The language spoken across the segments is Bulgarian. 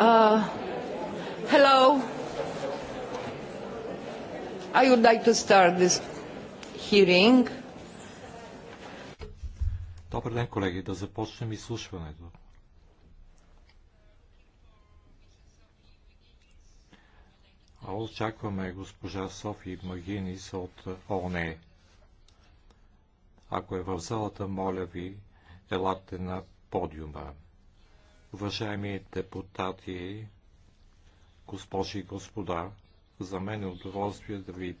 Uh, hello. I would like to start this hearing. Добър ден, колеги. Да започнем изслушването. А Очакваме госпожа Софи Магинис от ОНЕ. Ако е в залата, моля ви, елате на подиума. Уважаеми депутати, госпожи и господа, за мен е удоволствие да ви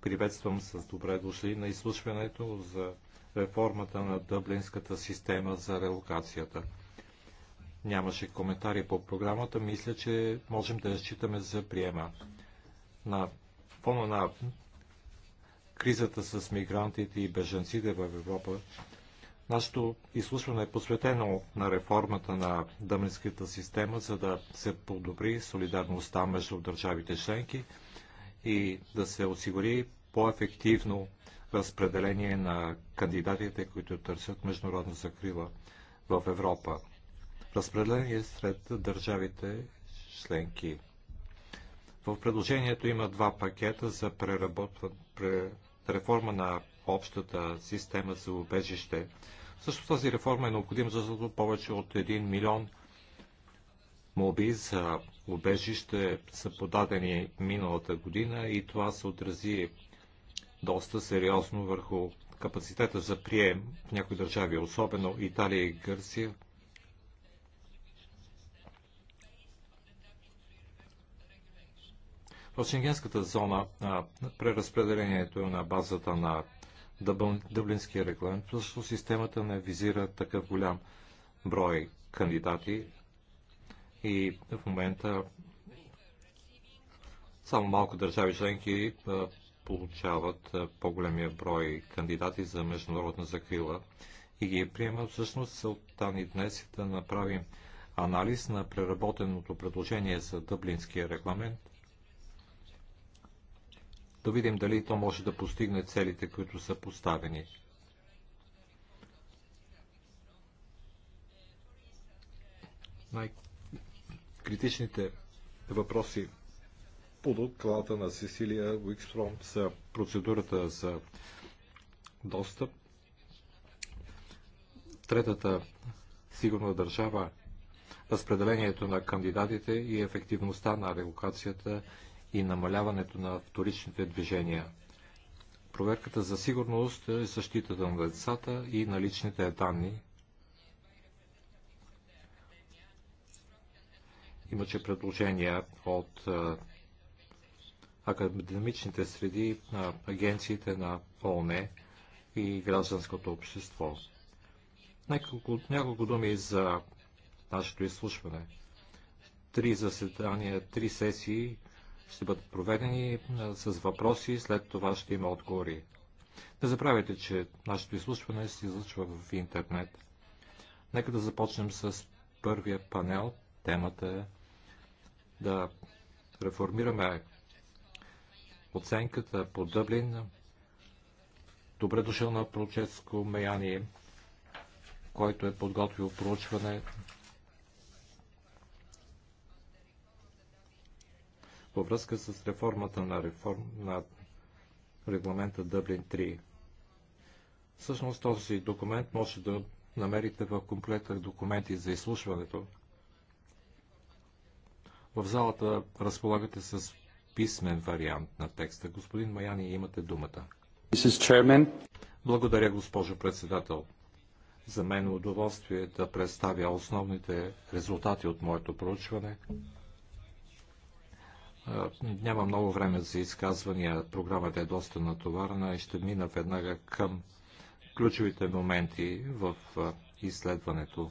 приветствам с добре дошли на изслушването за реформата на дъблинската система за релокацията. Нямаше коментари по програмата. Мисля, че можем да разчитаме за приема. На фона на кризата с мигрантите и беженците в Европа, Нашето изслушване е посветено на реформата на дъмлинската система, за да се подобри солидарността между държавите членки и да се осигури по-ефективно разпределение на кандидатите, които търсят международна закрила в Европа. Разпределение е сред държавите членки. В предложението има два пакета за преработване, реформа на общата система за убежище. Също тази реформа е необходима, защото повече от 1 милион моби за убежище са подадени миналата година и това се отрази доста сериозно върху капацитета за прием в някои държави, особено Италия и Гърция. В Шенгенската зона преразпределението е на базата на Дъблинския регламент, защото системата не визира такъв голям брой кандидати и в момента само малко държави членки получават по-големия брой кандидати за международна закрила и ги е приемат. Всъщност целта ни днес е да направим анализ на преработеното предложение за Дъблинския регламент да видим дали то може да постигне целите, които са поставени. Най-критичните въпроси по отклада на Сесилия Уикстром са процедурата за достъп. Третата сигурна държава разпределението на кандидатите и ефективността на релокацията и намаляването на вторичните движения. Проверката за сигурност е защитата на децата и на личните данни. Имаше предложения от академичните среди на агенциите на ООН и гражданското общество. Няколко, няколко думи за нашето изслушване. Три заседания, три сесии ще бъдат проведени с въпроси, след това ще има отговори. Не забравяйте, че нашето изслушване се излъчва в интернет. Нека да започнем с първия панел. Темата е да реформираме оценката по Дъблин. Добре дошъл на Проческо меяние, който е подготвил проучване във връзка с реформата на, реформ, на регламента Дъблин 3. Всъщност този документ може да намерите в комплекта документи за изслушването. В залата разполагате с писмен вариант на текста. Господин Маяни, имате думата. Благодаря, госпожо председател. За мен е удоволствие да представя основните резултати от моето проучване. Е, няма много време за изказвания. Програмата е доста натоварна и ще мина веднага към ключовите моменти в е, изследването.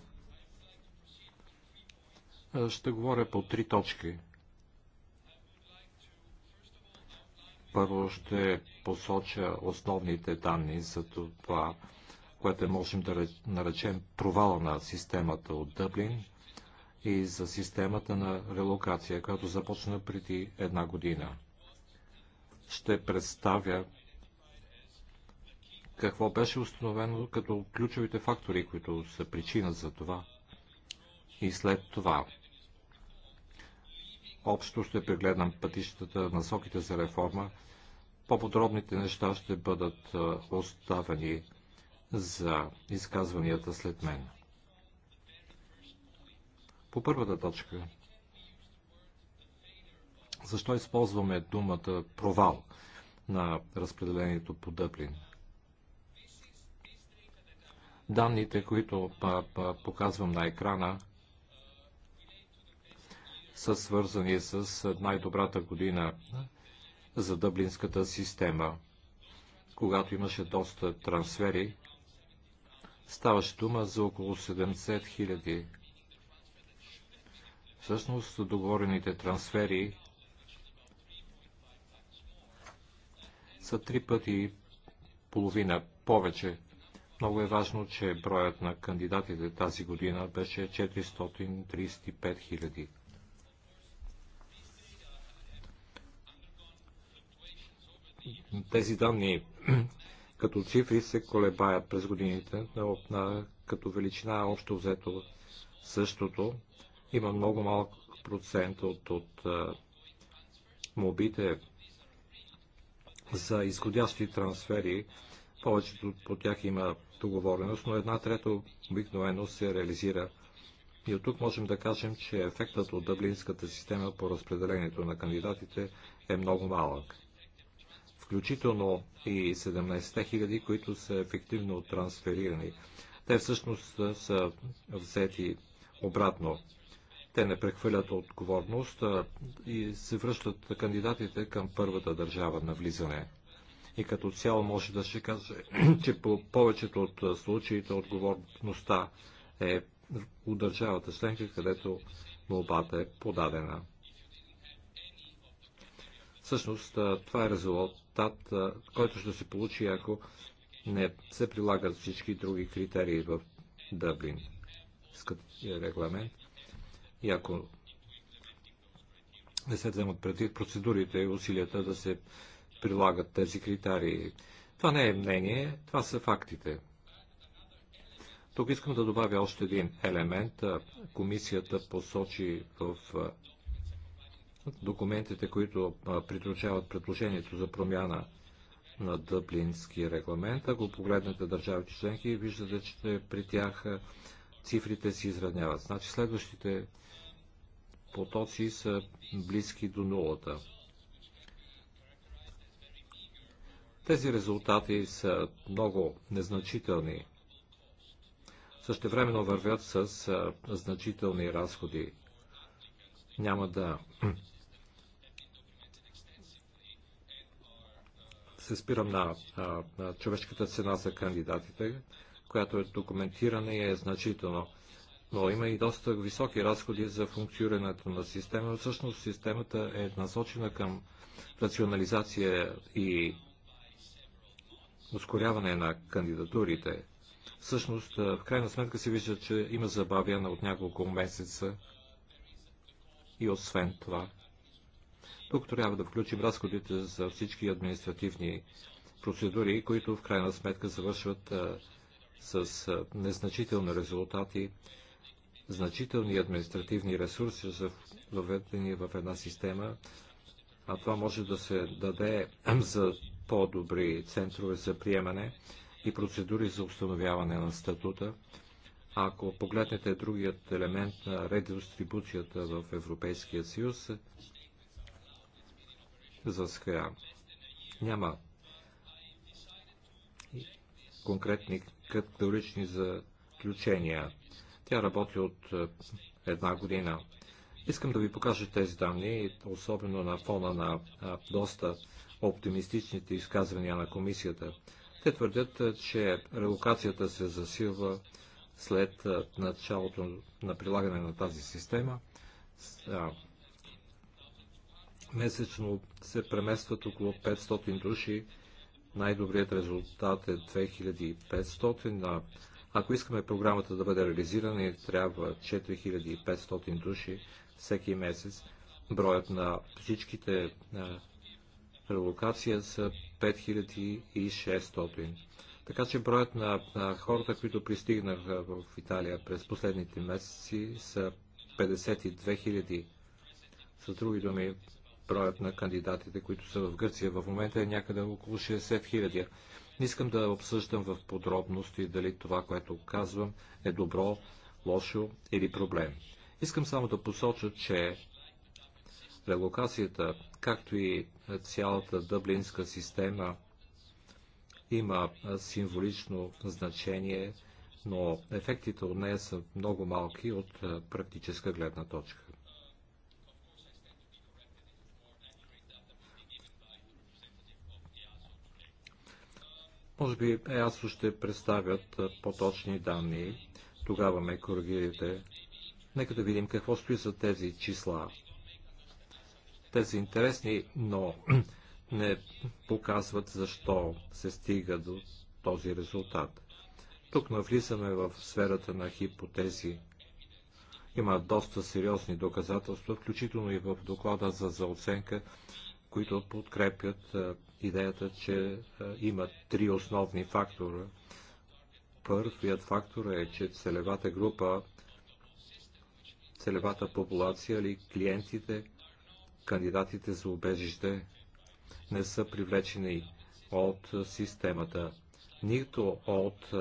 Е, ще говоря по три точки. Първо ще посоча основните данни за това, което можем да наречем провала на системата от Дъблин и за системата на релокация, която започна преди една година. Ще представя какво беше установено като ключовите фактори, които са причина за това. И след това общо ще прегледам пътищата, насоките за реформа. По-подробните неща ще бъдат оставени за изказванията след мен. По първата точка. Защо използваме думата провал на разпределението по Дъблин? Данните, които показвам на екрана, са свързани с най-добрата година за дъблинската система. Когато имаше доста трансфери, ставаше дума за около 70 000 Всъщност договорените трансфери са три пъти половина повече. Много е важно, че броят на кандидатите тази година беше 435 000. Тези данни като цифри се колебаят през годините, но на, като величина общо взето същото. Има много малък процент от, от мобите за изходящи трансфери. Повечето по тях има договореност, но една трета обикновено се реализира. И от тук можем да кажем, че ефектът от дъблинската система по разпределението на кандидатите е много малък. Включително и 17 000, които са ефективно трансферирани. Те всъщност са взети обратно те не прехвърлят отговорност и се връщат кандидатите към първата държава на влизане. И като цяло може да се каже, че по повечето от случаите отговорността е у държавата членка, където молбата е подадена. Всъщност, това е резултат, който ще се получи, ако не се прилагат всички други критерии в Дъблин регламент. И ако не се вземат предвид процедурите и усилията да се прилагат тези критерии. Това не е мнение, това са фактите. Тук искам да добавя още един елемент. Комисията посочи в документите, които притручават предложението за промяна на Дъблински регламент. Ако погледнете държавите членки, виждате, че при тях цифрите си изравняват. Значи следващите потоци са близки до нулата. Тези резултати са много незначителни. Същевременно вървят с значителни разходи. Няма да се спирам на, на човешката цена за кандидатите, която е документирана и е значително но има и доста високи разходи за функционирането на система. Всъщност системата е насочена към рационализация и ускоряване на кандидатурите. Всъщност, в крайна сметка се вижда, че има забавяна от няколко месеца и освен това. Тук трябва да включим разходите за всички административни процедури, които в крайна сметка завършват а, с а, незначителни резултати значителни административни ресурси за въведени в една система, а това може да се даде за по-добри центрове за приемане и процедури за установяване на статута. Ако погледнете другият елемент на редистрибуцията в Европейския съюз, за сега няма конкретни категорични заключения. Тя работи от е, една година. Искам да ви покажа тези данни, особено на фона на доста оптимистичните изказвания на комисията. Те твърдят, е, че релокацията се засилва след е, началото на прилагане на тази система. Месечно се преместват около 500 души. Най-добрият резултат е 2500, на ако искаме програмата да бъде реализирана, трябва 4500 души всеки месец. Броят на всичките релокация са 5600. Така че броят на, на хората, които пристигнаха в Италия през последните месеци са 52 000. С други думи, броят на кандидатите, които са в Гърция в момента е някъде около 60 000. Не искам да обсъждам в подробности дали това, което казвам, е добро, лошо или проблем. Искам само да посоча, че релокацията, както и цялата дъблинска система, има символично значение, но ефектите от нея са много малки от практическа гледна точка. Може би ЕАСО ще представят по-точни данни. Тогава ме коригирайте. Нека да видим какво стои за тези числа. Те са интересни, но не показват защо се стига до този резултат. Тук навлизаме в сферата на хипотези. Има доста сериозни доказателства, включително и в доклада за, заоценка, които подкрепят идеята, че има три основни фактора. Първият фактор е, че целевата група, целевата популация или клиентите, кандидатите за убежище не са привлечени от системата. Нито от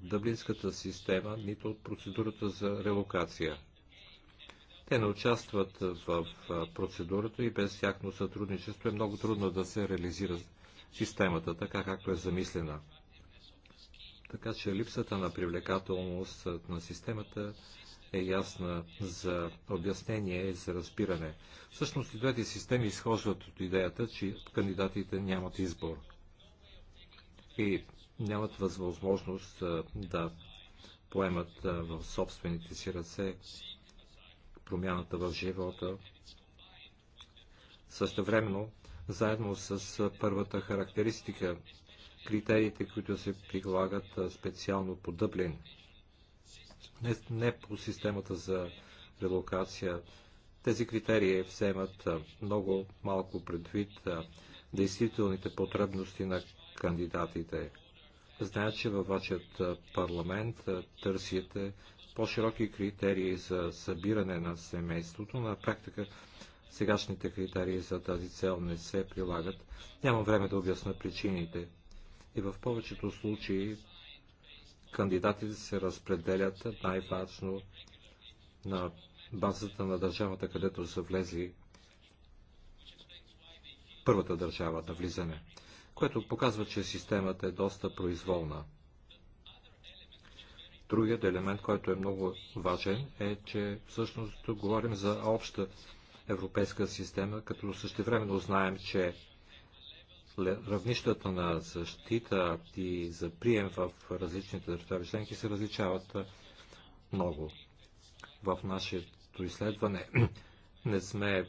дъблинската система, нито от процедурата за релокация – те не участват в процедурата и без тяхно сътрудничество е много трудно да се реализира системата, така както е замислена. Така че липсата на привлекателност на системата е ясна за обяснение и за разбиране. Всъщност и двете системи изхождат от идеята, че кандидатите нямат избор и нямат възможност да поемат в собствените си ръце промяната в живота. Също времено, заедно с първата характеристика, критериите, които се прилагат специално по Дъблин, не, не по системата за релокация, тези критерии вземат много малко предвид действителните потребности на кандидатите. Зная, че във вашият парламент търсите по-широки критерии за събиране на семейството. На практика сегашните критерии за тази цел не се прилагат. Няма време да обясна причините. И в повечето случаи кандидатите се разпределят най-важно на базата на държавата, където са влезли първата държава на влизане, което показва, че системата е доста произволна – Другият елемент, който е много важен, е, че всъщност говорим за обща европейска система, като същевременно знаем, че равнищата на защита и за прием в различните държави членки се различават много. В нашето изследване не сме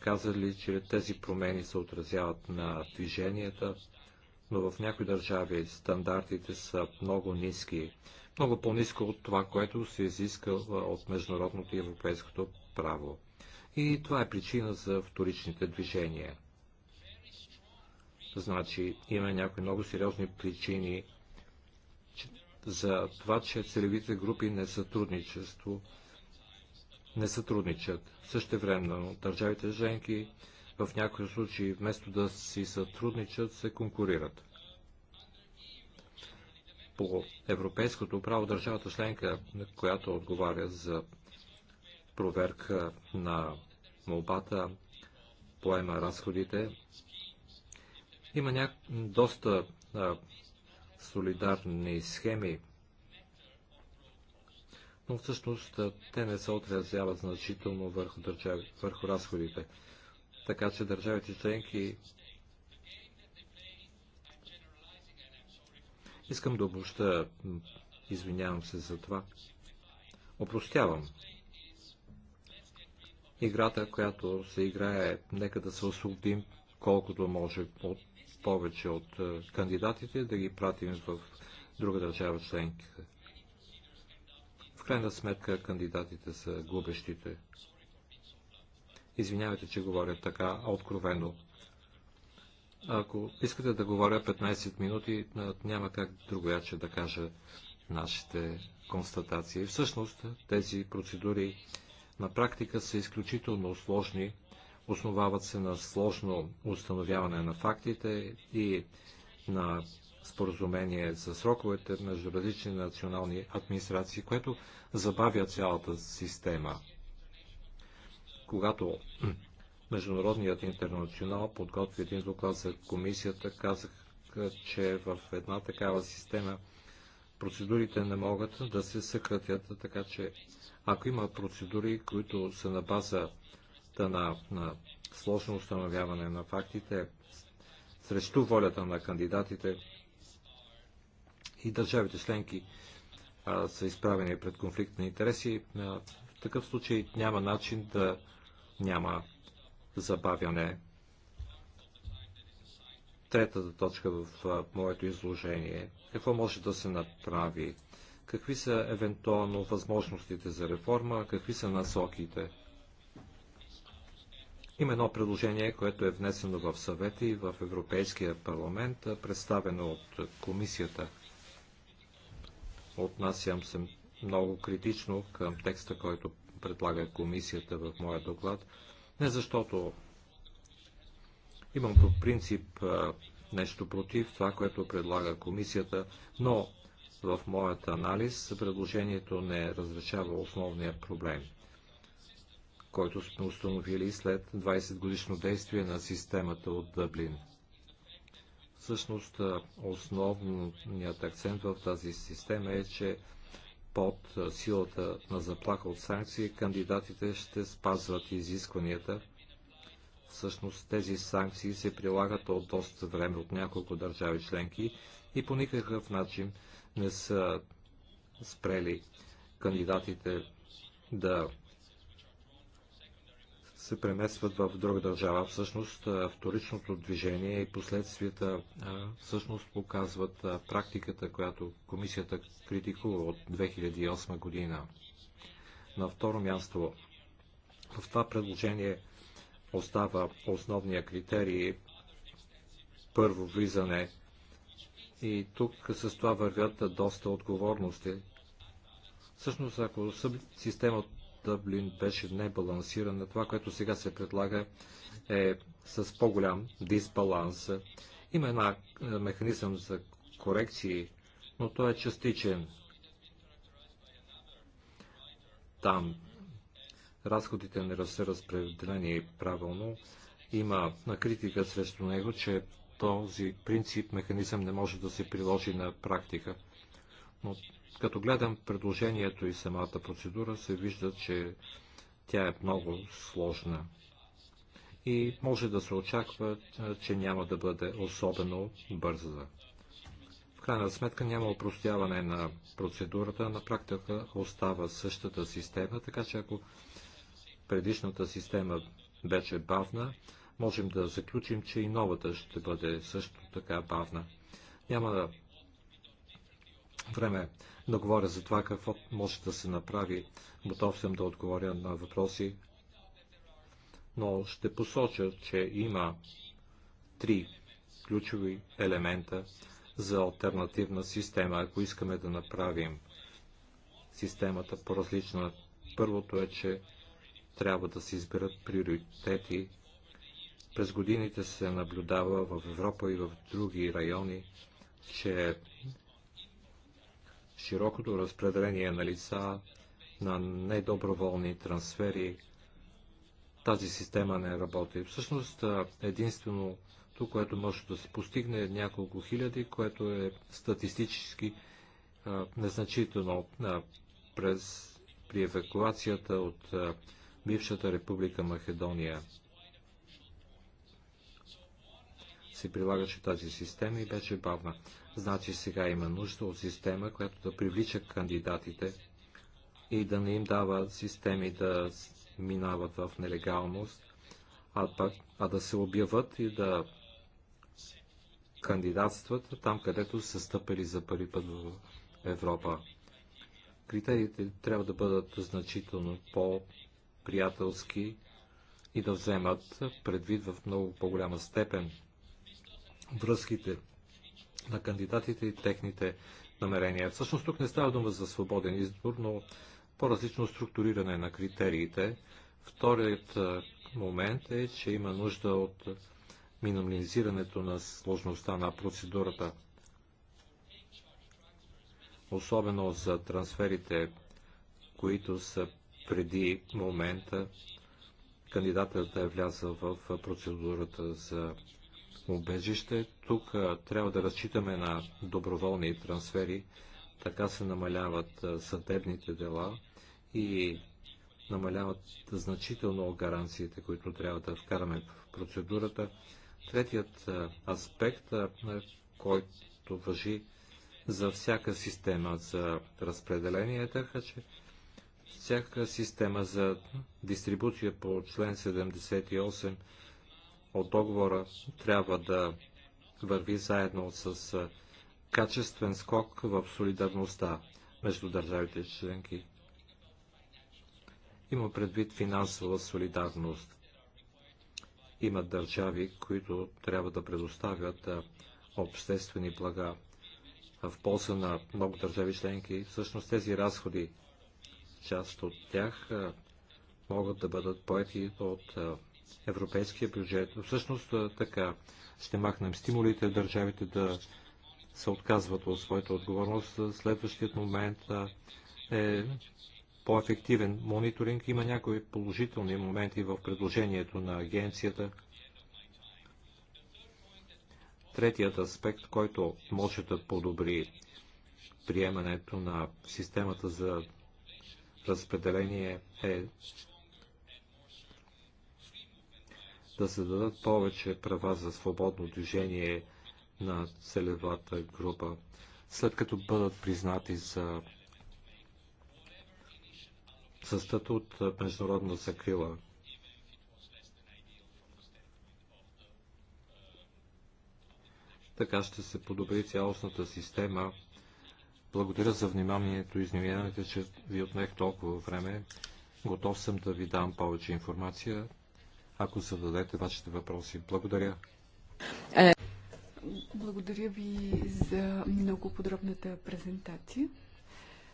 казали, че тези промени се отразяват на движенията, но в някои държави стандартите са много ниски, много по-ниско от това, което се изиска от международното и европейското право. И това е причина за вторичните движения. Значи, има някои много сериозни причини че, за това, че целевите групи не сътрудничат. не сътрудничат. Същевременно държавите женки в някои случаи вместо да си сътрудничат, се конкурират. По европейското право държавата членка, която отговаря за проверка на молбата, поема разходите, има ня... доста а, солидарни схеми, но всъщност те не се отразяват значително върху, държави, върху разходите така че държавите членки Искам да обобща, извинявам се за това. Опростявам. Играта, която се играе, нека да се освободим колкото може от, повече от е, кандидатите, да ги пратим в друга държава членка. В крайна сметка кандидатите са губещите. Извинявайте, че говоря така откровено. Ако искате да говоря 15 минути, няма как другояче да кажа нашите констатации. Всъщност тези процедури на практика са изключително сложни, основават се на сложно установяване на фактите и на споразумение за сроковете между различни национални администрации, което забавя цялата система когато Международният интернационал подготви един доклад за комисията, казах, че в една такава система процедурите не могат да се съкратят, така че ако има процедури, които са на база на, на сложно установяване на фактите срещу волята на кандидатите и държавите членки а, са изправени пред конфликт на интереси, а, в такъв случай няма начин да няма забавяне. Третата точка в моето изложение. Е какво може да се направи? Какви са евентуално възможностите за реформа? Какви са насоките? Има едно предложение, което е внесено в съвета и в Европейския парламент, представено от комисията. Отнасям се много критично към текста, който предлага комисията в моя доклад. Не защото имам по принцип нещо против това, което предлага комисията, но в моят анализ предложението не разрешава основния проблем, който сме установили след 20 годишно действие на системата от Дъблин. Всъщност, основният акцент в тази система е, че под силата на заплаха от санкции, кандидатите ще спазват изискванията. Всъщност тези санкции се прилагат от доста време от няколко държави членки и по никакъв начин не са спрели кандидатите да се преместват в друга държава. Всъщност вторичното движение и последствията всъщност показват практиката, която комисията критикува от 2008 година. На второ място в това предложение остава основния критерий първо влизане и тук с това вървят доста отговорности. Всъщност, ако системата Дъблин беше небалансиран. Това, което сега се предлага е с по-голям дисбаланс. Има една е, механизъм за корекции, но той е частичен. Там разходите не са разпределени правилно. Има критика срещу него, че този принцип, механизъм не може да се приложи на практика. Но като гледам предложението и самата процедура, се вижда, че тя е много сложна и може да се очаква, че няма да бъде особено бърза. В крайна сметка няма упростяване на процедурата, на практика остава същата система, така че ако предишната система беше бавна, можем да заключим, че и новата ще бъде също така бавна. Няма време да говоря за това какво може да се направи. Готов съм да отговоря на въпроси, но ще посоча, че има три ключови елемента за альтернативна система, ако искаме да направим системата по-различна. Първото е, че трябва да се изберат приоритети. През годините се наблюдава в Европа и в други райони, че широкото разпределение на лица на недоброволни трансфери. Тази система не работи. Всъщност единствено което може да се постигне е няколко хиляди, което е статистически незначително през, при евакуацията от бившата република Македония. се прилагаше тази система и беше бавна. Значи сега има нужда от система, която да привлича кандидатите и да не им дава системи да минават в нелегалност, а, пък, а да се обяват и да кандидатстват там, където са стъпили за първи път в Европа. Критериите трябва да бъдат значително по-приятелски и да вземат предвид в много по-голяма степен връзките на кандидатите и техните намерения. Всъщност тук не става дума за свободен избор, но по-различно структуриране на критериите. Вторият момент е, че има нужда от минимализирането на сложността на процедурата, особено за трансферите, които са преди момента кандидатът е влязъл в процедурата за убежище. Тук трябва да разчитаме на доброволни трансфери, така се намаляват съдебните дела и намаляват значително гаранциите, които трябва да вкараме в процедурата. Третият аспект, който въжи за всяка система за разпределение, е така че всяка система за дистрибуция по член 78 от договора трябва да върви заедно с качествен скок в солидарността между държавите членки. Има предвид финансова солидарност. Има държави, които трябва да предоставят обществени блага в полза на много държави членки. Всъщност тези разходи, част от тях могат да бъдат поети от европейския бюджет. Всъщност така ще махнем стимулите държавите да се отказват от своята отговорност. Следващият момент е по-ефективен мониторинг. Има някои положителни моменти в предложението на агенцията. Третият аспект, който може да подобри приемането на системата за разпределение е да се дадат повече права за свободно движение на целевата група, след като бъдат признати за със статут международна закрила. Така ще се подобри цялостната система. Благодаря за вниманието. и Извинявайте, че ви отнех толкова време. Готов съм да ви дам повече информация ако зададете вашите въпроси. Благодаря. Е. Благодаря ви за много подробната презентация.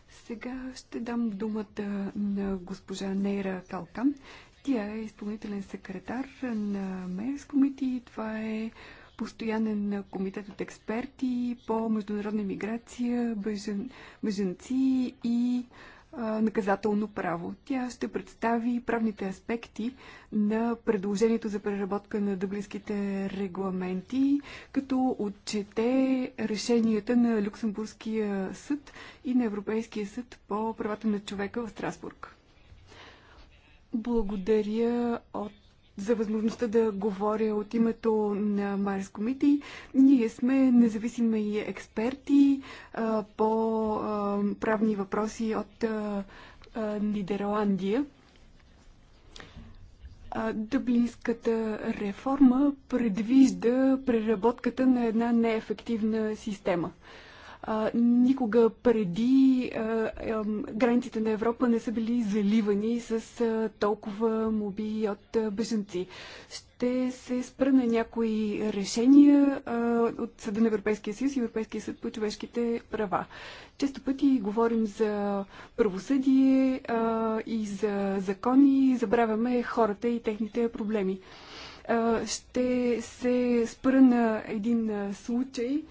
Сега ще дам думата на госпожа Нейра Калкан. Тя е изпълнителен секретар на МЕС комити. Това е постоянен комитет от експерти по международна миграция, бежен, беженци и наказателно право. Тя ще представи правните аспекти на предложението за преработка на дъблинските регламенти, като отчете решенията на Люксембургския съд и на Европейския съд по правата на човека в Страсбург. Благодаря от за възможността да говоря от името на Марс Комити. Ние сме независими експерти а, по а, правни въпроси от а, а, Нидерландия. Дъблинската реформа предвижда преработката на една неефективна система. Никога преди границите на Европа не са били заливани с толкова моби от беженци. Ще се спра на някои решения от Съда на Европейския съюз и Европейския съд по човешките права. Често пъти говорим за правосъдие и за закони, забравяме хората и техните проблеми ще се спра на един случай,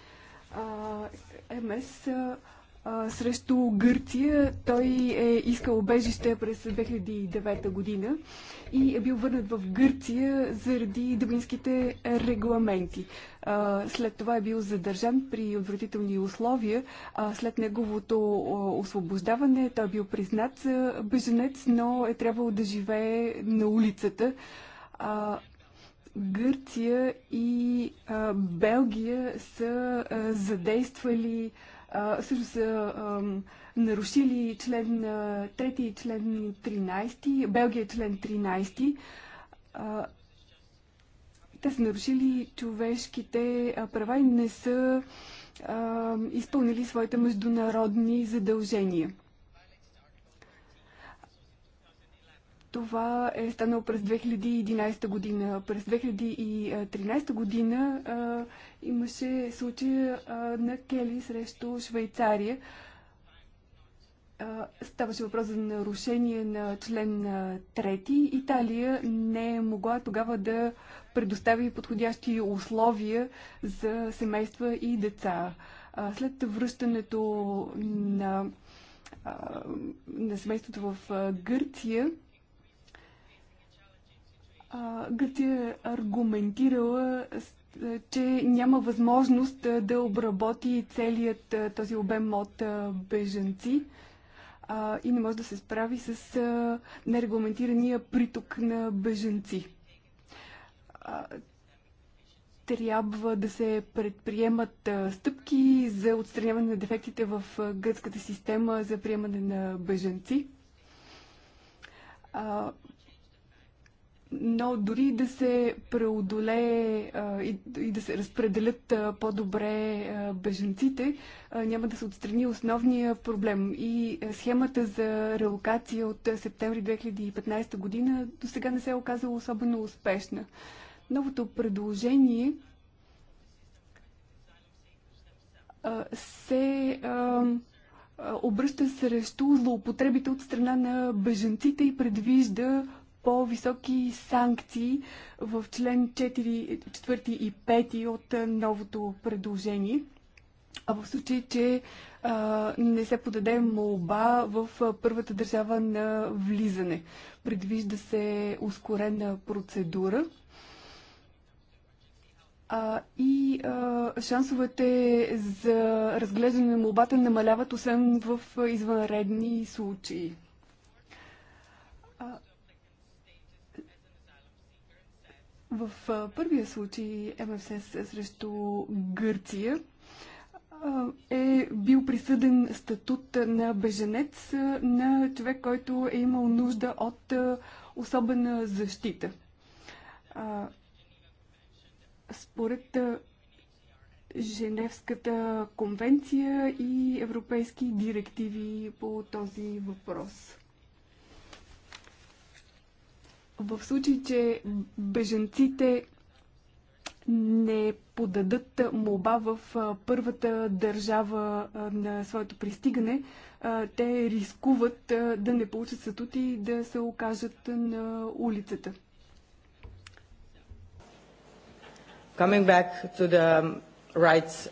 МС а, срещу Гърция. Той е искал обежище през 2009 година и е бил върнат в Гърция заради дъбинските регламенти. А, след това е бил задържан при отвратителни условия. А, след неговото освобождаване той е бил признат за беженец, но е трябвало да живее на улицата. А, Гърция и а, Белгия са а, задействали, а, също са а, нарушили член а, 3 и член 13, Белгия е член 13. А, те са нарушили човешките права и не са а, изпълнили своите международни задължения. Това е станало през 2011 година. През 2013 година а, имаше случая а, на Кели срещу Швейцария. А, ставаше въпрос за нарушение на член 3. Италия не е могла тогава да предостави подходящи условия за семейства и деца. А, след връщането на, а, на семейството в Гърция, Гърция е аргументирала, е, че няма възможност е, да обработи целият е, този обем от бежанци и не може да се справи с нерегламентирания приток на бежанци трябва да се предприемат стъпки за отстраняване на дефектите в гръцката система за приемане на бежанци но дори да се преодолее и, да се разпределят по-добре беженците, няма да се отстрани основния проблем. И схемата за релокация от септември 2015 година до сега не се е оказала особено успешна. Новото предложение се обръща срещу злоупотребите от страна на беженците и предвижда по-високи санкции в член 4, 4 и 5 от новото предложение. А в случай, че а, не се подаде молба в първата държава на влизане, предвижда се ускорена процедура. А, и а, шансовете за разглеждане на молбата намаляват, освен в извънредни случаи. В първия случай МФС срещу Гърция е бил присъден статут на беженец на човек, който е имал нужда от особена защита. Според Женевската конвенция и европейски директиви по този въпрос в случай, че беженците не подадат молба в първата държава на своето пристигане, те рискуват да не получат статут и да се окажат на улицата. Coming back to the rights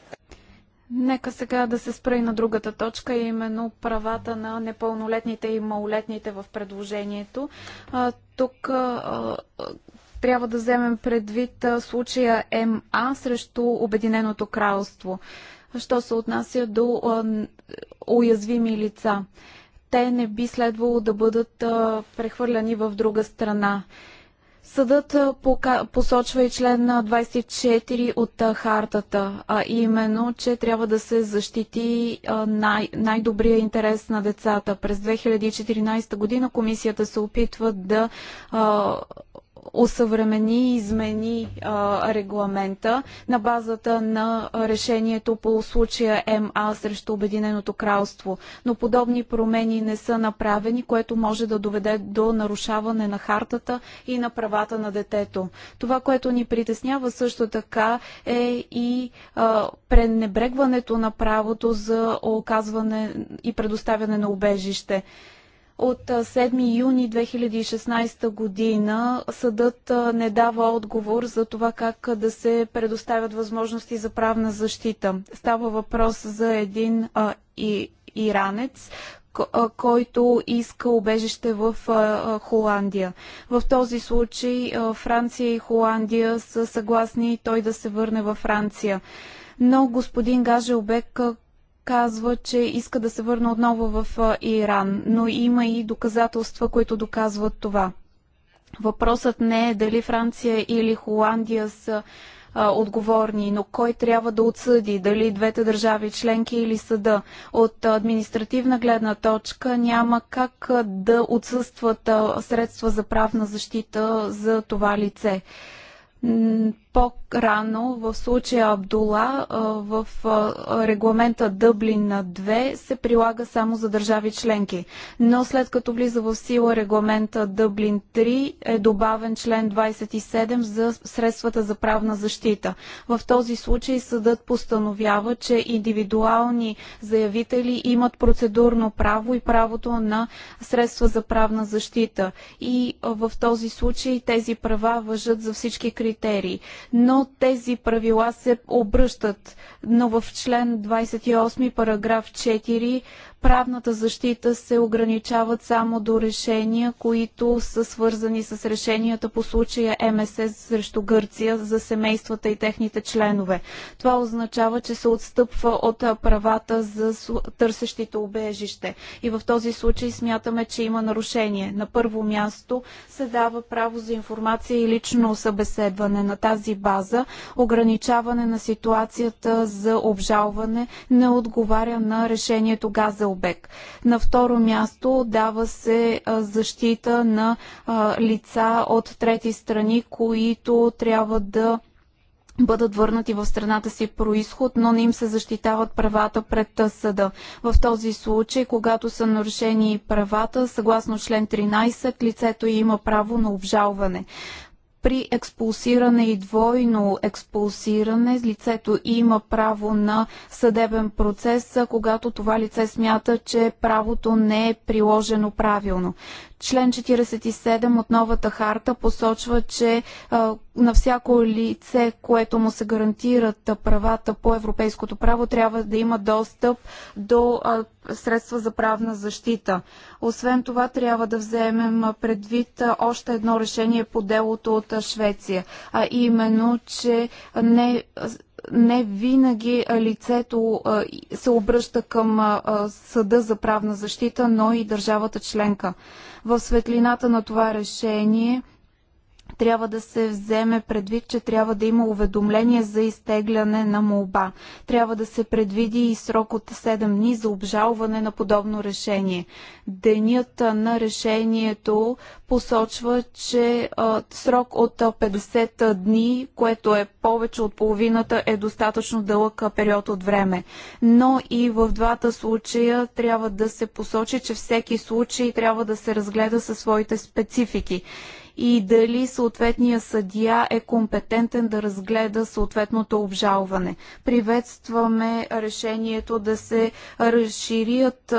Нека сега да се спра и на другата точка, именно правата на непълнолетните и малолетните в предложението. Тук трябва да вземем предвид случая МА срещу Обединеното кралство, що се отнася до уязвими лица. Те не би следвало да бъдат прехвърляни в друга страна. Съдът посочва и член 24 от хартата, а именно, че трябва да се защити най- най-добрия интерес на децата. През 2014 година комисията се опитва да осъвремени и измени а, регламента на базата на решението по случая МА срещу Обединеното кралство. Но подобни промени не са направени, което може да доведе до нарушаване на хартата и на правата на детето. Това, което ни притеснява също така е и а, пренебрегването на правото за оказване и предоставяне на убежище. От 7 юни 2016 година съдът не дава отговор за това как да се предоставят възможности за правна защита. Става въпрос за един а, и, иранец, който иска убежище в Холандия. В този случай Франция и Холандия са съгласни той да се върне във Франция. Но господин Гажелбек казва, че иска да се върне отново в Иран, но има и доказателства, които доказват това. Въпросът не е дали Франция или Холандия са отговорни, но кой трябва да отсъди, дали двете държави членки или съда. От административна гледна точка няма как да отсъстват средства за правна защита за това лице по-рано в случая Абдула в регламента Дъблин на 2 се прилага само за държави членки. Но след като влиза в сила регламента Дъблин 3 е добавен член 27 за средствата за правна защита. В този случай съдът постановява, че индивидуални заявители имат процедурно право и правото на средства за правна защита. И в този случай тези права въжат за всички критерии но тези правила се обръщат. Но в член 28 параграф 4 правната защита се ограничават само до решения, които са свързани с решенията по случая МСС срещу Гърция за семействата и техните членове. Това означава, че се отстъпва от правата за търсещите убежище. И в този случай смятаме, че има нарушение. На първо място се дава право за информация и лично събеседване на тази база, ограничаване на ситуацията за обжалване не отговаря на решението газа обект. На второ място дава се защита на лица от трети страни, които трябва да бъдат върнати в страната си происход, но не им се защитават правата пред съда. В този случай, когато са нарушени правата, съгласно член 13, лицето има право на обжалване. При експулсиране и двойно експулсиране лицето има право на съдебен процес, когато това лице смята, че правото не е приложено правилно. Член 47 от новата харта посочва, че на всяко лице, което му се гарантират правата по европейското право, трябва да има достъп до средства за правна защита. Освен това, трябва да вземем предвид още едно решение по делото от Швеция, а именно, че не не винаги лицето се обръща към съда за правна защита, но и държавата членка. В светлината на това решение трябва да се вземе предвид, че трябва да има уведомление за изтегляне на молба. Трябва да се предвиди и срок от 7 дни за обжалване на подобно решение. Денят на решението посочва, че срок от 50 дни, което е повече от половината, е достатъчно дълъг период от време. Но и в двата случая трябва да се посочи, че всеки случай трябва да се разгледа със своите специфики и дали съответния съдия е компетентен да разгледа съответното обжалване. Приветстваме решението да се разширят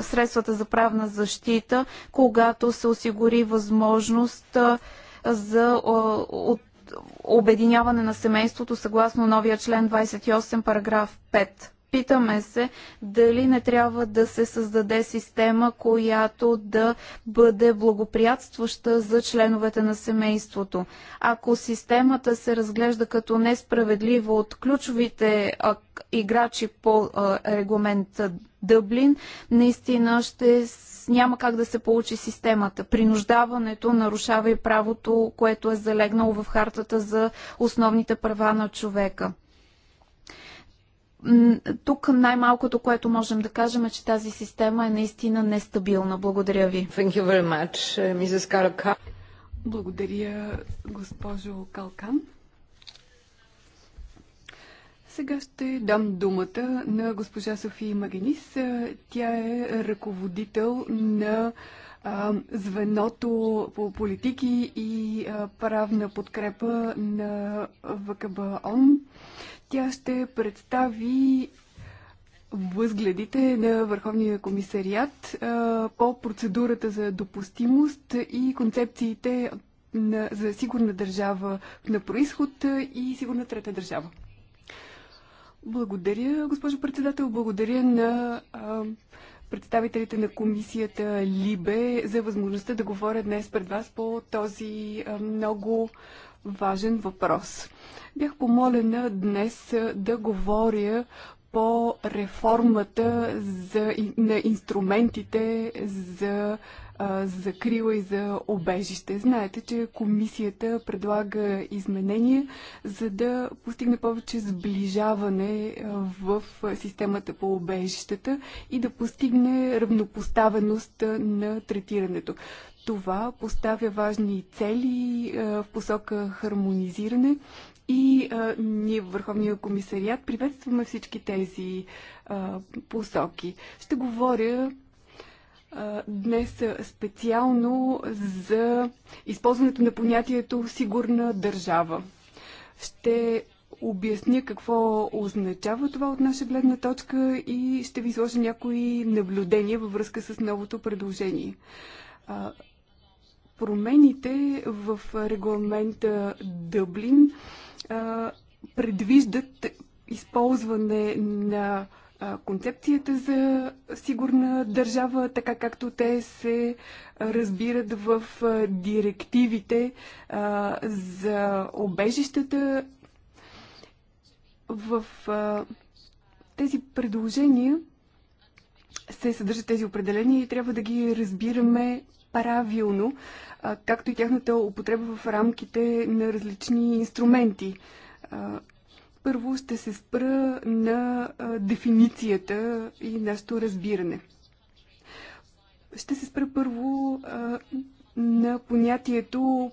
средствата за правна защита, когато се осигури възможност за от обединяване на семейството съгласно новия член 28 параграф 5. Питаме се дали не трябва да се създаде система, която да бъде благоприятстваща за членовете на семейството. Ако системата се разглежда като несправедлива от ключовите играчи по регламент Дъблин, наистина ще няма как да се получи системата. Принуждаването нарушава и правото, което е залегнало в хартата за основните права на човека тук най-малкото, което можем да кажем е, че тази система е наистина нестабилна. Благодаря ви. Thank you very much, uh, Mrs. Благодаря, госпожо Калкан. Сега ще дам думата на госпожа София Магенис. Тя е ръководител на звеното по политики и правна подкрепа на Он. Тя ще представи възгледите на Върховния комисариат по процедурата за допустимост и концепциите на, за сигурна държава на происход и сигурна трета държава. Благодаря, госпожо председател. Благодаря на а, представителите на комисията Либе за възможността да говоря днес пред вас по този много важен въпрос. Бях помолена днес да говоря по реформата за, на инструментите за закрила и за обежище. Знаете, че комисията предлага изменения, за да постигне повече сближаване в системата по обежищата и да постигне равнопоставеност на третирането. Това поставя важни цели в посока хармонизиране и а, ние в Върховния комисариат приветстваме всички тези а, посоки. Ще говоря днес специално за използването на понятието сигурна държава. Ще обясня какво означава това от наша гледна точка и ще ви изложа някои наблюдения във връзка с новото предложение. Промените в регламента Дъблин предвиждат използване на концепцията за сигурна държава, така както те се разбират в директивите за обежищата. В тези предложения се съдържат тези определения и трябва да ги разбираме правилно, както и тяхната употреба в рамките на различни инструменти първо ще се спра на дефиницията и нашето разбиране. Ще се спра първо на понятието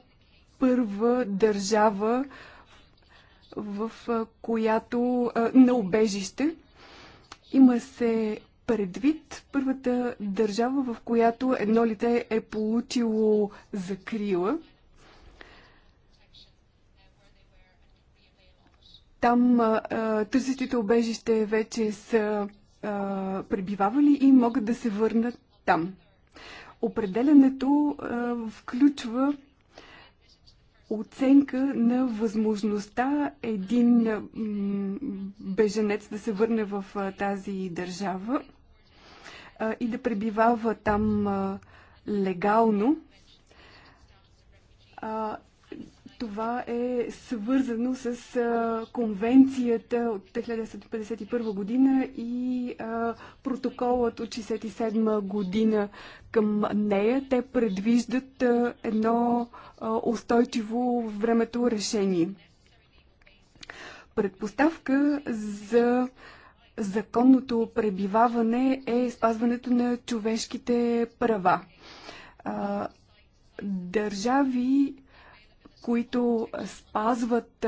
първа държава, в която на обежище има се предвид първата държава, в която едно лице е получило закрила Там търсещите обежище вече са а, пребивавали и могат да се върнат там. Определенето а, включва оценка на възможността един беженец да се върне в тази държава и да пребивава там легално това е свързано с конвенцията от 1951 година и протоколът от 1967 година към нея. Те предвиждат едно устойчиво времето решение. Предпоставка за законното пребиваване е спазването на човешките права. Държави които спазват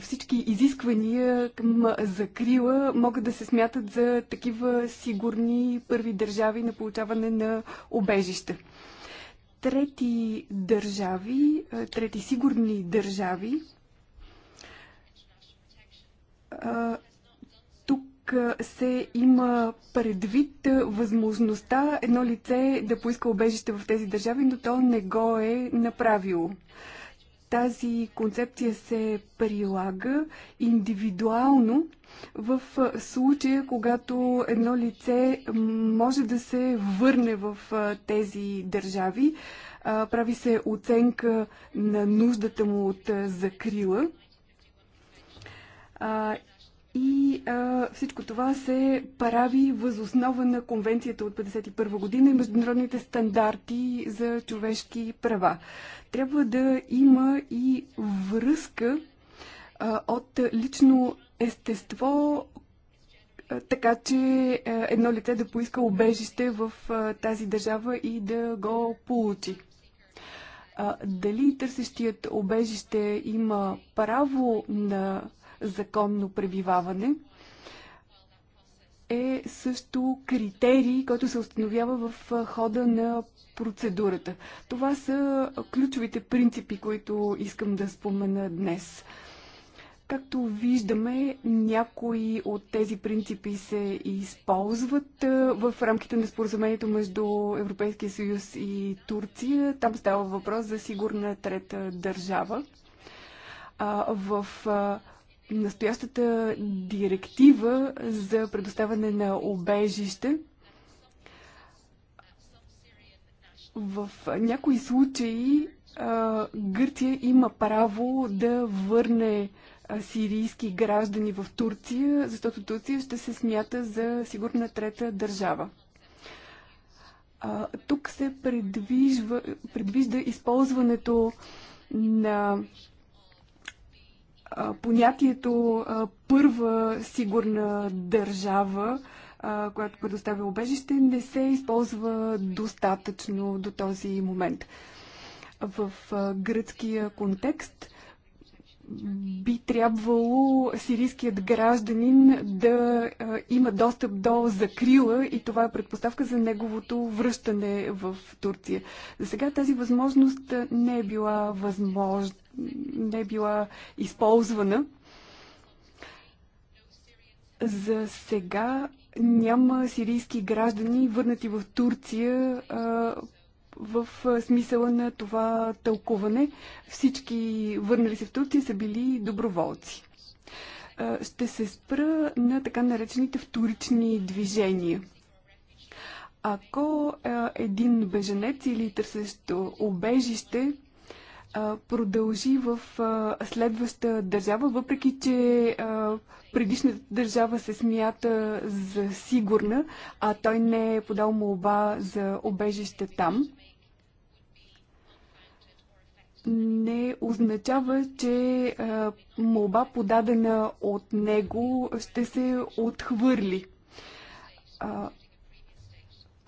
всички изисквания към закрила, могат да се смятат за такива сигурни първи държави на получаване на обежище. Трети държави, трети сигурни държави, тук се има предвид възможността едно лице да поиска обежище в тези държави, но то не го е направило тази концепция се прилага индивидуално в случая, когато едно лице може да се върне в тези държави. Прави се оценка на нуждата му от закрила и а, всичко това се прави възоснова на конвенцията от 1951 година и международните стандарти за човешки права. Трябва да има и връзка а, от лично естество, а, така че а, едно лице да поиска обежище в а, тази държава и да го получи. А, дали търсещият обежище има право на законно пребиваване е също критерий, който се установява в хода на процедурата. Това са ключовите принципи, които искам да спомена днес. Както виждаме, някои от тези принципи се използват в рамките на споразумението между Европейския съюз и Турция. Там става въпрос за сигурна трета държава. В настоящата директива за предоставяне на обежище в някои случаи Гърция има право да върне сирийски граждани в Турция, защото Турция ще се смята за сигурна трета държава. А, тук се предвижва, предвижда използването на понятието първа сигурна държава, която предоставя убежище, не се използва достатъчно до този момент. В гръцкия контекст би трябвало сирийският гражданин да има достъп до закрила и това е предпоставка за неговото връщане в Турция. За сега тази възможност не е била възможна не е била използвана. За сега няма сирийски граждани върнати в Турция в смисъла на това тълкуване. Всички върнали се в Турция са били доброволци. Ще се спра на така наречените вторични движения. Ако един беженец или търсещо обежище продължи в следваща държава, въпреки че предишната държава се смята за сигурна, а той не е подал молба за обежище там. Не означава, че молба подадена от него ще се отхвърли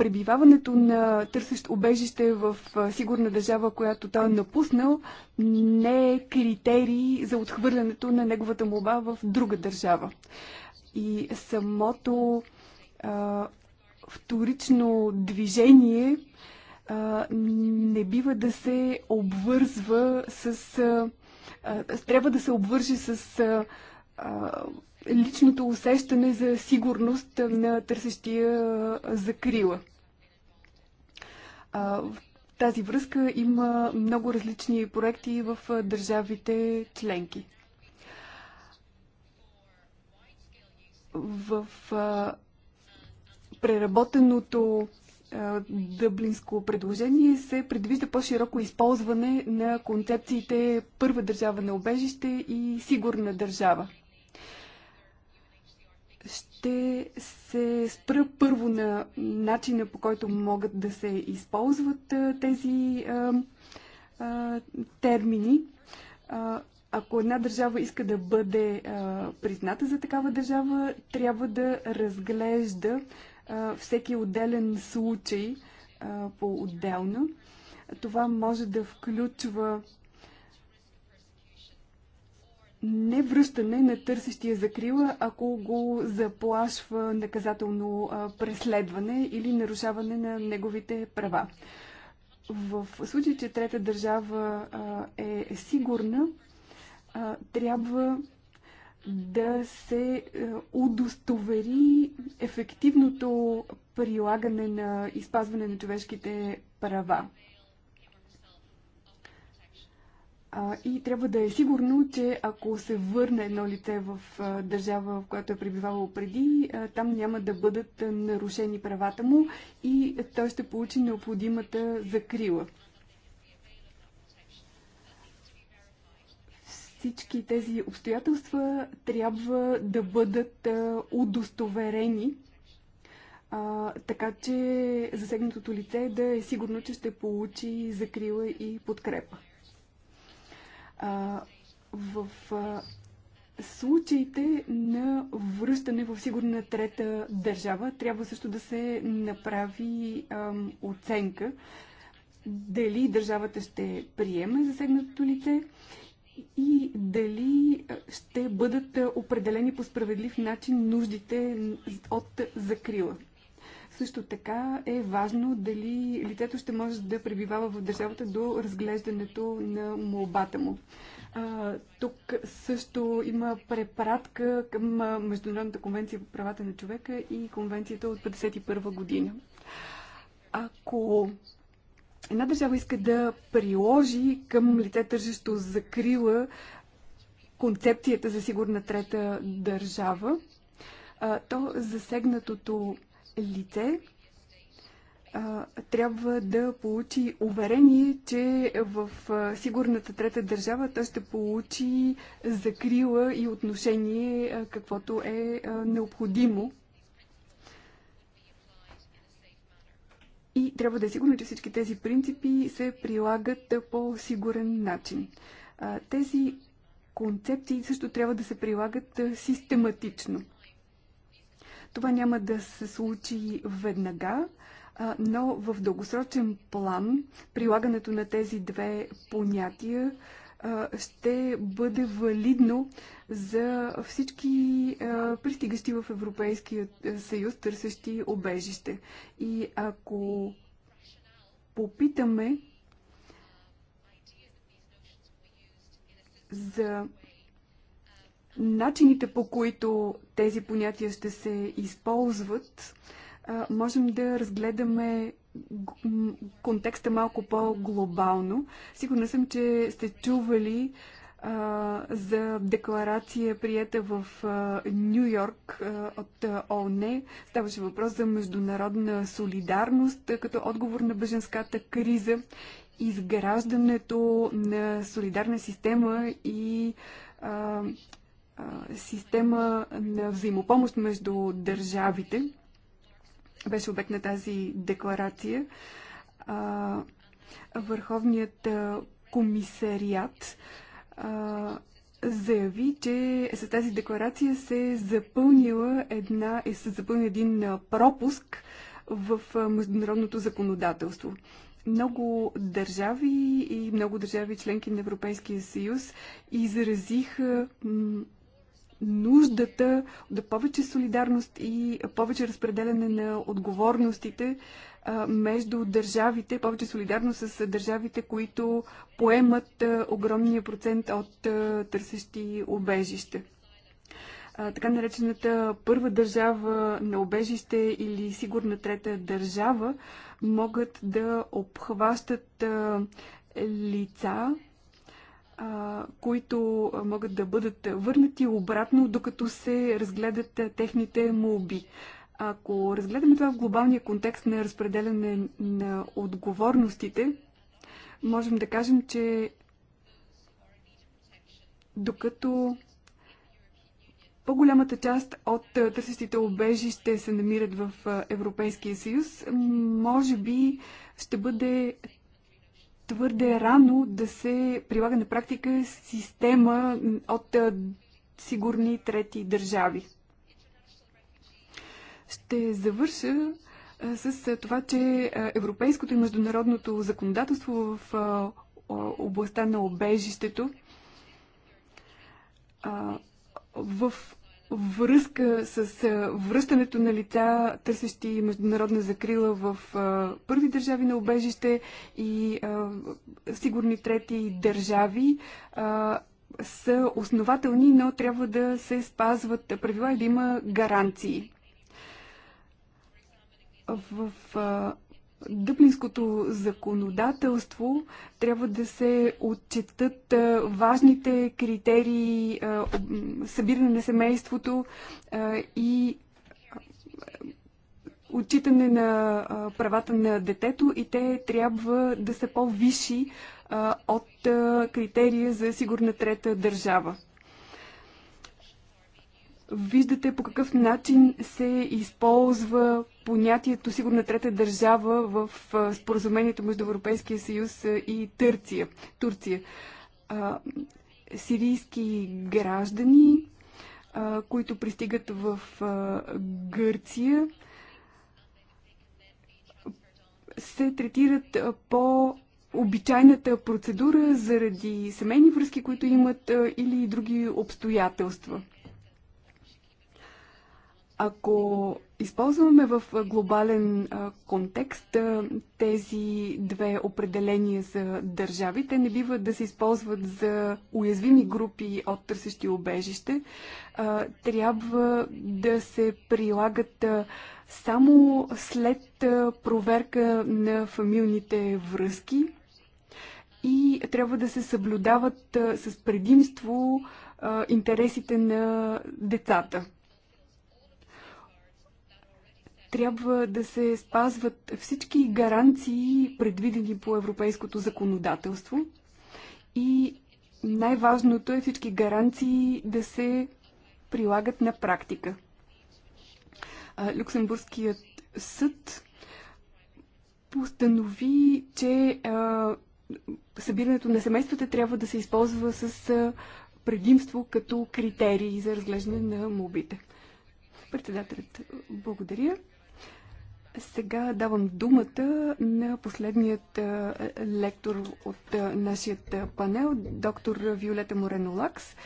пребиваването на търсещ убежище в сигурна държава, която той е напуснал, не е критерий за отхвърлянето на неговата молба в друга държава. И самото а, вторично движение а, не бива да се обвързва с. А, а, трябва да се обвържи с. А, а, личното усещане за сигурност на търсещия закрила. В тази връзка има много различни проекти в държавите членки. В преработеното дъблинско предложение се предвижда по-широко използване на концепциите първа държава на обежище и сигурна държава. Ще се спра първо на начина по който могат да се използват тези а, а, термини. А, ако една държава иска да бъде а, призната за такава държава, трябва да разглежда а, всеки отделен случай по-отделно. Това може да включва невръщане на търсещия закрила, ако го заплашва наказателно преследване или нарушаване на неговите права. В случай, че трета държава е сигурна, трябва да се удостовери ефективното прилагане на изпазване на човешките права. А, и трябва да е сигурно, че ако се върне едно лице в а, държава, в която е пребивавало преди, а, там няма да бъдат нарушени правата му и той ще получи необходимата закрила. Всички тези обстоятелства трябва да бъдат удостоверени, така че засегнатото лице да е сигурно, че ще получи закрила и подкрепа. А в случаите на връщане в сигурна трета държава трябва също да се направи а, оценка дали държавата ще приеме засегнатото лице и дали ще бъдат определени по справедлив начин нуждите от закрила. Също така е важно дали лицето ще може да пребивава в държавата до разглеждането на молбата му. А, тук също има препратка към Международната конвенция по правата на човека и конвенцията от 1951 година. Ако една държава иска да приложи към лице тържещо закрила концепцията за сигурна трета държава, то засегнатото лице а, трябва да получи уверение, че в а, сигурната трета държава той ще получи закрила и отношение, а, каквото е а, необходимо. И трябва да е сигурно, че всички тези принципи се прилагат по сигурен начин. А, тези концепции също трябва да се прилагат систематично. Това няма да се случи веднага, но в дългосрочен план прилагането на тези две понятия ще бъде валидно за всички пристигащи в Европейския съюз, търсещи обежище. И ако попитаме за начините по които тези понятия ще се използват, можем да разгледаме контекста малко по-глобално. Сигурна съм, че сте чували за декларация, прията в Нью Йорк от ООН. Ставаше въпрос за международна солидарност като отговор на беженската криза, изграждането на солидарна система и система на взаимопомощ между държавите. Беше обект на тази декларация. Върховният комисариат заяви, че с тази декларация се запълнила една, е се запълни един пропуск в международното законодателство. Много държави и много държави членки на Европейския съюз изразиха нуждата да повече солидарност и повече разпределяне на отговорностите между държавите, повече солидарност с държавите, които поемат огромния процент от търсещи обежище. Така наречената първа държава на обежище или сигурна трета държава могат да обхващат лица, които могат да бъдат върнати обратно, докато се разгледат техните молби. Ако разгледаме това в глобалния контекст на разпределяне на отговорностите, можем да кажем, че докато по-голямата част от търсещите обежище се намират в Европейския съюз, може би ще бъде твърде рано да се прилага на практика система от сигурни трети държави. Ще завърша с това, че европейското и международното законодателство в областта на обежището в връзка с връщането на лица, търсещи международна закрила в първи държави на обежище и сигурни трети държави са основателни, но трябва да се спазват правила и да има гаранции. В дъблинското законодателство трябва да се отчетат важните критерии събиране на семейството и отчитане на правата на детето и те трябва да са по-висши от критерия за сигурна трета държава виждате по какъв начин се използва понятието сигурна трета държава в споразумението между Европейския съюз и Търция, Турция. А, сирийски граждани, а, които пристигат в а, Гърция, се третират по обичайната процедура заради семейни връзки, които имат или други обстоятелства. Ако използваме в глобален контекст тези две определения за държавите, не бива да се използват за уязвими групи от търсещи обежище. Трябва да се прилагат само след проверка на фамилните връзки и трябва да се съблюдават с предимство интересите на децата трябва да се спазват всички гаранции, предвидени по европейското законодателство. И най-важното е всички гаранции да се прилагат на практика. Люксембургският съд постанови, че събирането на семействата трябва да се използва с предимство като критерии за разглеждане на мобите. Председателят, благодаря. Сега давам думата на последният лектор от нашия панел, доктор Виолета Моренолакс.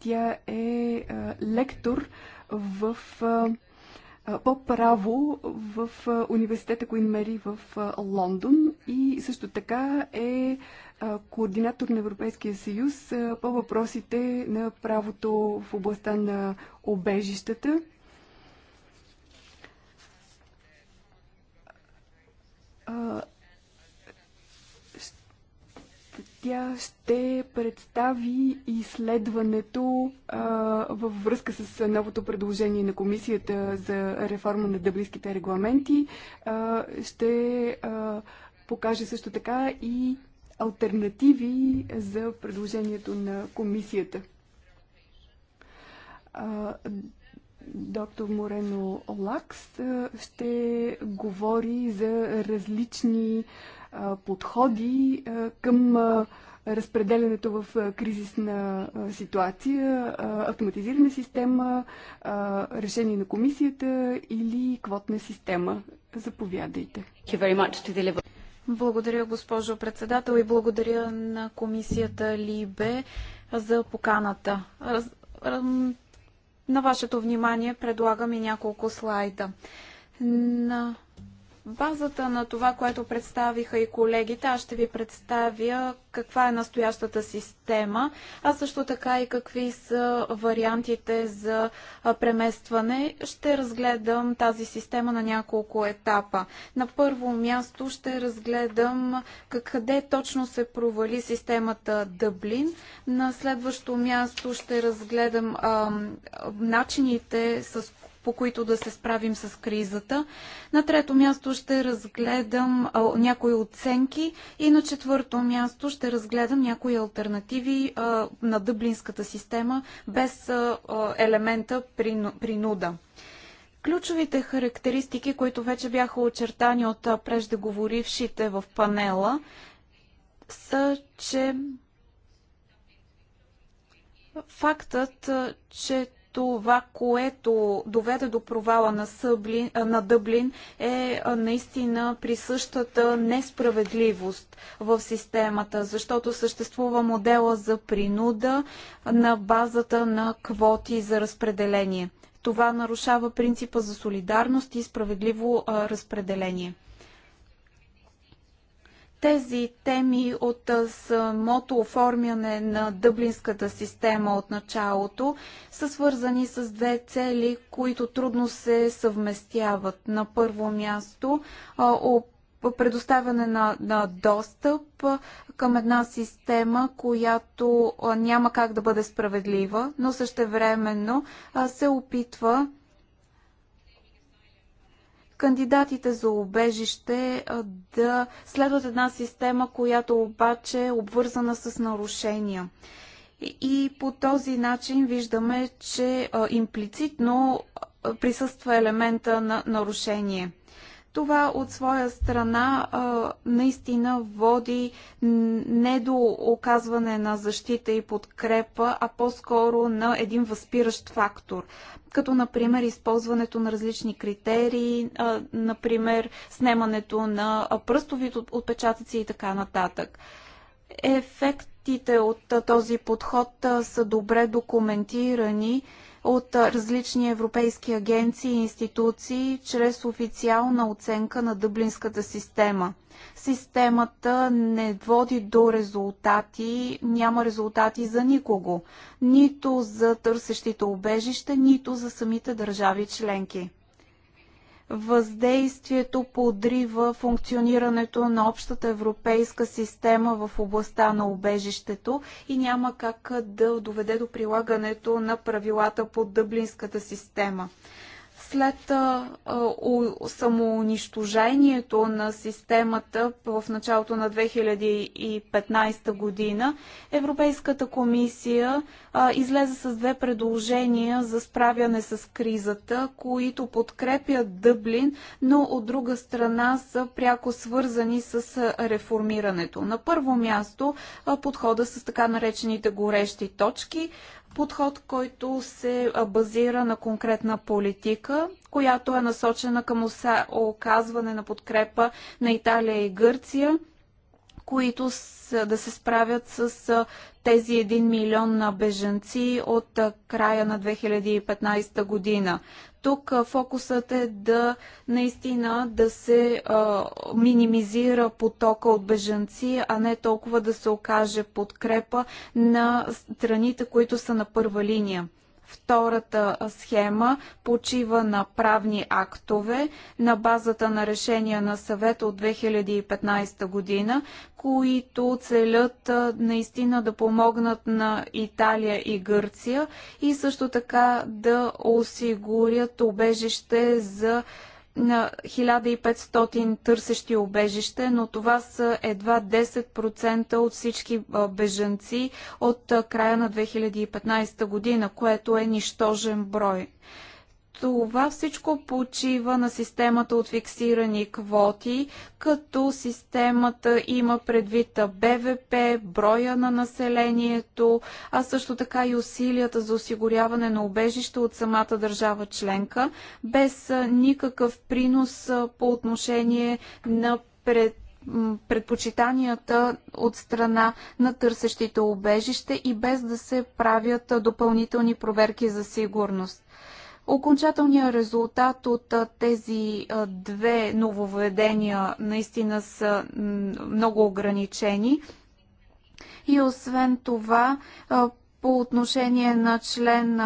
Тя е лектор в, по право в университета Куин Мери в Лондон и също така е координатор на Европейския съюз по въпросите на правото в областта на обежищата а, тя ще представи изследването а, във връзка с новото предложение на комисията за реформа на дъблинските регламенти. А, ще а, покаже също така и альтернативи за предложението на комисията доктор Морено Лакс ще говори за различни подходи към разпределянето в кризисна ситуация, автоматизирана система, решение на комисията или квотна система. Заповядайте. Благодаря, госпожо председател и благодаря на комисията Либе за поканата на вашето внимание предлагам и няколко слайда. На базата на това, което представиха и колегите, аз ще ви представя каква е настоящата система, а също така и какви са вариантите за преместване. Ще разгледам тази система на няколко етапа. На първо място ще разгледам къде точно се провали системата Дъблин. На следващо място ще разгледам а, начините, с по които да се справим с кризата. На трето място ще разгледам а, някои оценки и на четвърто място ще разгледам някои альтернативи а, на дъблинската система без а, елемента принуда. Ключовите характеристики, които вече бяха очертани от преждеговорившите в панела, са, че фактът, че това, което доведе до провала на, Съблин, на Дъблин е наистина присъщата несправедливост в системата, защото съществува модела за принуда на базата на квоти за разпределение. Това нарушава принципа за солидарност и справедливо разпределение тези теми от самото оформяне на дъблинската система от началото са свързани с две цели, които трудно се съвместяват. На първо място предоставяне на, на достъп към една система, която няма как да бъде справедлива, но същевременно се опитва кандидатите за убежище да следват една система, която обаче е обвързана с нарушения. И по този начин виждаме, че имплицитно присъства елемента на нарушение. Това от своя страна наистина води не до оказване на защита и подкрепа, а по-скоро на един възпиращ фактор като например използването на различни критерии, например снемането на пръстови отпечатъци и така нататък. Ефектите от този подход са добре документирани от различни европейски агенции и институции чрез официална оценка на дъблинската система. Системата не води до резултати, няма резултати за никого, нито за търсещите убежище, нито за самите държави членки въздействието подрива функционирането на общата европейска система в областта на убежището и няма как да доведе до прилагането на правилата по дъблинската система след самоунищожението на системата в началото на 2015 година, Европейската комисия а, излезе с две предложения за справяне с кризата, които подкрепят Дъблин, но от друга страна са пряко свързани с реформирането. На първо място а, подхода с така наречените горещи точки подход, който се базира на конкретна политика, която е насочена към оказване на подкрепа на Италия и Гърция, които да се справят с тези 1 милион на бежанци от края на 2015 година. Тук фокусът е да наистина да се а, минимизира потока от бежанци, а не толкова да се окаже подкрепа на страните, които са на първа линия. Втората схема почива на правни актове на базата на решения на съвета от 2015 година, които целят наистина да помогнат на Италия и Гърция и също така да осигурят обежище за на 1500 търсещи обежище, но това са едва 10% от всички бежанци от края на 2015 година, което е нищожен брой това всичко почива на системата от фиксирани квоти, като системата има предвид БВП, броя на населението, а също така и усилията за осигуряване на убежище от самата държава членка, без никакъв принос по отношение на пред предпочитанията от страна на търсещите убежище и без да се правят допълнителни проверки за сигурност. Окончателният резултат от тези две нововведения наистина са много ограничени. И освен това, по отношение на член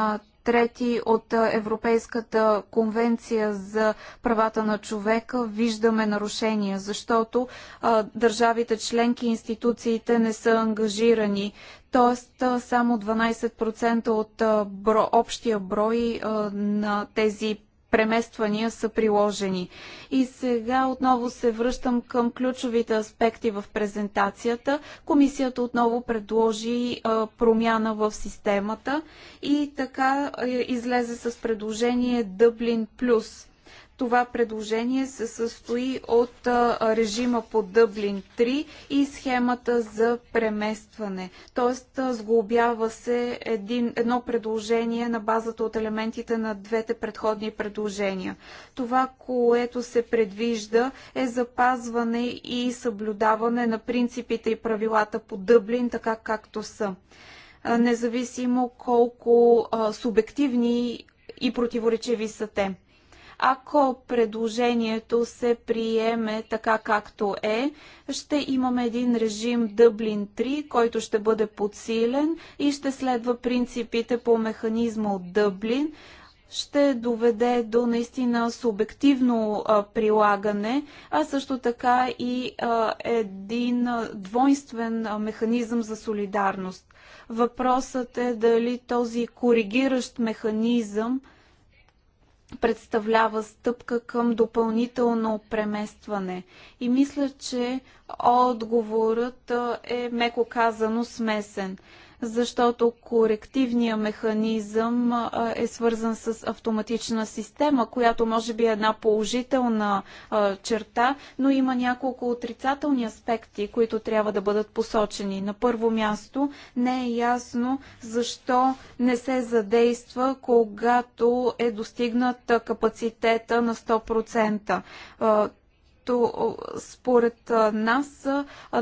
трети от Европейската конвенция за правата на човека виждаме нарушения, защото а, държавите членки и институциите не са ангажирани. Тоест само 12% от общия брой на тези премествания са приложени. И сега отново се връщам към ключовите аспекти в презентацията. Комисията отново предложи а, промяна в системата и така а, е, излезе с предложение Дъблин Плюс. Това предложение се състои от режима по Дъблин 3 и схемата за преместване. Тоест, сглобява се един, едно предложение на базата от елементите на двете предходни предложения. Това, което се предвижда е запазване и съблюдаване на принципите и правилата по Дъблин, така както са. Независимо колко а, субективни и противоречиви са те. Ако предложението се приеме така както е, ще имаме един режим Дъблин 3, който ще бъде подсилен и ще следва принципите по механизма от Дъблин, ще доведе до наистина субективно а, прилагане, а също така и а, един двойствен а, механизъм за солидарност. Въпросът е дали този коригиращ механизъм представлява стъпка към допълнително преместване. И мисля, че отговорът е, меко казано, смесен защото корективният механизъм е свързан с автоматична система, която може би е една положителна черта, но има няколко отрицателни аспекти, които трябва да бъдат посочени. На първо място не е ясно защо не се задейства, когато е достигнат капацитета на 100% което според нас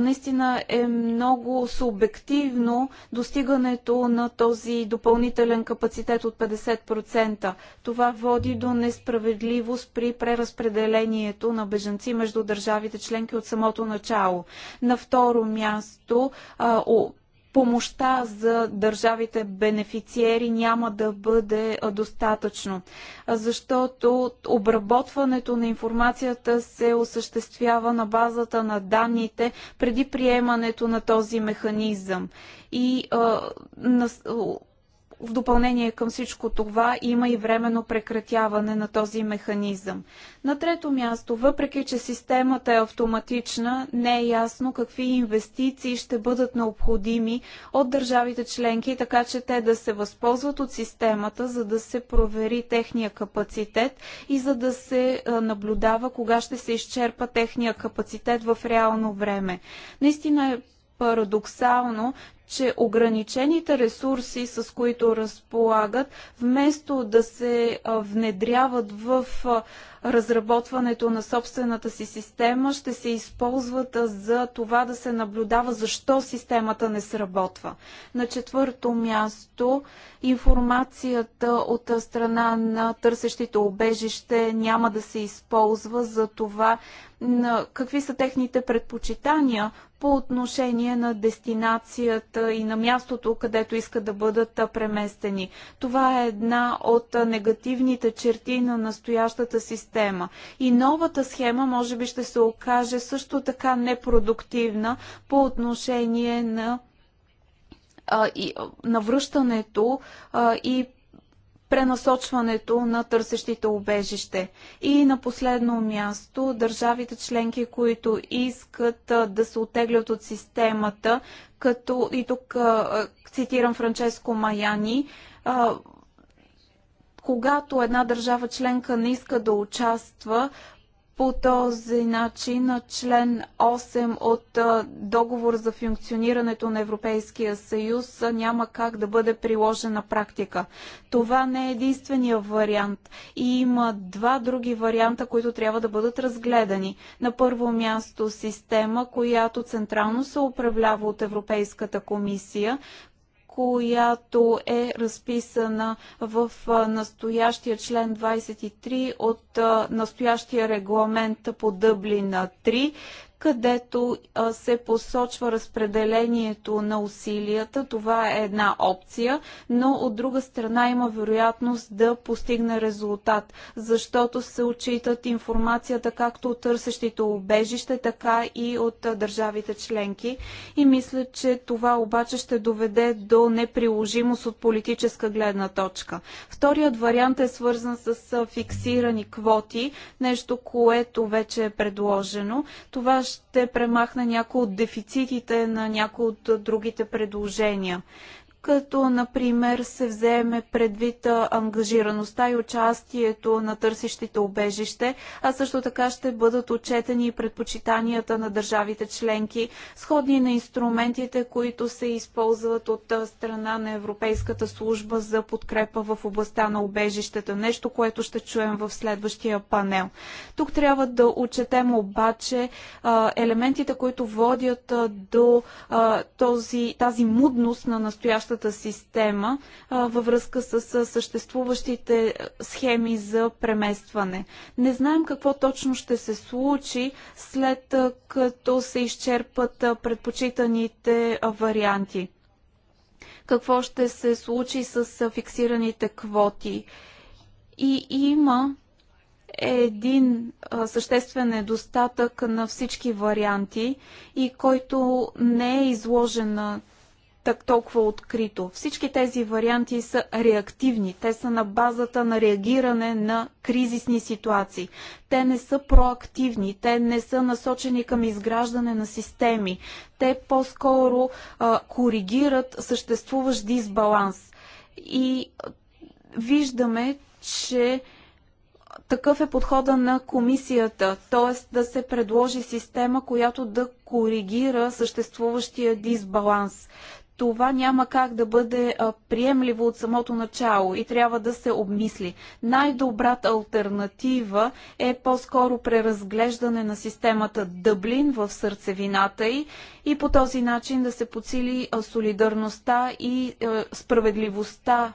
наистина е много субективно достигането на този допълнителен капацитет от 50%. Това води до несправедливост при преразпределението на бежанци между държавите членки от самото начало. На второ място, помощта за държавите бенефициери няма да бъде достатъчно, защото обработването на информацията се осъществява на базата на данните преди приемането на този механизъм. И а, на, в допълнение към всичко това има и временно прекратяване на този механизъм. На трето място, въпреки че системата е автоматична, не е ясно какви инвестиции ще бъдат необходими от държавите членки, така че те да се възползват от системата, за да се провери техния капацитет и за да се наблюдава кога ще се изчерпа техния капацитет в реално време. Наистина е парадоксално, че ограничените ресурси, с които разполагат, вместо да се внедряват в разработването на собствената си система, ще се използват за това да се наблюдава защо системата не сработва. На четвърто място, информацията от страна на търсещите обежище няма да се използва за това на какви са техните предпочитания по отношение на дестинацията и на мястото, където искат да бъдат преместени. Това е една от негативните черти на настоящата система. И новата схема може би ще се окаже също така непродуктивна по отношение на навръщането и пренасочването на търсещите обежище. И на последно място, държавите членки, които искат да се отеглят от системата, като и тук цитирам Франческо Маяни, когато една държава членка не иска да участва, по този начин член 8 от договор за функционирането на Европейския съюз няма как да бъде приложена практика. Това не е единствения вариант и има два други варианта, които трябва да бъдат разгледани. На първо място система, която централно се управлява от Европейската комисия, която е разписана в настоящия член 23 от настоящия регламент по Дъблина 3 където се посочва разпределението на усилията. Това е една опция, но от друга страна има вероятност да постигне резултат, защото се отчитат информацията както от търсещите обежище, така и от държавите членки. И мисля, че това обаче ще доведе до неприложимост от политическа гледна точка. Вторият вариант е свързан с фиксирани квоти, нещо, което вече е предложено. Това ще ще премахне някои от дефицитите на някои от другите предложения като например се вземе предвид ангажираността и участието на търсещите убежище, а също така ще бъдат отчетени и предпочитанията на държавите членки, сходни на инструментите, които се използват от страна на Европейската служба за подкрепа в областта на обежищата. нещо, което ще чуем в следващия панел. Тук трябва да отчетем обаче елементите, които водят до този, тази мудност на настоящата европейската система във връзка с съществуващите схеми за преместване. Не знаем какво точно ще се случи след като се изчерпат предпочитаните варианти. Какво ще се случи с фиксираните квоти? И има е един съществен недостатък на всички варианти и който не е изложен на так толкова открито. Всички тези варианти са реактивни. Те са на базата на реагиране на кризисни ситуации. Те не са проактивни, те не са насочени към изграждане на системи. Те по-скоро коригират съществуващ дисбаланс. И виждаме, че такъв е подхода на комисията, т.е. да се предложи система, която да коригира съществуващия дисбаланс това няма как да бъде приемливо от самото начало и трябва да се обмисли. Най-добрата альтернатива е по-скоро преразглеждане на системата Дъблин в сърцевината й и по този начин да се подсили солидарността и справедливостта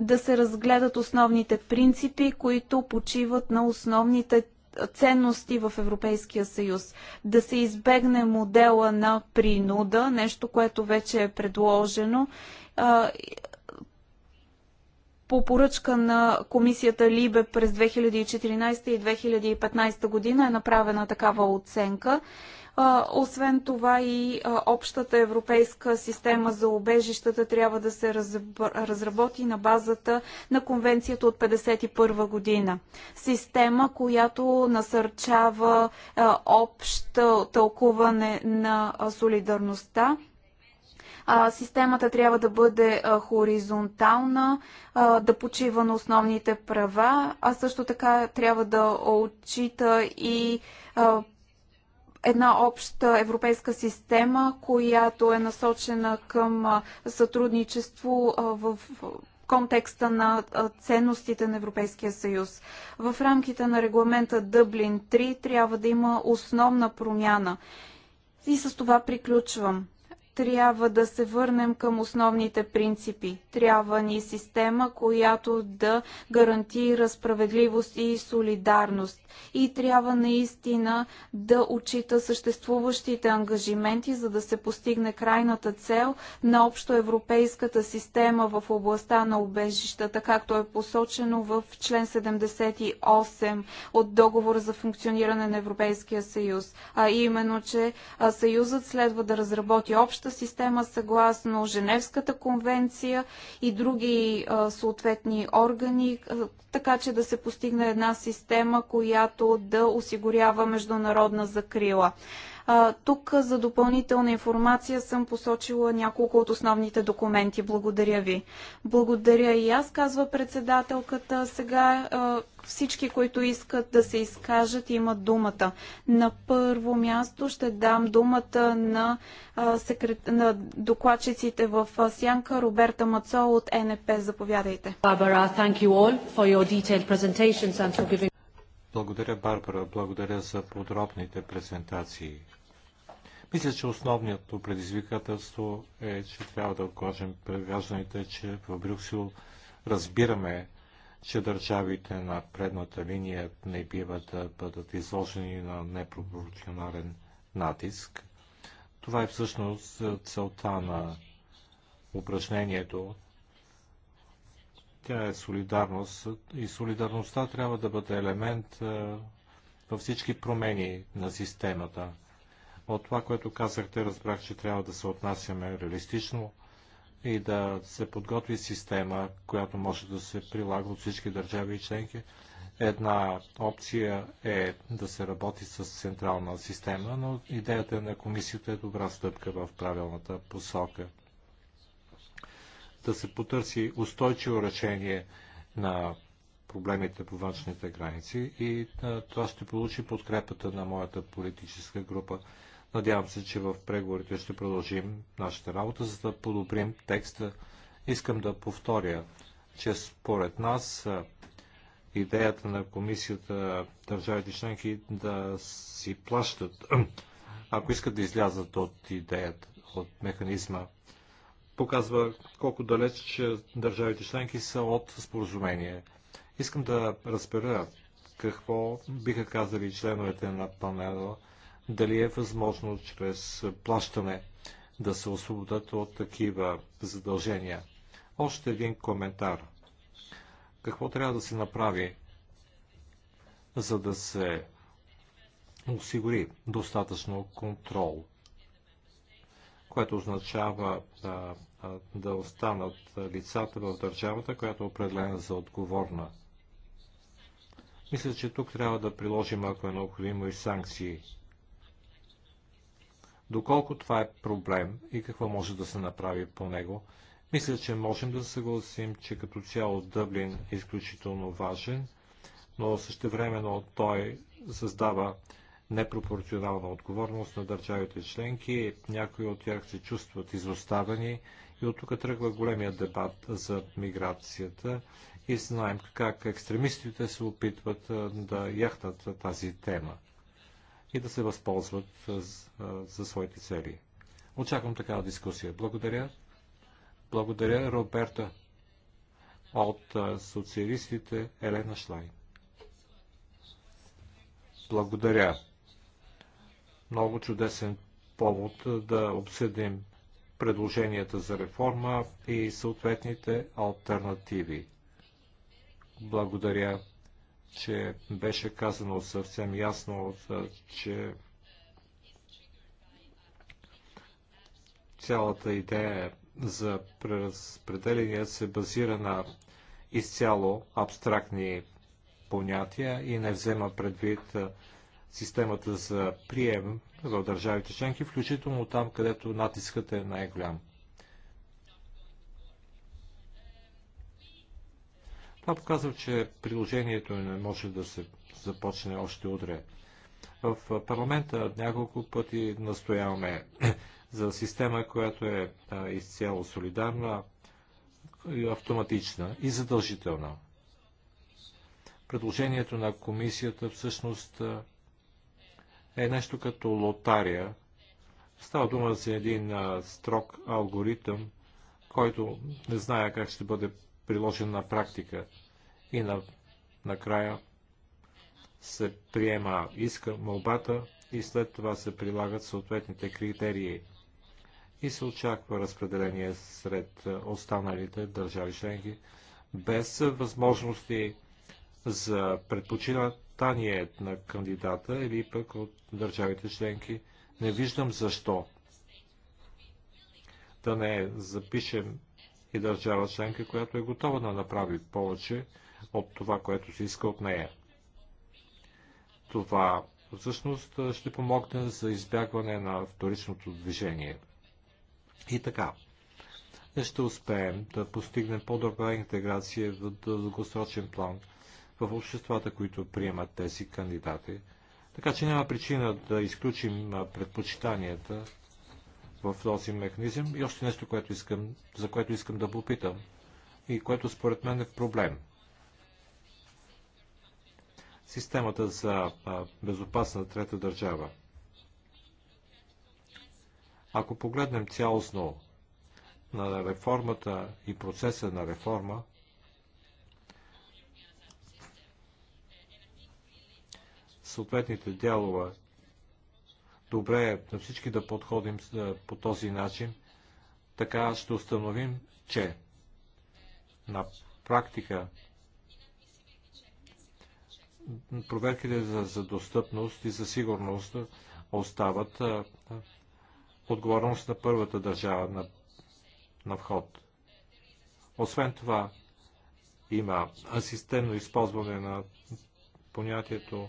да се разгледат основните принципи, които почиват на основните ценности в Европейския съюз. Да се избегне модела на принуда, нещо, което вече е предложено по поръчка на комисията Либе през 2014 и 2015 година е направена такава оценка. Освен това и общата европейска система за обежищата трябва да се разработи на базата на конвенцията от 1951 година. Система, която насърчава общо тълкуване на солидарността системата трябва да бъде хоризонтална, да почива на основните права, а също така трябва да отчита и една обща европейска система, която е насочена към сътрудничество в контекста на ценностите на Европейския съюз. В рамките на регламента Дъблин 3 трябва да има основна промяна. И с това приключвам трябва да се върнем към основните принципи. Трябва ни система, която да гарантира справедливост и солидарност. И трябва наистина да отчита съществуващите ангажименти, за да се постигне крайната цел на общоевропейската система в областта на убежищата, както е посочено в член 78 от договора за функциониране на Европейския съюз. А именно, че Съюзът следва да разработи обща съдебната система съгласно Женевската конвенция и други съответни органи, така че да се постигне една система, която да осигурява международна закрила. Тук за допълнителна информация съм посочила няколко от основните документи. Благодаря ви. Благодаря и аз, казва председателката. Сега всички, които искат да се изкажат, имат думата. На първо място ще дам думата на, секрет... на докладчиците в Сянка Роберта Мацо от НП. Заповядайте. Барбара, thank you all for your detailed presentations and for giving... Благодаря, Барбара. Благодаря за подробните презентации. Мисля, че основният предизвикателство е, че трябва да окажем пред гражданите, че в Брюксел разбираме, че държавите на предната линия не бива да бъдат изложени на непропорционален натиск. Това е всъщност целта на упражнението. Тя е солидарност и солидарността трябва да бъде елемент във всички промени на системата – от това, което казахте, разбрах, че трябва да се отнасяме реалистично и да се подготви система, която може да се прилага от всички държави и членки. Една опция е да се работи с централна система, но идеята на комисията е добра стъпка в правилната посока. Да се потърси устойчиво решение на проблемите по външните граници и това ще получи подкрепата на моята политическа група. Надявам се, че в преговорите ще продължим нашата работа, за да подобрим текста. Искам да повторя, че според нас идеята на комисията държавите членки да си плащат, ако искат да излязат от идеята, от механизма, показва колко далеч държавите членки са от споразумение. Искам да разбера какво биха казали членовете на панела дали е възможно чрез плащане да се освободят от такива задължения. Още един коментар. Какво трябва да се направи, за да се осигури достатъчно контрол, което означава да, да останат лицата в държавата, която е определена за отговорна. Мисля, че тук трябва да приложим, ако е необходимо, и санкции Доколко това е проблем и какво може да се направи по него, мисля, че можем да съгласим, че като цяло Дъблин е изключително важен, но същевременно той създава непропорционална отговорност на държавите членки. Някои от тях се чувстват изоставени и от тук тръгва големия дебат за миграцията и знаем как екстремистите се опитват да яхнат тази тема и да се възползват за, за своите цели. Очаквам такава дискусия. Благодаря. Благодаря, Роберта. От социалистите Елена Шлайн. Благодаря. Много чудесен повод да обсъдим предложенията за реформа и съответните альтернативи. Благодаря че беше казано съвсем ясно, че цялата идея за преразпределение се базира на изцяло абстрактни понятия и не взема предвид системата за прием в държавите членки, включително там, където натискът е най-голям. Това показва, че приложението не може да се започне още утре. В парламента няколко пъти настояваме за система, която е изцяло солидарна, автоматична и задължителна. Предложението на комисията всъщност е нещо като лотария. Става дума за един строг алгоритъм, който не знае как ще бъде приложен на практика. И на, накрая се приема иска молбата и след това се прилагат съответните критерии и се очаква разпределение сред останалите държави членки без възможности за предпочитание на кандидата или пък от държавите членки. Не виждам защо да не запишем и държава членка, която е готова да направи повече от това, което се иска от нея. Това всъщност ще помогне за избягване на вторичното движение. И така, ще успеем да постигнем по-добра интеграция в дългосрочен план в обществата, които приемат тези кандидати. Така че няма причина да изключим предпочитанията в този механизъм. И още нещо, което искам, за което искам да попитам и което според мен е проблем – системата за безопасна трета държава. Ако погледнем цялостно на реформата и процеса на реформа, съответните дялове, добре е на всички да подходим по този начин, така ще установим, че на практика проверките за, за достъпност и за сигурност остават а, а, отговорност на първата държава на, на вход. Освен това, има асистентно използване на понятието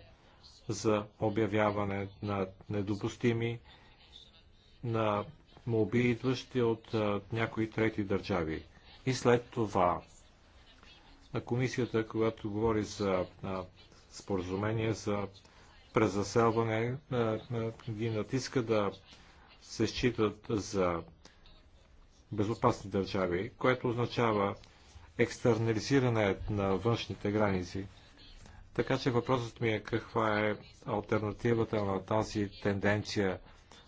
за обявяване на недопустими на моби, идващи от а, някои трети държави. И след това на комисията, когато говори за а, споразумение за презаселване ги натиска да се считат за безопасни държави, което означава екстернализиране на външните граници. Така че въпросът ми е каква е альтернативата на тази тенденция.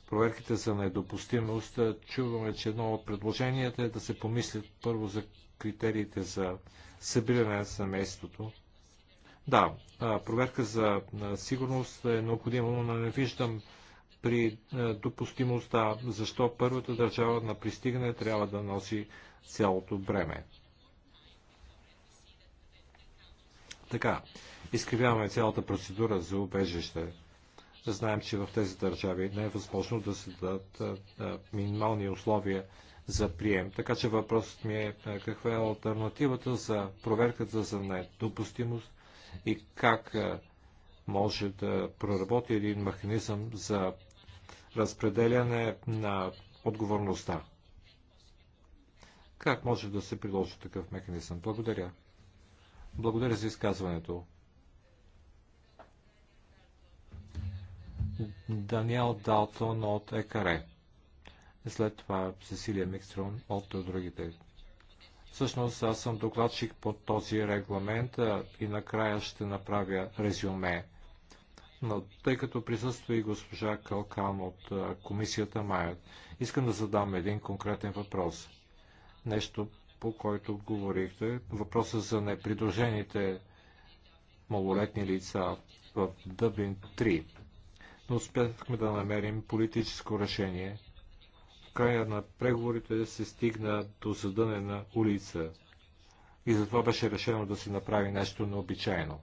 Проверките за недопустимост. Чуваме, че едно от предложенията е да се помислят първо за критериите за събиране на семейството. Да, проверка за сигурност е необходима, но не виждам при допустимостта, защо първата държава на пристигане трябва да носи цялото бреме. Така, изкривяваме цялата процедура за убежище. Знаем, че в тези държави не е възможно да се дадат минимални условия за прием. Така че въпросът ми е каква е альтернативата за проверката за недопустимост и как може да проработи един механизъм за разпределяне на отговорността. Как може да се приложи такъв механизъм? Благодаря. Благодаря за изказването. Даниел Далтон от Екаре. След това Сесилия Микстрон от другите Всъщност аз съм докладчик под този регламент и накрая ще направя резюме. Но тъй като присъства и госпожа Калкам от комисията Майот, искам да задам един конкретен въпрос. Нещо, по който говорихте. Въпроса за непридружените малолетни лица в Дъбин 3. Но успяхме да намерим политическо решение – края на преговорите се стигна до на улица и затова беше решено да се направи нещо необичайно.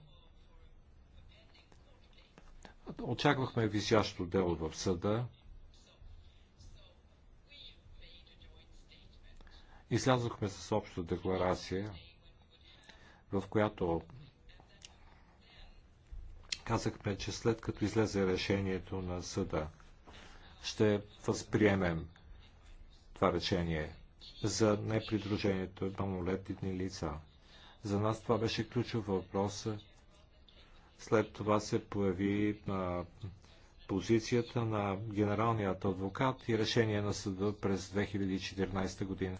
Очаквахме висящо дело в съда. Излязохме с обща декларация, в която казахме, че след като излезе решението на съда, ще възприемем това решение за непридружението на малолетни лица. За нас това беше ключов въпрос. След това се появи а, позицията на генералният адвокат и решение на съда през 2014 година.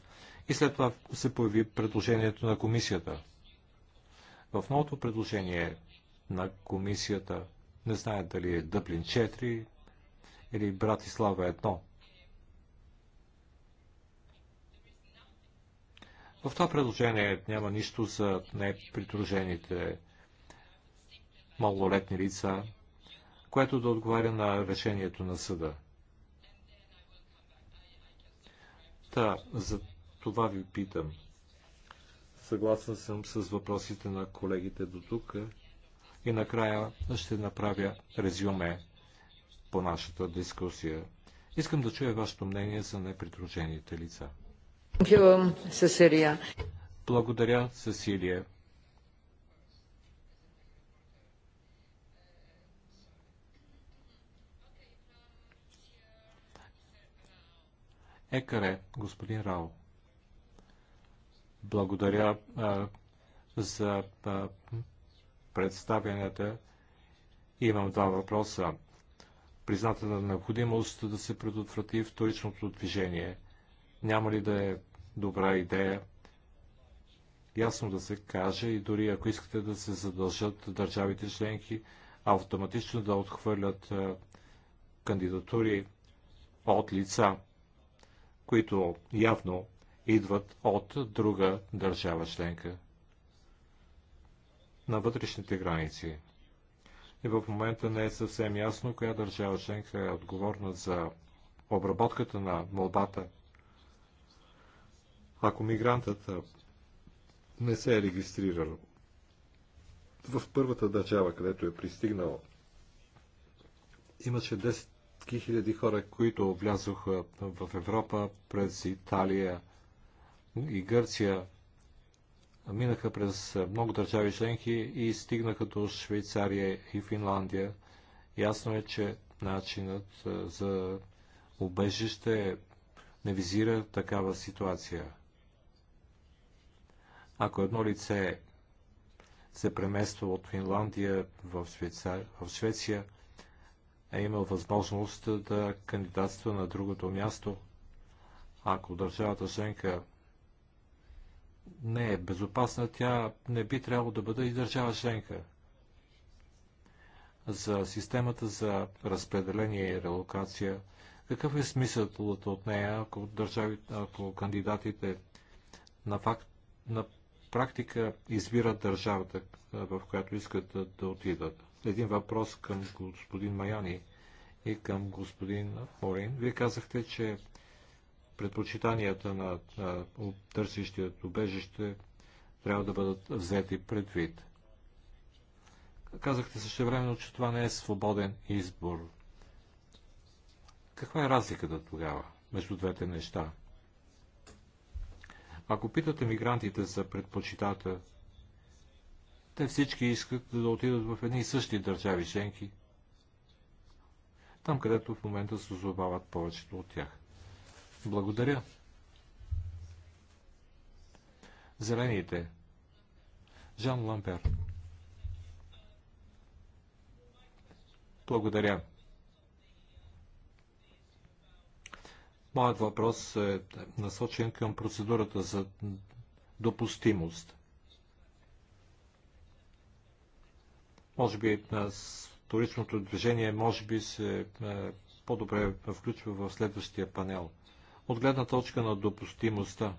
И след това се появи предложението на комисията. В новото предложение на комисията, не знаят дали е Дъблин 4 или Братислава В това предложение няма нищо за непритружените малолетни лица, което да отговаря на решението на съда. Та, за това ви питам. Съгласен съм с въпросите на колегите до тук и накрая ще направя резюме по нашата дискусия. Искам да чуя вашето мнение за непритружените лица. Благодаря, Сесилия. Екаре, господин Рао. Благодаря а, за а, представянето. Имам два въпроса. Признатата необходимост да се предотврати вторичното движение. Няма ли да е добра идея ясно да се каже и дори ако искате да се задължат държавите членки автоматично да отхвърлят кандидатури от лица, които явно идват от друга държава членка на вътрешните граници. И в момента не е съвсем ясно коя държава членка е отговорна за обработката на молбата ако мигрантът не се е регистрирал в първата държава, където е пристигнал, имаше 10 000 хора, които влязоха в Европа през Италия и Гърция, минаха през много държави членки и стигнаха до Швейцария и Финландия. Ясно е, че начинът за убежище не визира такава ситуация. Ако едно лице се премества от Финландия в, Швейцар... в Швеция, е имал възможност да кандидатства на другото място, ако държавата членка не е безопасна, тя не би трябвало да бъде и държава членка. За системата за разпределение и релокация, какъв е смисълът от нея, ако, държави, ако кандидатите на факт на практика избират държавата, в която искат да отидат. Един въпрос към господин Маяни и към господин Морин. Вие казахте, че предпочитанията на, на търсещият убежище трябва да бъдат взети предвид. Казахте също времено, че това не е свободен избор. Каква е разликата тогава между двете неща? Ако питате мигрантите за предпочитата, те всички искат да отидат в едни и същи държави женки. там където в момента се озовават повечето от тях. Благодаря. Зелените. Жан Лампер. Благодаря. Моят въпрос е насочен към процедурата за допустимост. Може би вторичното движение може би се по-добре включва в следващия панел. От гледна точка на допустимостта,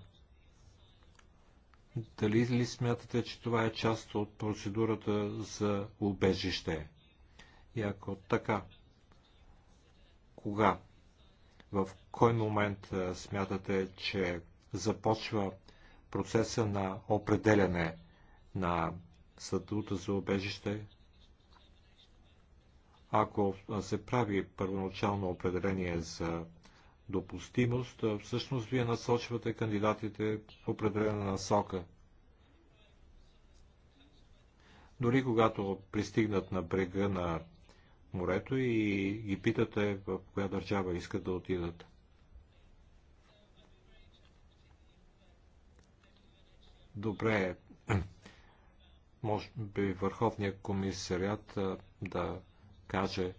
дали ли смятате, че това е част от процедурата за убежище? И ако така, кога в кой момент е, смятате, че започва процеса на определяне на статута за обежище? Ако се прави първоначално определение за допустимост, е, всъщност вие насочвате кандидатите в определена насока. Дори когато пристигнат на брега на морето и ги питате в коя държава искат да отидат. Добре, може би Върховният комисарят да каже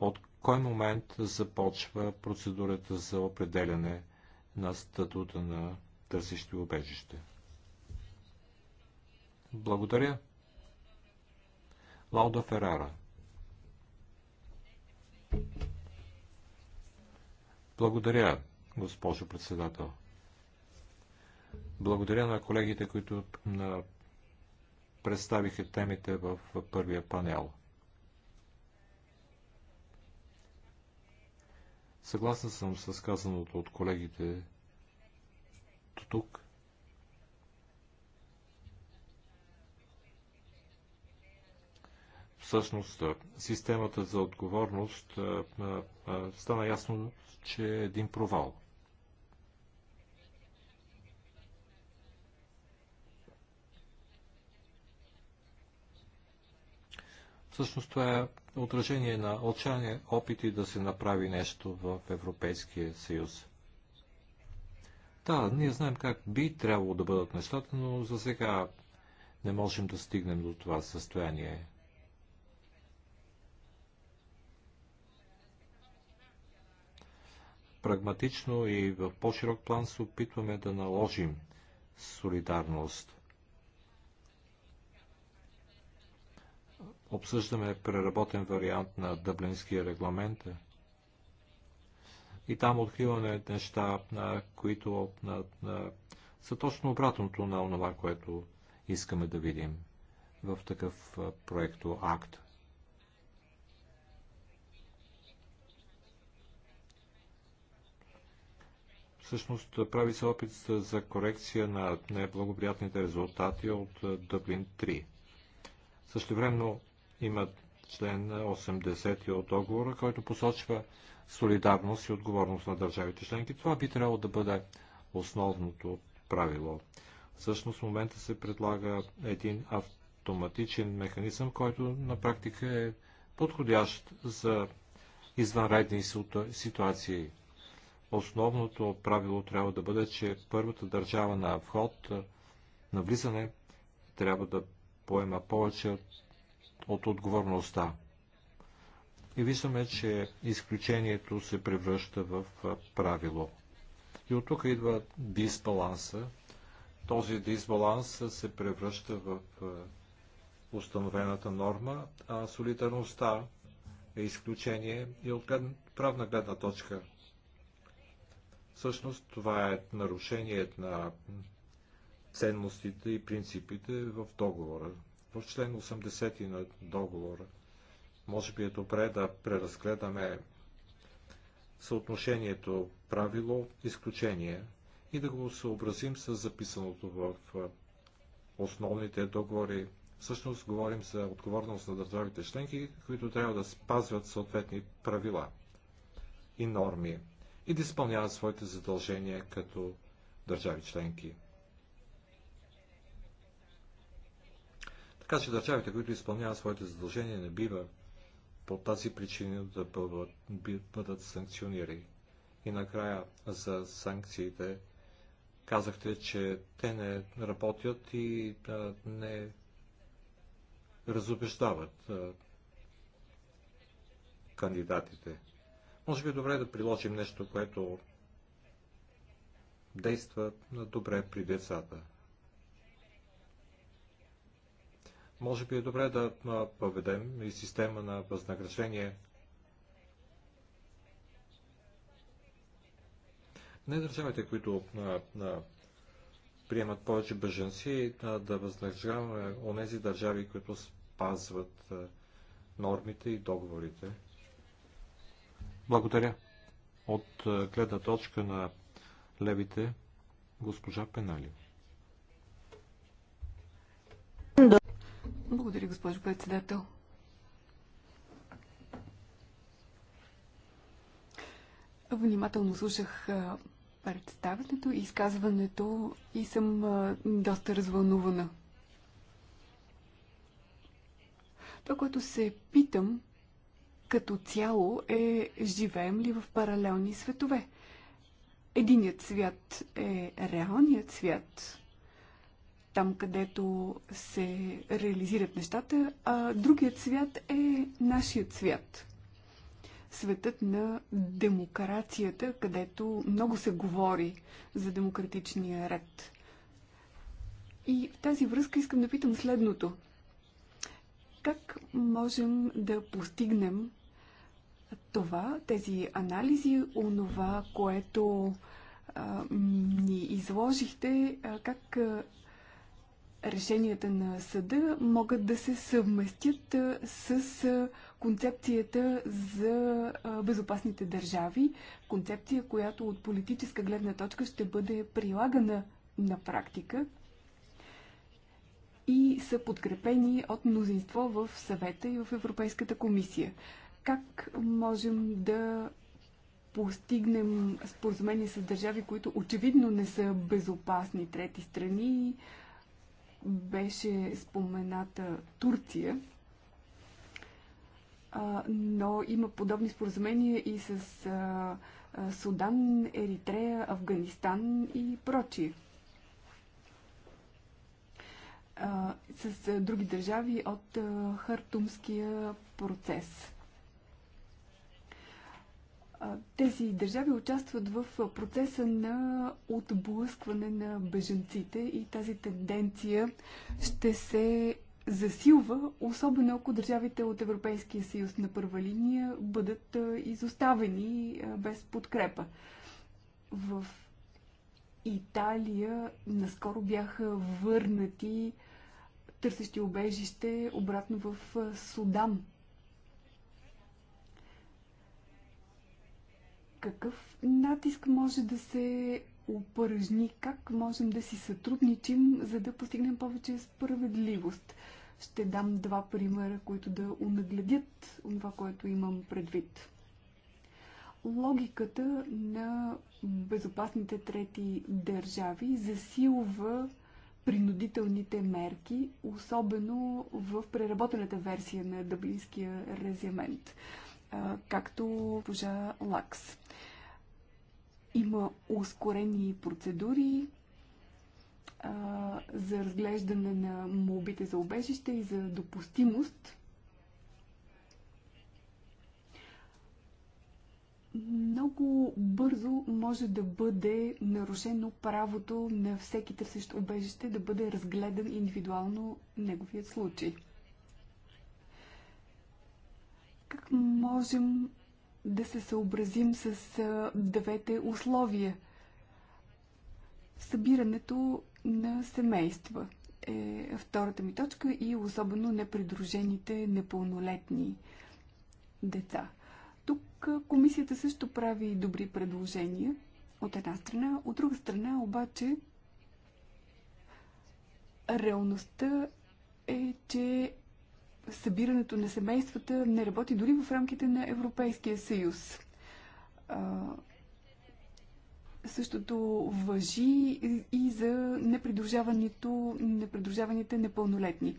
от кой момент започва процедурата за определяне на статута на търсещи убежище. Благодаря. Лауда Ферара. Благодаря, госпожо председател. Благодаря на колегите, които представиха темите в първия панел. Съгласен съм с казаното от колегите до тук. Всъщност, системата за отговорност стана ясно, че е един провал. Всъщност това е отражение на отчаяния опити да се направи нещо в Европейския съюз. Да, ние знаем как би трябвало да бъдат нещата, но за сега не можем да стигнем до това състояние. прагматично и в по-широк план се опитваме да наложим солидарност. Обсъждаме преработен вариант на Дъблинския регламент. И там откриваме неща, на които на, на, са точно обратното на това, което искаме да видим в такъв проекто акт. Всъщност прави се опит за корекция на неблагоприятните резултати от е, Дъблин 3. времено има член 80 от договора, който посочва солидарност и отговорност на държавите членки. Това би трябвало да бъде основното правило. Всъщност в момента се предлага един автоматичен механизъм, който на практика е подходящ за извънредни ситуации основното правило трябва да бъде, че първата държава на вход, на влизане, трябва да поема повече от отговорността. И виждаме, че изключението се превръща в правило. И от тук идва дисбаланса. Този дисбаланс се превръща в установената норма, а солидарността е изключение и от правна гледна точка Всъщност това е нарушение на ценностите и принципите в договора. В член 80 на договора може би е добре да преразгледаме съотношението правило-изключение и да го съобразим с записаното в основните договори. Всъщност говорим за отговорност на държавите членки, които трябва да спазват съответни правила и норми и да изпълняват своите задължения като държави членки. Така че държавите, които изпълняват своите задължения, не бива по тази причина да бъдат, бъдат санкционирани. И накрая за санкциите казахте, че те не работят и да не разобеждават кандидатите. Може би е добре да приложим нещо, което действа добре при децата. Може би е добре да поведем и система на възнаграждение. Не държавите, които на, на, приемат повече беженци, да, да възнаграждаваме онези държави, които спазват нормите и договорите. Благодаря. От е, гледна точка на левите, госпожа Пенали. Благодаря, госпожо председател. Внимателно слушах е, представенето и изказването и съм е, доста развълнувана. То, което се питам, като цяло е живеем ли в паралелни светове. Единият свят е реалният свят, там където се реализират нещата, а другият свят е нашият свят. Светът на демокрацията, където много се говори за демократичния ред. И в тази връзка искам да питам следното. Как можем да постигнем това, тези анализи, онова, което а, ни изложихте, а, как а, решенията на съда могат да се съвместят а, с а, концепцията за а, безопасните държави, концепция, която от политическа гледна точка ще бъде прилагана на практика и са подкрепени от мнозинство в съвета и в Европейската комисия. Как можем да постигнем споразумение с държави, които очевидно не са безопасни трети страни? Беше спомената Турция, но има подобни споразумения и с Судан, Еритрея, Афганистан и прочие с други държави от хартумския процес. Тези държави участват в процеса на отблъскване на бежанците и тази тенденция ще се засилва, особено ако държавите от Европейския съюз на първа линия бъдат изоставени без подкрепа. В Италия наскоро бяха върнати търсещи обежище обратно в Судан Какъв натиск може да се упражни? Как можем да си сътрудничим, за да постигнем повече справедливост? Ще дам два примера, които да унагледят това, което имам предвид. Логиката на безопасните трети държави засилва принудителните мерки, особено в преработената версия на Дъблинския резимент както госпожа Лакс. Има ускорени процедури за разглеждане на молбите за обежище и за допустимост. Много бързо може да бъде нарушено правото на всеки търсещ обежище да бъде разгледан индивидуално неговият случай. Как можем да се съобразим с двете условия? Събирането на семейства е втората ми точка и особено непридружените непълнолетни деца. Тук комисията също прави добри предложения от една страна, от друга страна обаче реалността е, че събирането на семействата не работи дори в рамките на Европейския съюз. същото въжи и за непридружаваните непълнолетни.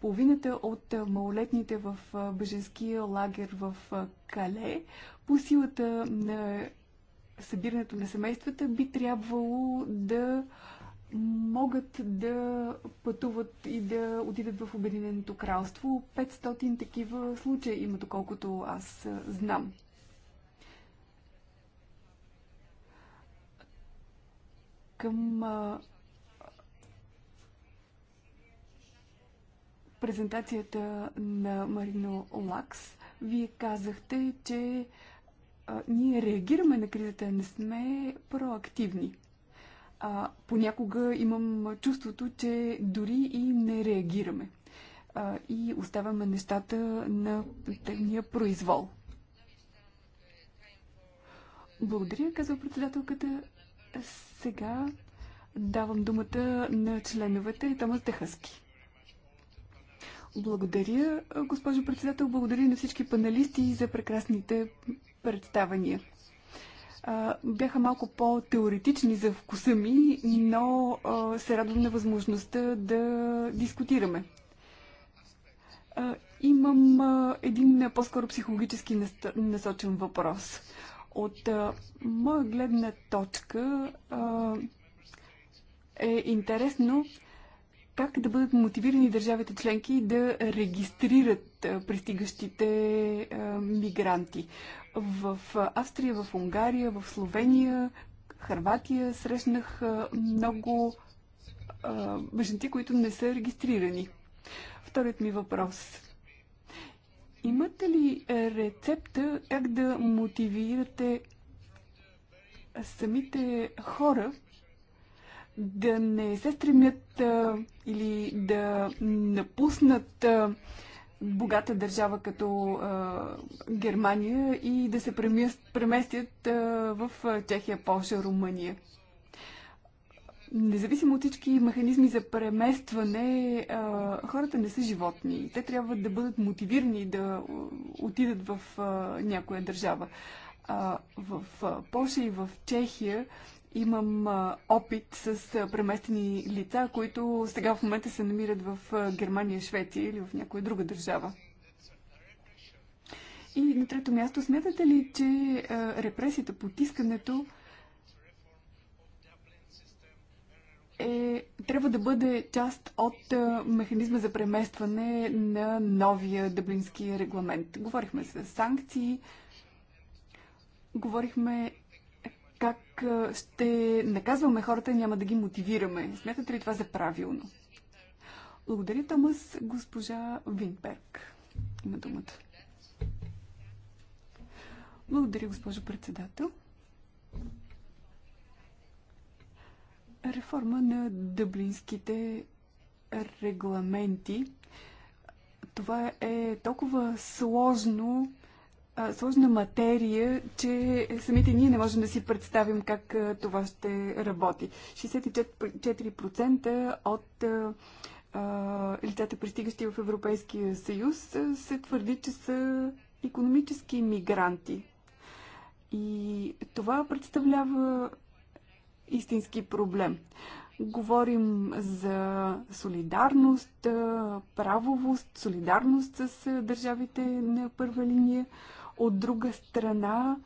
Половината от малолетните в беженския лагер в Кале по силата на събирането на семействата би трябвало да а, могат да пътуват и да отидат в Обединеното кралство. 500 такива случаи има, доколкото аз знам. Към презентацията на Марино Лакс, вие казахте, че а, ние реагираме на кризата, не сме проактивни а, понякога имам чувството, че дори и не реагираме а, и оставяме нещата на техния произвол. Благодаря, казва председателката. Сега давам думата на членовете Томас Техаски. Благодаря, госпожо председател. Благодаря на всички паналисти за прекрасните представания бяха малко по-теоретични за вкуса ми, но се радвам на възможността да дискутираме. Имам един по-скоро психологически насочен въпрос. От моя гледна точка е интересно как да бъдат мотивирани държавите членки да регистрират пристигащите мигранти. В Австрия, в Унгария, в Словения, Харватия срещнах много а, бежанци, които не са регистрирани. Вторият ми въпрос. Имате ли рецепта как да мотивирате самите хора да не се стремят а, или да напуснат а, богата държава като а, Германия и да се преместят а, в Чехия, Польша, Румъния. Независимо от всички механизми за преместване, а, хората не са животни. Те трябва да бъдат мотивирани да отидат в а, някоя държава. А, в а, Польша и в Чехия а, Имам опит с преместени лица, които сега в момента се намират в Германия, Швеция или в някоя друга държава. И на трето място, смятате ли, че репресията, потискането е, трябва да бъде част от механизма за преместване на новия дъблински регламент? Говорихме за санкции, говорихме как ще наказваме хората и няма да ги мотивираме? Смятате ли това за правилно? Благодаря, Томас. Госпожа Винберг има думата. Благодаря, госпожо председател. Реформа на дъблинските регламенти. Това е толкова сложно, сложна материя, че самите ние не можем да си представим как това ще работи. 64% от лицата, пристигащи в Европейския съюз, се твърди, че са економически мигранти. И това представлява истински проблем. Говорим за солидарност, правовост, солидарност с държавите на първа линия. От друга страна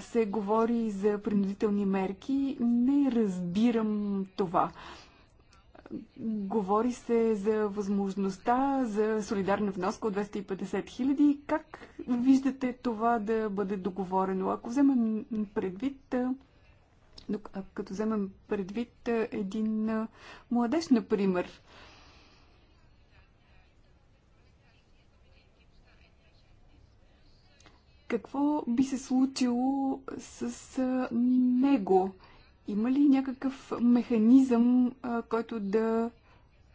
се говори за принудителни мерки. Не разбирам това. Говори се за възможността за солидарна вноска от 250 хиляди. Как виждате това да бъде договорено? Ако вземем предвид като вземем предвид един младеж, например, Какво би се случило с него? Има ли някакъв механизъм, който да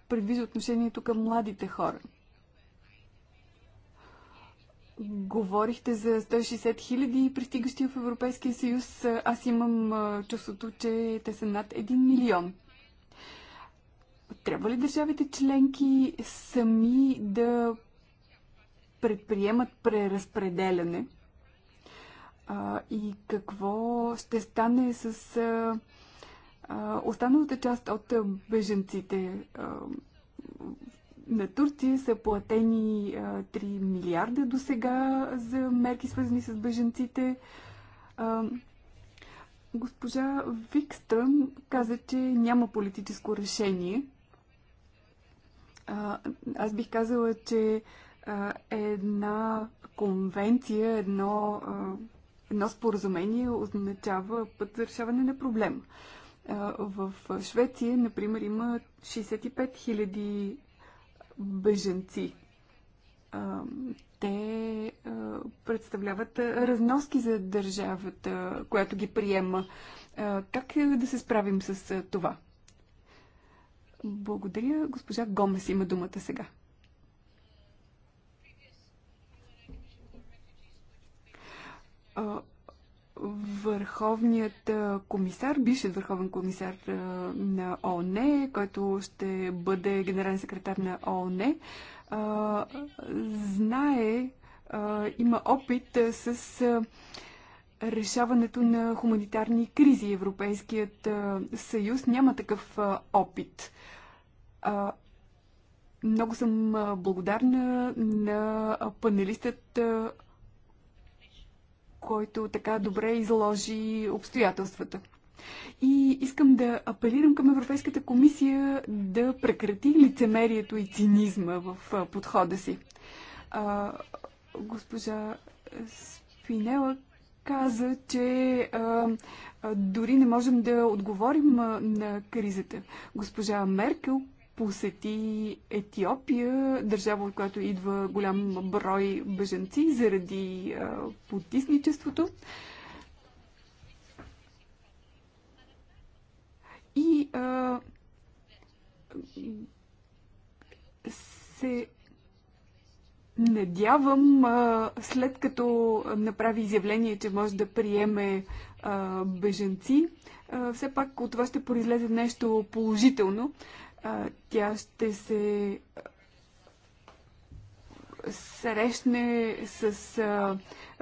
предвижда отношението към младите хора? Говорихте за 160 хиляди пристигащи в Европейския съюз. Аз имам чувството, че те са над 1 милион. Трябва ли държавите членки сами да предприемат преразпределяне? А, и какво ще стане с а, а, останалата част от беженците? А, на Турция са платени а, 3 милиарда до сега за мерки свързани с беженците. А, госпожа Викстън каза, че няма политическо решение. А, аз бих казала, че а, една конвенция, едно а, Едно споразумение означава път за решаване на проблем. В Швеция, например, има 65 000 беженци. Те представляват разноски за държавата, която ги приема. Как е да се справим с това? Благодаря. Госпожа Гомес има думата сега. върховният комисар, бившият върховен комисар на ООН, който ще бъде генерален секретар на ООН, знае, има опит с решаването на хуманитарни кризи. Европейският съюз няма такъв опит. Много съм благодарна на панелистът който така добре изложи обстоятелствата. И искам да апелирам към Европейската комисия да прекрати лицемерието и цинизма в подхода си. А, госпожа Спинела каза, че а, дори не можем да отговорим на кризата. Госпожа Меркел посети Етиопия, държава, от която идва голям брой беженци заради потисничеството. И а, се надявам, а, след като направи изявление, че може да приеме а, беженци, а, все пак от това ще произлезе нещо положително. А, а, тя ще се срещне с а,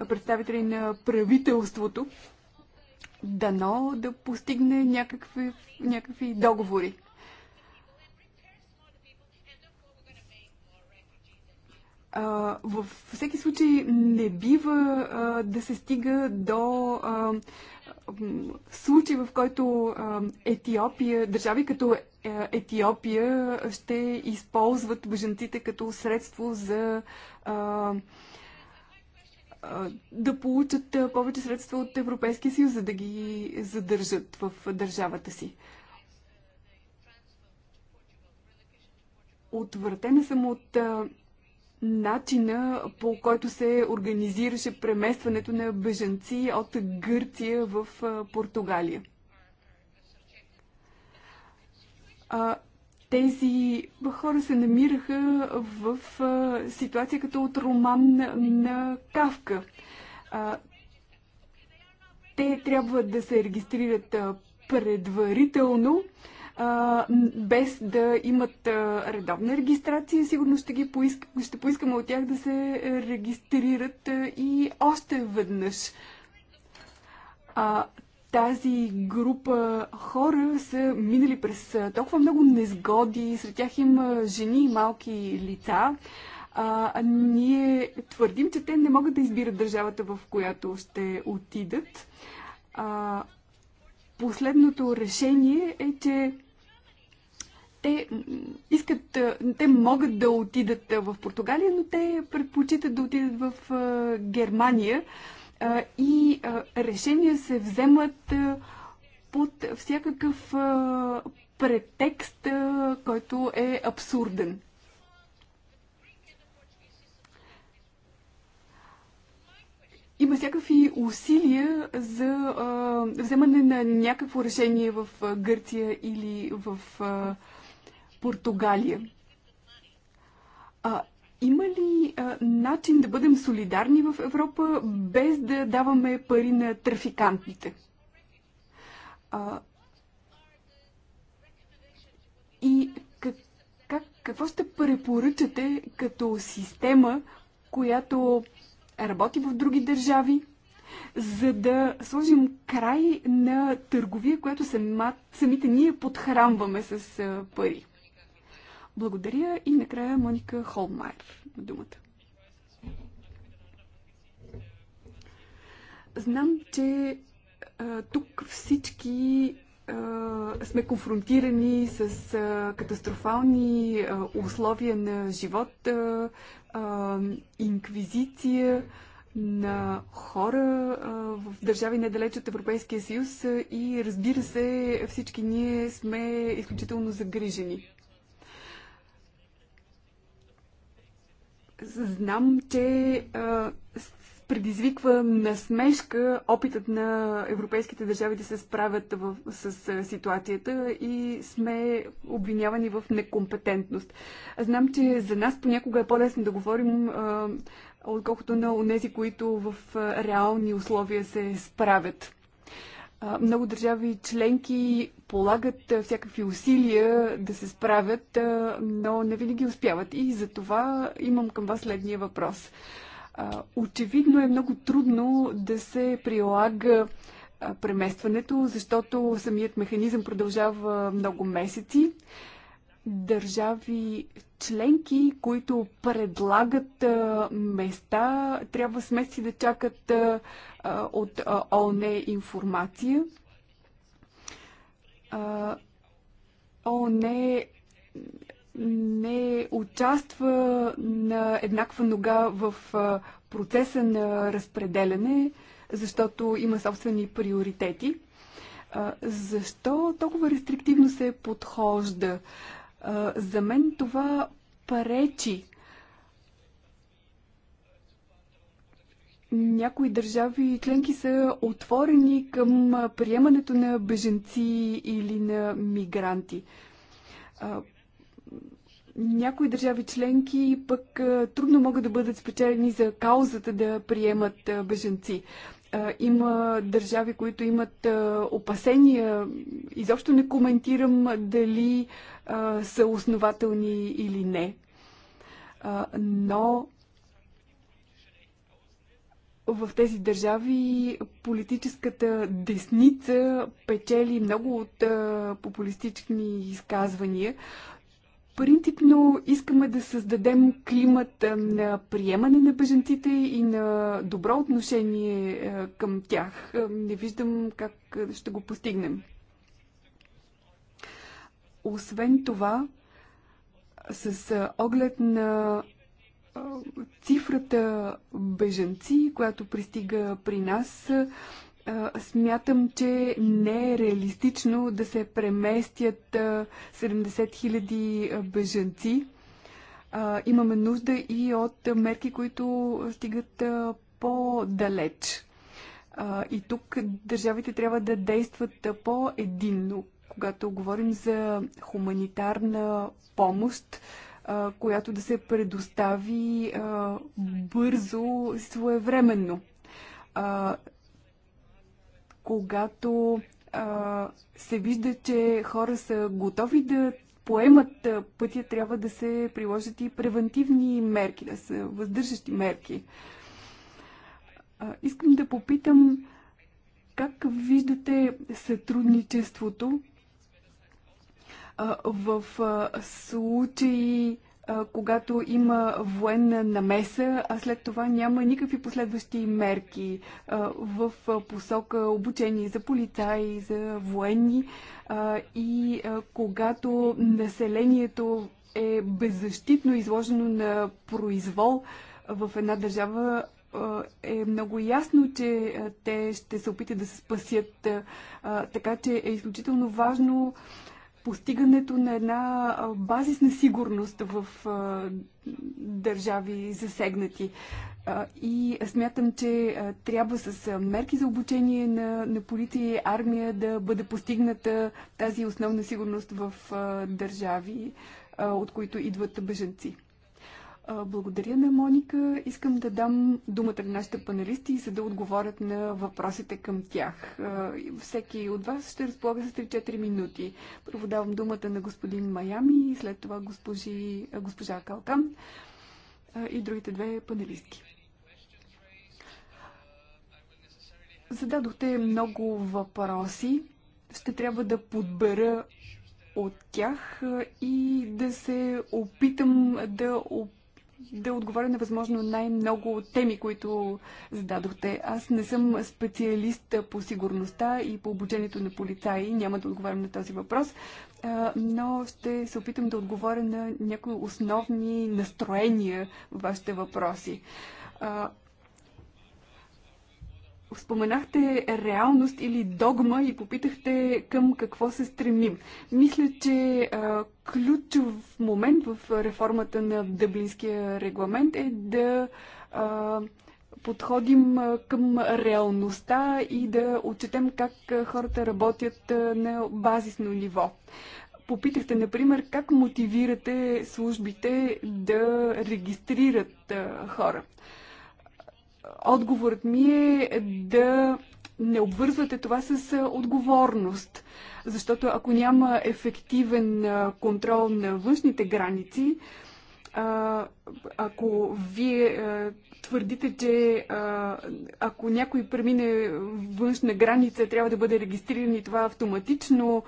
представители на правителството, дано да постигне някакви, някакви договори. А, във всеки случай не бива а, да се стига до а, случай, в който а, Етиопия, държави като е, Етиопия ще използват беженците като средство за а, а, да получат повече средства от Европейския съюз, за да ги задържат в държавата си. Отвратена съм от а, начина по който се организираше преместването на беженци от Гърция в Португалия. а, тези хора се намираха в а, ситуация като от роман на, на Кавка. А, те трябва да се регистрират а, предварително, а, без да имат а, редовна регистрация. Сигурно ще, ги поиск... ще поискаме от тях да се регистрират а, и още веднъж. А, тази група хора са минали през толкова много незгоди, сред тях има жени и малки лица. А, а ние твърдим, че те не могат да избират държавата, в която ще отидат. А, последното решение е, че те искат, те могат да отидат в Португалия, но те предпочитат да отидат в Германия, и решения се вземат под всякакъв претекст, който е абсурден. Има всякакви усилия за а, вземане на някакво решение в Гърция или в а, Португалия. А, има ли а, начин да бъдем солидарни в Европа, без да даваме пари на трафикантите? А, и как, как, какво ще препоръчате като система, която работи в други държави, за да сложим край на търговия, която самите ние подхранваме с пари? Благодаря и накрая Моника Холмайер на думата. Знам, че а, тук всички а, сме конфронтирани с а, катастрофални а, условия на живот, а, а, инквизиция на хора а, в държави недалеч от Европейския съюз а, и разбира се, всички ние сме изключително загрижени. Знам, че предизвиква насмешка опитът на европейските държави да се справят в, с ситуацията и сме обвинявани в некомпетентност. Знам, че за нас понякога е по-лесно да говорим, а, отколкото на тези, които в реални условия се справят. Много държави членки полагат всякакви усилия да се справят, но не винаги успяват. И за това имам към вас следния въпрос. Очевидно е много трудно да се прилага преместването, защото самият механизъм продължава много месеци държави членки, които предлагат а, места, трябва смеси да чакат а, от ООН информация. А, ООН не участва на еднаква нога в а, процеса на разпределяне, защото има собствени приоритети. А, защо толкова рестриктивно се подхожда? А, за мен това пречи някои държави и членки са отворени към приемането на беженци или на мигранти. Някои държави членки пък трудно могат да бъдат спечелени за каузата да приемат беженци. Има държави, които имат опасения. Изобщо не коментирам дали са основателни или не. Но в тези държави политическата десница печели много от популистични изказвания, Принципно искаме да създадем климат на приемане на беженците и на добро отношение към тях. Не виждам как ще го постигнем. Освен това, с оглед на цифрата беженци, която пристига при нас, смятам, че не е реалистично да се преместят 70 000 бежанци. Имаме нужда и от мерки, които стигат по-далеч. И тук държавите трябва да действат по-единно, когато говорим за хуманитарна помощ, която да се предостави бързо, своевременно когато а, се вижда, че хора са готови да поемат пътя, трябва да се приложат и превентивни мерки, да са въздържащи мерки. А, искам да попитам как виждате сътрудничеството а, в а, случаи когато има военна намеса, а след това няма никакви последващи мерки в посока обучение за полицаи, за военни и когато населението е беззащитно изложено на произвол в една държава, е много ясно, че те ще се опитат да се спасят. Така че е изключително важно постигането на една базисна сигурност в държави засегнати. И смятам, че трябва с мерки за обучение на, на полиция и армия да бъде постигната тази основна сигурност в държави, от които идват беженци. Благодаря на Моника. Искам да дам думата на нашите панелисти, за да отговорят на въпросите към тях. Всеки от вас ще разполага за 3-4 минути. Първо давам думата на господин Майами и след това госпожи, госпожа Калкан и другите две панелистки. Зададохте много въпроси. Ще трябва да подбера от тях и да се опитам да опитам да отговоря на възможно най-много теми, които зададохте. Аз не съм специалист по сигурността и по обучението на полицаи, няма да отговарям на този въпрос, но ще се опитам да отговоря на някои основни настроения в вашите въпроси споменахте реалност или догма и попитахте към какво се стремим. Мисля, че а, ключов момент в реформата на Дъблинския регламент е да а, подходим към реалността и да отчетем как хората работят на базисно ниво. Попитахте, например, как мотивирате службите да регистрират хора отговорът ми е да не обвързвате това с отговорност. Защото ако няма ефективен контрол на външните граници, ако вие твърдите, че ако някой премине външна граница, трябва да бъде регистриран и това автоматично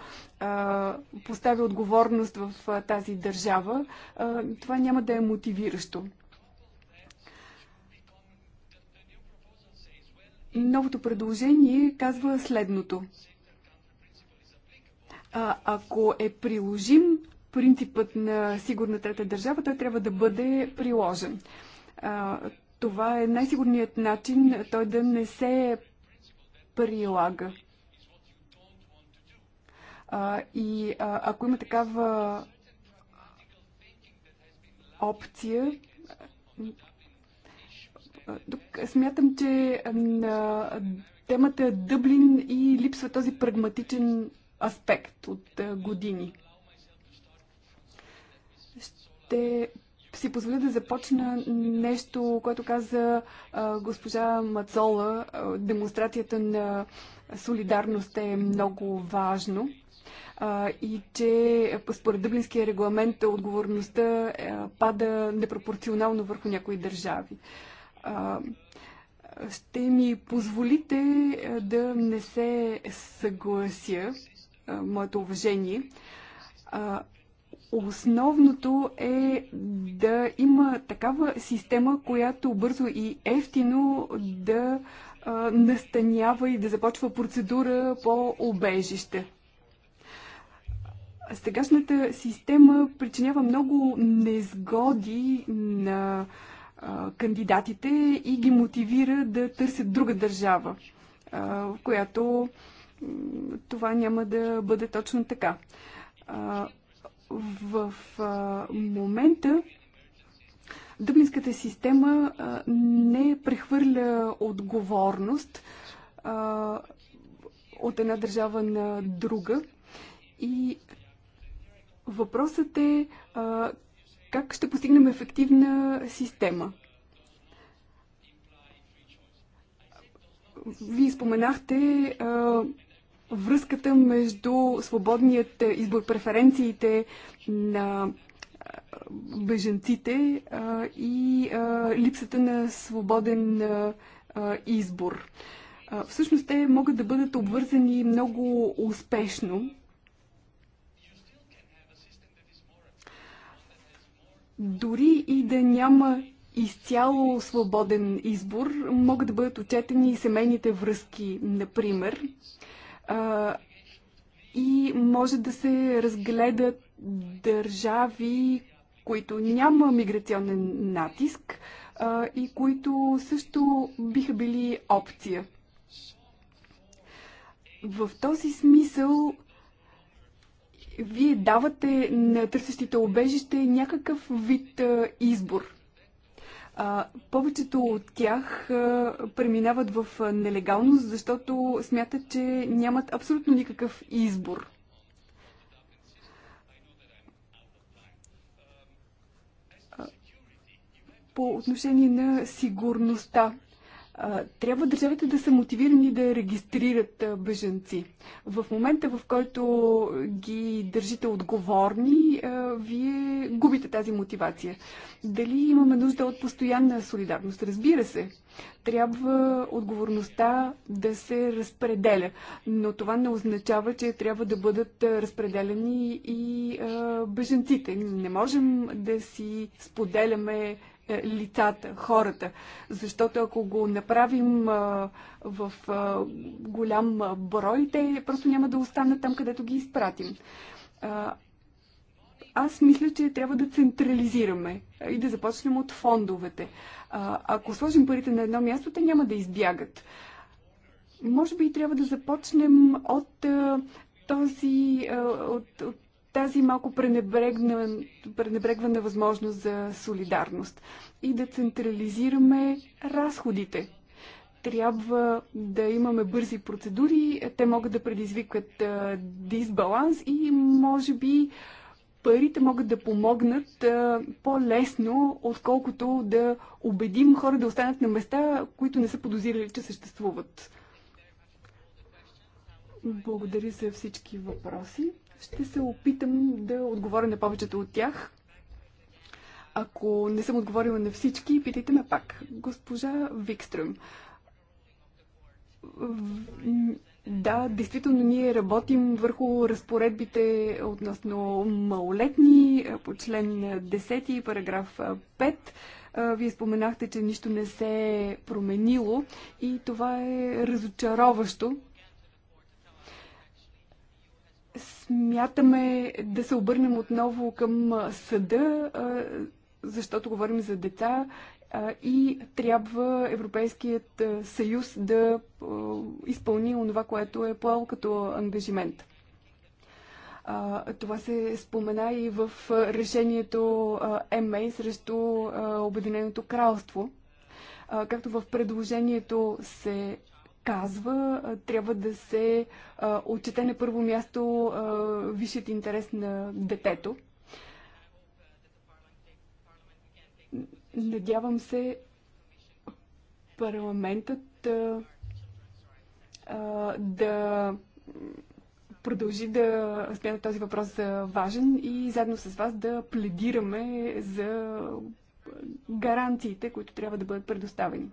поставя отговорност в тази държава, това няма да е мотивиращо. Новото предложение казва следното. А, ако е приложим принципът на сигурна трета държава, той трябва да бъде приложен. А, това е най-сигурният начин той да не се прилага. А, и а, ако има такава опция, тук смятам, че на темата Дъблин и липсва този прагматичен аспект от години. Ще си позволя да започна нещо, което каза а, госпожа Мацола. Демонстрацията на солидарност е много важно а, и че според Дъблинския регламент отговорността а, е, пада непропорционално върху някои държави. А, ще ми позволите е, да не се съглася, е, моето уважение. Основното е да има такава система, която бързо и ефтино да настанява и да започва процедура по обежище. Сегашната система причинява много незгоди на а, кандидатите и ги мотивира да търсят друга държава, в която това няма да бъде точно така. В момента дъблинската система не прехвърля отговорност от една държава на друга и Въпросът е как ще постигнем ефективна система? Вие споменахте а, връзката между свободният избор преференциите на беженците а, и а, липсата на свободен а, избор. А, всъщност те могат да бъдат обвързани много успешно дори и да няма изцяло свободен избор, могат да бъдат отчетени и семейните връзки, например. А, и може да се разгледат държави, които няма миграционен натиск а, и които също биха били опция. В този смисъл вие давате на търсещите обежище някакъв вид а, избор. А, повечето от тях а, преминават в нелегалност, защото смятат, че нямат абсолютно никакъв избор. по отношение на сигурността трябва държавите да са мотивирани да регистрират бежанци. В момента, в който ги държите отговорни, вие губите тази мотивация. Дали имаме нужда от постоянна солидарност? Разбира се. Трябва отговорността да се разпределя, но това не означава, че трябва да бъдат разпределени и бежанците. Не можем да си споделяме е, лицата, хората. Защото ако го направим в голям брой, те просто няма да останат там, където ги изпратим. Аз мисля, че трябва да централизираме и да започнем от фондовете. Ако сложим парите на едно място, те няма да избягат. Може би трябва да започнем от този, от, от тази малко пренебрегна, пренебрегвана възможност за солидарност и да централизираме разходите. Трябва да имаме бързи процедури, те могат да предизвикат а, дисбаланс и може би парите могат да помогнат по-лесно, отколкото да убедим хора да останат на места, които не са подозирали, че съществуват. Благодаря за всички въпроси. Ще се опитам да отговоря на повечето от тях. Ако не съм отговорила на всички, питайте ме пак. Госпожа Викстрем. Да, действително ние работим върху разпоредбите относно малолетни по член 10, параграф 5. Вие споменахте, че нищо не се е променило и това е разочароващо. Смятаме да се обърнем отново към съда, защото говорим за деца и трябва Европейският съюз да изпълни онова, което е поел като ангажимент. Това се спомена и в решението МА срещу Обединеното кралство. Както в предложението се казва, трябва да се отчете на първо място висшият интерес на детето. Надявам се парламентът да продължи да смята този въпрос за важен и заедно с вас да пледираме за гаранциите, които трябва да бъдат предоставени.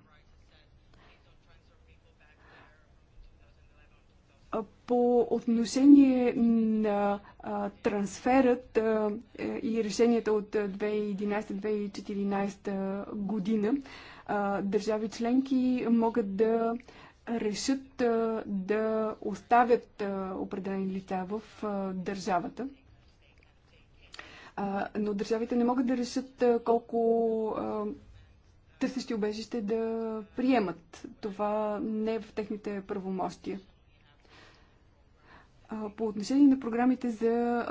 по отношение на а, трансферът а, е, и решенията от 2011-2014 година, а, държави членки могат да решат а, да оставят а, определени лица в а, държавата. А, но държавите не могат да решат а, колко а, търсещи обежище да приемат. Това не е в техните правомощия. По отношение на програмите за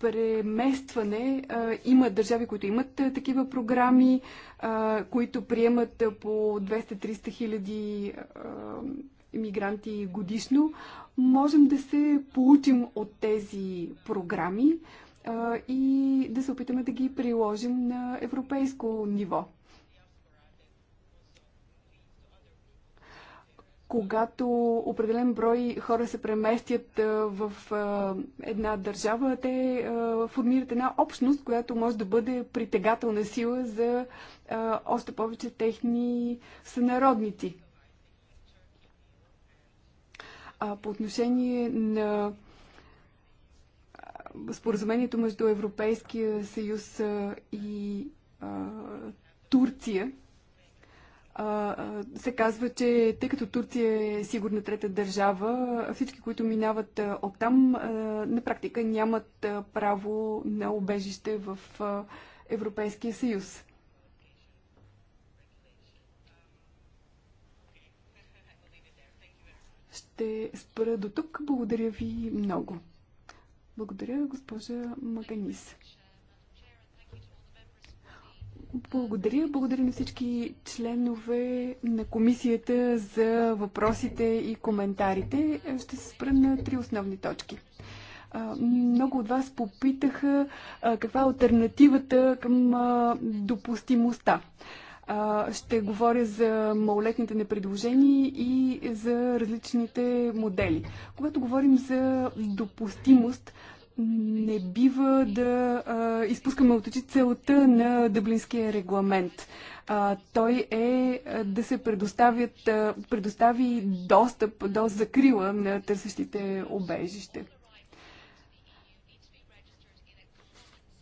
преместване. Има държави, които имат такива програми, които приемат по 200-300 хиляди иммигранти годишно. Можем да се получим от тези програми и да се опитаме да ги приложим на европейско ниво. когато определен брой хора се преместят в една държава, те формират една общност, която може да бъде притегателна сила за още повече техни сънародници. по отношение на споразумението между Европейския съюз и Турция, се казва, че тъй като Турция е сигурна трета държава, всички, които минават оттам, на практика нямат право на убежище в Европейския съюз. Ще спра до тук. Благодаря ви много. Благодаря, госпожа Маганис. Благодаря. Благодаря на всички членове на комисията за въпросите и коментарите. Ще се спра на три основни точки. Много от вас попитаха каква е альтернативата към допустимостта. Ще говоря за малолетните непредложени и за различните модели. Когато говорим за допустимост, не бива да а, изпускаме от очи целта на Дъблинския регламент. А, той е да се предоставят, а, предостави достъп до закрила на търсещите обежище.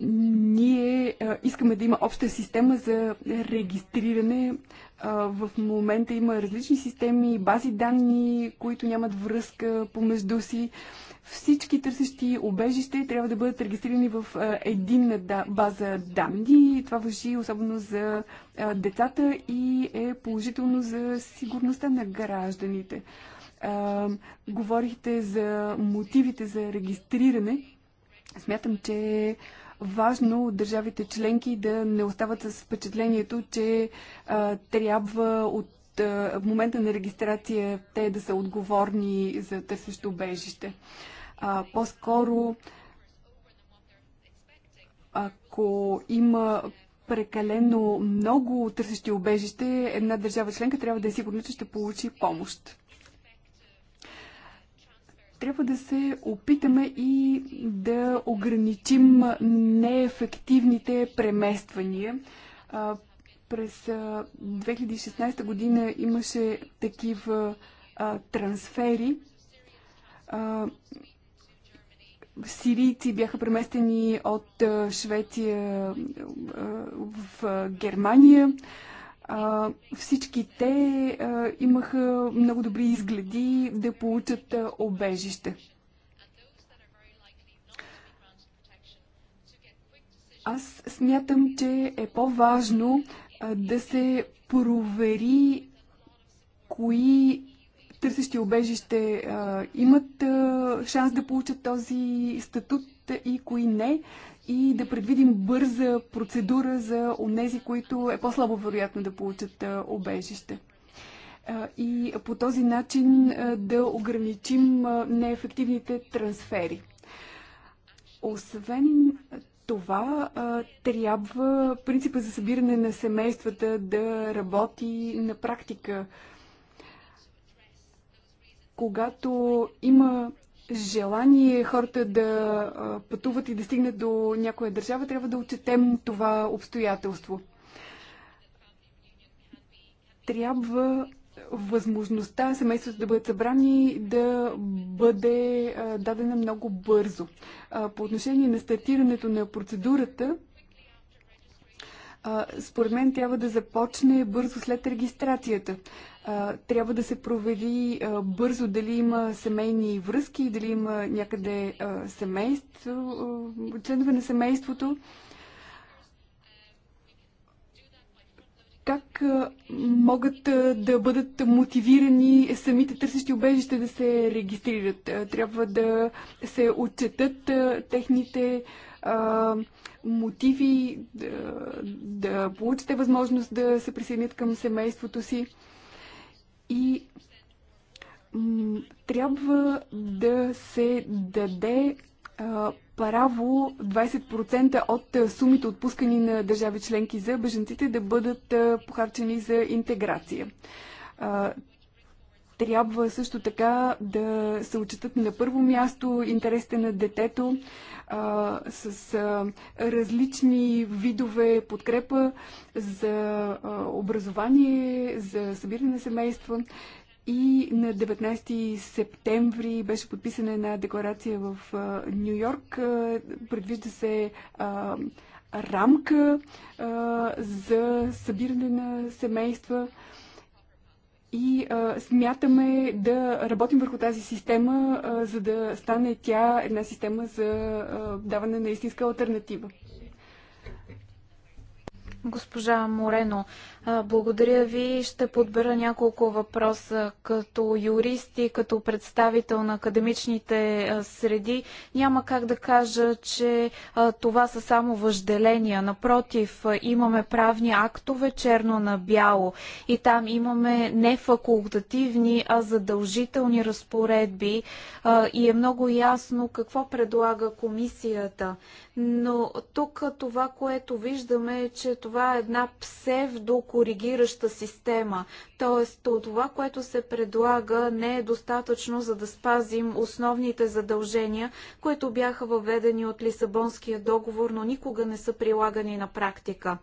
Ние а, искаме да има обща система за регистриране. А, в момента има различни системи, бази данни, които нямат връзка помежду си. А, всички търсещи обежище трябва да бъдат регистрирани в единна база данни. Това въжи особено за децата и е положително за сигурността на гражданите. Говорихте за мотивите за регистриране. Смятам, че е важно държавите членки да не остават с впечатлението, че трябва от в момента на регистрация те да са отговорни за търсещо обежище по-скоро ако има прекалено много търсещи убежище, една държава членка трябва да е сигурна, че ще получи помощ. Трябва да се опитаме и да ограничим неефективните премествания. През 2016 година имаше такива трансфери сирийци бяха преместени от Швеция в Германия. Всички те имаха много добри изгледи да получат обежище. Аз смятам, че е по-важно да се провери кои търсещи обежище имат шанс да получат този статут и кои не и да предвидим бърза процедура за онези, които е по-слабо вероятно да получат обежище. И по този начин да ограничим неефективните трансфери. Освен това, трябва принципа за събиране на семействата да работи на практика когато има желание хората да пътуват и да стигнат до някоя държава, трябва да отчетем това обстоятелство. Трябва възможността семейството да бъдат събрани да бъде дадена много бързо. По отношение на стартирането на процедурата, според мен трябва да започне бързо след регистрацията трябва да се провери бързо дали има семейни връзки, дали има някъде семейство, членове на семейството. Как могат да бъдат мотивирани самите търсещи убежище да се регистрират? Трябва да се отчетат техните мотиви, да, да получите възможност да се присъединят към семейството си и трябва да се даде а, право 20% от сумите отпускани на държави членки за беженците да бъдат а, похарчени за интеграция. А, трябва също така да се отчитат на първо място интересите на детето, с а, различни видове подкрепа за а, образование, за събиране на семейства. И на 19 септември беше подписана една декларация в Нью Йорк. Предвижда се а, рамка а, за събиране на семейства. А, и а, смятаме да работим върху тази система, а, за да стане тя една система за а, даване на истинска альтернатива. Госпожа Морено, благодаря ви. Ще подбера няколко въпроса. Като юрист и като представител на академичните среди, няма как да кажа, че това са само въжделения. Напротив, имаме правни актове черно на бяло и там имаме не факултативни, а задължителни разпоредби и е много ясно какво предлага комисията. Но тук това, което виждаме е, че това е една псевдо коригираща система. Тоест, това, което се предлага, не е достатъчно, за да спазим основните задължения, които бяха въведени от Лисабонския договор, но никога не са прилагани на практика.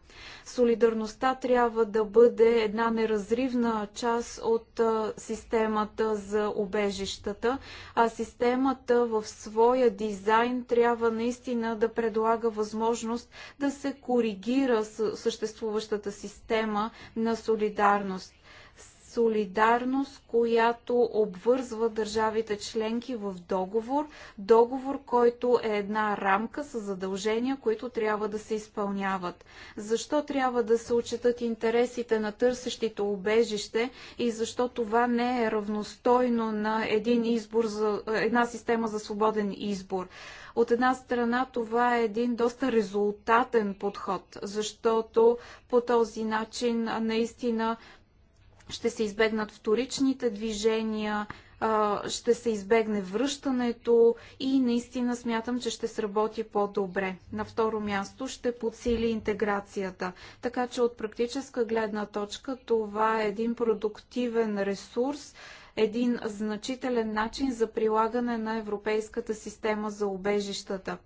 Солидарността трябва да бъде една неразривна част от системата за обежищата, а системата в своя дизайн трябва наистина да предлага възможност да се коригира съществуващата система на солидарност солидарност, която обвързва държавите членки в договор. Договор, който е една рамка с задължения, които трябва да се изпълняват. Защо трябва да се отчитат интересите на търсещите убежище и защо това не е равностойно на един избор за, една система за свободен избор? От една страна това е един доста резултатен подход, защото по този начин наистина ще се избегнат вторичните движения, ще се избегне връщането и наистина смятам, че ще сработи по-добре. На второ място ще подсили интеграцията. Така че от практическа гледна точка това е един продуктивен ресурс, един значителен начин за прилагане на Европейската система за убежищата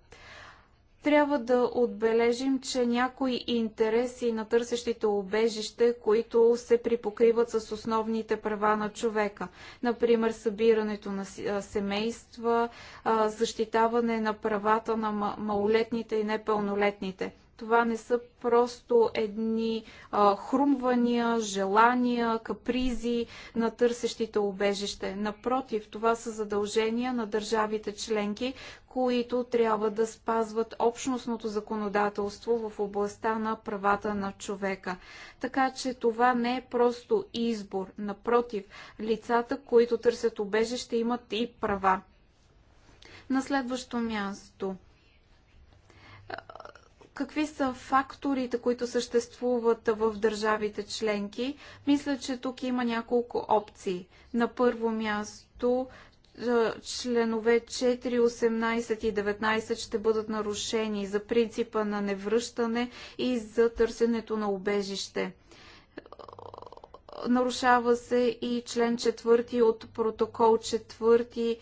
трябва да отбележим, че някои интереси на търсещите убежище, които се припокриват с основните права на човека. Например, събирането на семейства, защитаване на правата на малолетните и непълнолетните. Това не са просто едни а, хрумвания, желания, капризи на търсещите убежище. Напротив, това са задължения на държавите членки, които трябва да спазват общностното законодателство в областта на правата на човека. Така че това не е просто избор. Напротив, лицата, които търсят убежище, имат и права. На следващо място какви са факторите, които съществуват в държавите членки, мисля, че тук има няколко опции. На първо място е, членове 4, 18 и 19 ще бъдат нарушени за принципа на невръщане и за търсенето на убежище. Нарушава се и член 4 от протокол 4 е,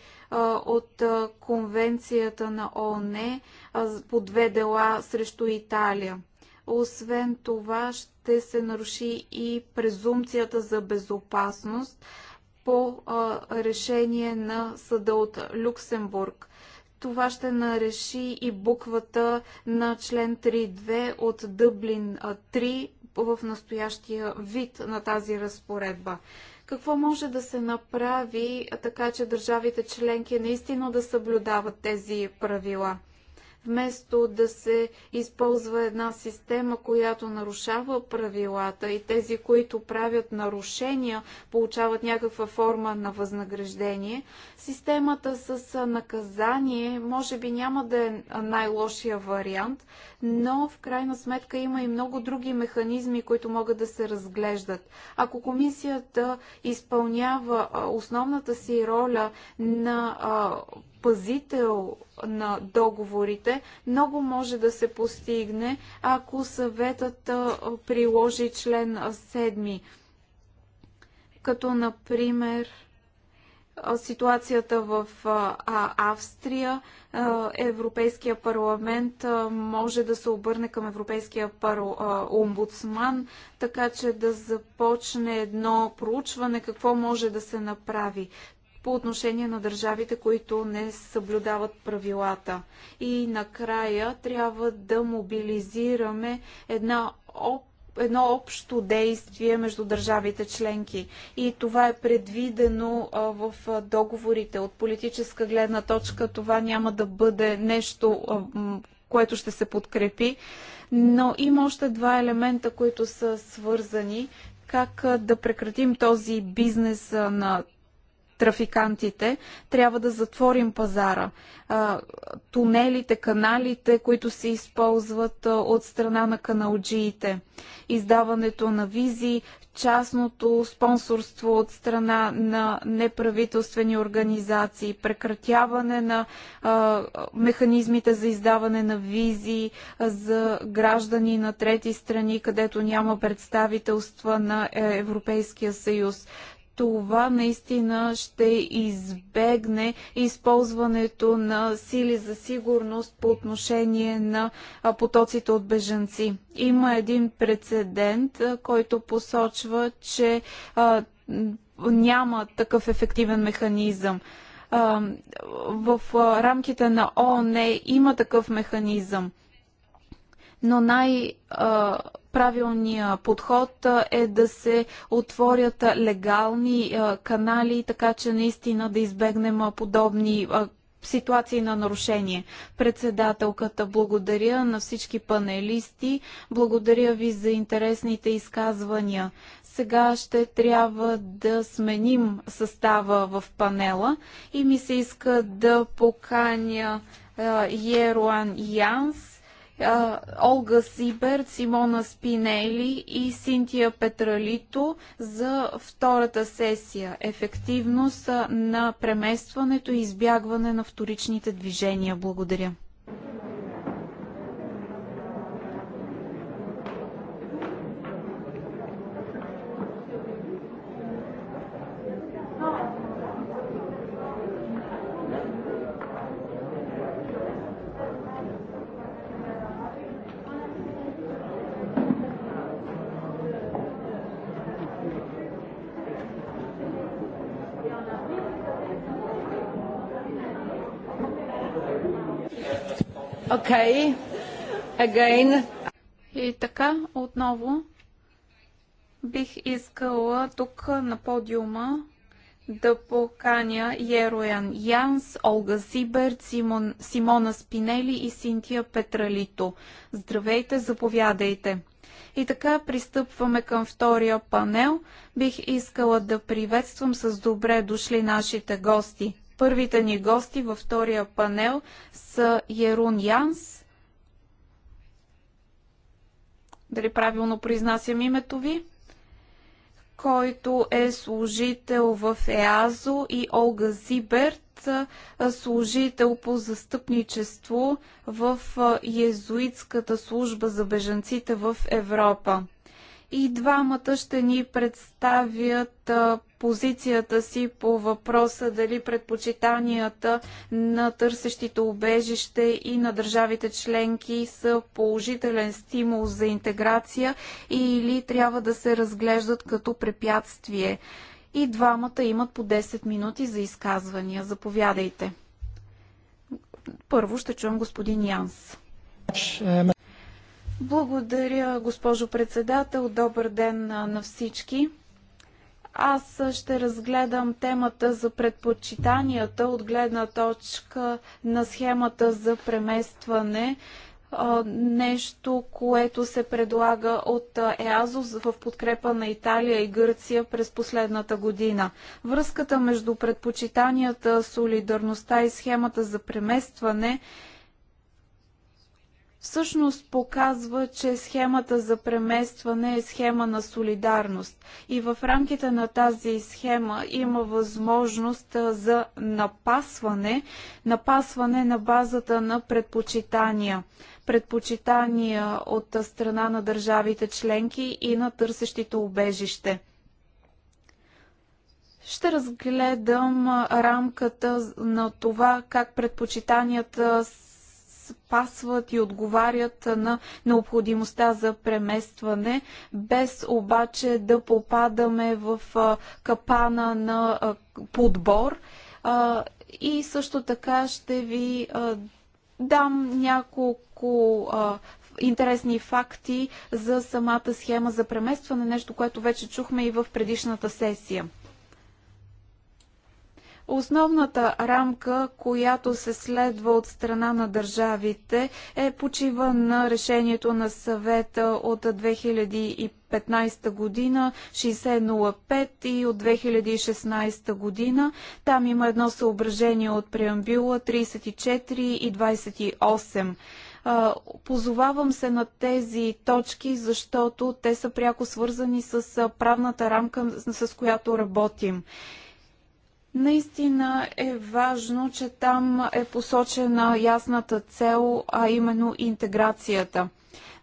от е, Конвенцията на ООН по две дела срещу Италия. Освен това ще се наруши и презумпцията за безопасност по решение на съда от Люксембург. Това ще нареши и буквата на член 3.2 от Дъблин 3 в настоящия вид на тази разпоредба. Какво може да се направи така, че държавите членки наистина да съблюдават тези правила? вместо да се използва една система, която нарушава правилата и тези, които правят нарушения, получават някаква форма на възнаграждение. Системата с наказание може би няма да е най-лошия вариант, но в крайна сметка има и много други механизми, които могат да се разглеждат. Ако комисията изпълнява основната си роля на пазител на договорите, много може да се постигне, ако съветът приложи член 7, като например ситуацията в Австрия. Европейския парламент може да се обърне към Европейския омбудсман, така че да започне едно проучване какво може да се направи по отношение на държавите, които не съблюдават правилата. И накрая трябва да мобилизираме една об едно общо действие между държавите членки. И това е предвидено в договорите. От политическа гледна точка това няма да бъде нещо, което ще се подкрепи. Но има още два елемента, които са свързани. Как да прекратим този бизнес на трафикантите, трябва да затворим пазара. Тунелите, каналите, които се използват от страна на каналджиите, издаването на визи, частното спонсорство от страна на неправителствени организации, прекратяване на механизмите за издаване на визи за граждани на трети страни, където няма представителства на е, Европейския съюз това наистина ще избегне използването на сили за сигурност по отношение на потоците от бежанци. Има един прецедент, който посочва, че а, няма такъв ефективен механизъм. А, в рамките на ООН има такъв механизъм но най-правилният подход е да се отворят легални канали, така че наистина да избегнем подобни ситуации на нарушение. Председателката, благодаря на всички панелисти, благодаря ви за интересните изказвания. Сега ще трябва да сменим състава в панела и ми се иска да поканя Еруан Янс, Олга Сибер, Симона Спинели и Синтия Петралито за втората сесия Ефективност на преместването и избягване на вторичните движения. Благодаря. Okay. Again. И така, отново бих искала тук на подиума да поканя Ероян Янс, Олга Зиберт, Симон, Симона Спинели и Синтия Петралито. Здравейте, заповядайте! И така пристъпваме към втория панел. Бих искала да приветствам с добре дошли нашите гости. Първите ни гости във втория панел са Ерун Янс. Дали правилно произнасям името ви? който е служител в ЕАЗО и Олга Зиберт, служител по застъпничество в Езуитската служба за бежанците в Европа и двамата ще ни представят позицията си по въпроса дали предпочитанията на търсещите убежище и на държавите членки са положителен стимул за интеграция или трябва да се разглеждат като препятствие. И двамата имат по 10 минути за изказвания. Заповядайте. Първо ще чуем господин Янс. Благодаря, госпожо председател. Добър ден на всички. Аз ще разгледам темата за предпочитанията от гледна точка на схемата за преместване нещо, което се предлага от ЕАЗО в подкрепа на Италия и Гърция през последната година. Връзката между предпочитанията, солидарността и схемата за преместване всъщност показва, че схемата за преместване е схема на солидарност. И в рамките на тази схема има възможност за напасване, напасване на базата на предпочитания. Предпочитания от страна на държавите членки и на търсещите убежище. Ще разгледам рамката на това как предпочитанията Пасват и отговарят на необходимостта за преместване, без обаче да попадаме в капана на подбор. И също така ще ви дам няколко интересни факти за самата схема за преместване, нещо, което вече чухме и в предишната сесия. Основната рамка, която се следва от страна на държавите, е почива на решението на съвета от 2015 година 6005 и от 2016 година. Там има едно съображение от преамбюла 34 и 28. Позовавам се на тези точки, защото те са пряко свързани с правната рамка, с която работим. Наистина е важно, че там е посочена ясната цел, а именно интеграцията.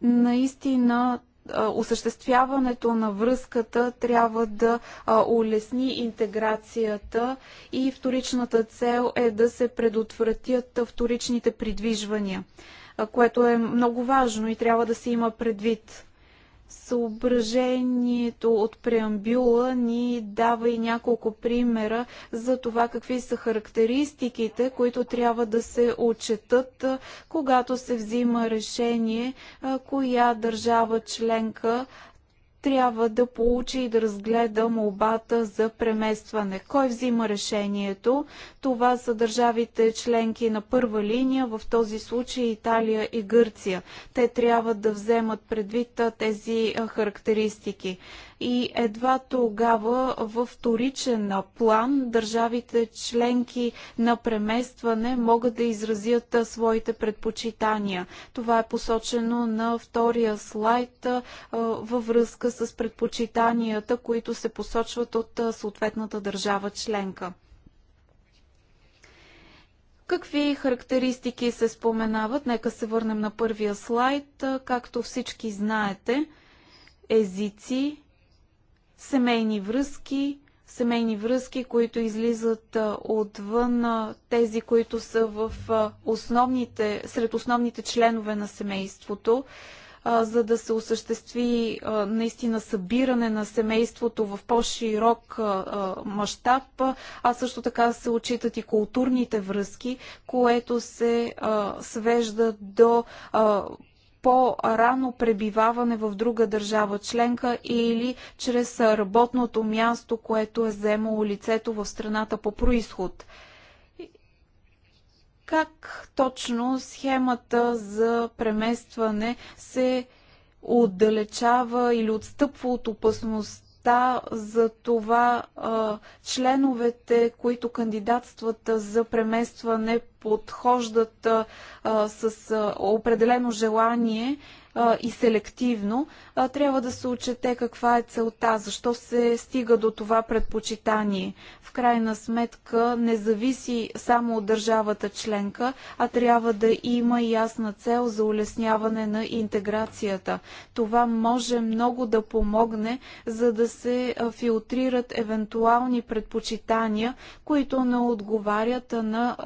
Наистина осъществяването на връзката трябва да улесни интеграцията и вторичната цел е да се предотвратят вторичните придвижвания, което е много важно и трябва да се има предвид. Съображението от преамбюла ни дава и няколко примера за това какви са характеристиките, които трябва да се отчетат, когато се взима решение коя държава членка трябва да получи и да разгледа молбата за преместване. Кой взима решението? Това са държавите членки на първа линия, в този случай Италия и Гърция. Те трябва да вземат предвид тези характеристики и едва тогава в вторичен план държавите членки на преместване могат да изразят своите предпочитания. Това е посочено на втория слайд във връзка с предпочитанията, които се посочват от съответната държава членка. Какви характеристики се споменават? Нека се върнем на първия слайд. Както всички знаете, езици, семейни връзки, семейни връзки, които излизат отвън тези, които са в основните, сред основните членове на семейството, за да се осъществи наистина събиране на семейството в по-широк мащаб, а също така се отчитат и културните връзки, което се свежда до по-рано пребиваване в друга държава членка или чрез работното място, което е вземало лицето в страната по происход. Как точно схемата за преместване се отдалечава или отстъпва от опасност за това а, членовете, които кандидатстват за преместване подхождат а, с а, определено желание а, и селективно, а, трябва да се отчете каква е целта, защо се стига до това предпочитание. В крайна сметка не зависи само от държавата членка, а трябва да има ясна цел за улесняване на интеграцията. Това може много да помогне, за да се филтрират евентуални предпочитания, които не отговарят на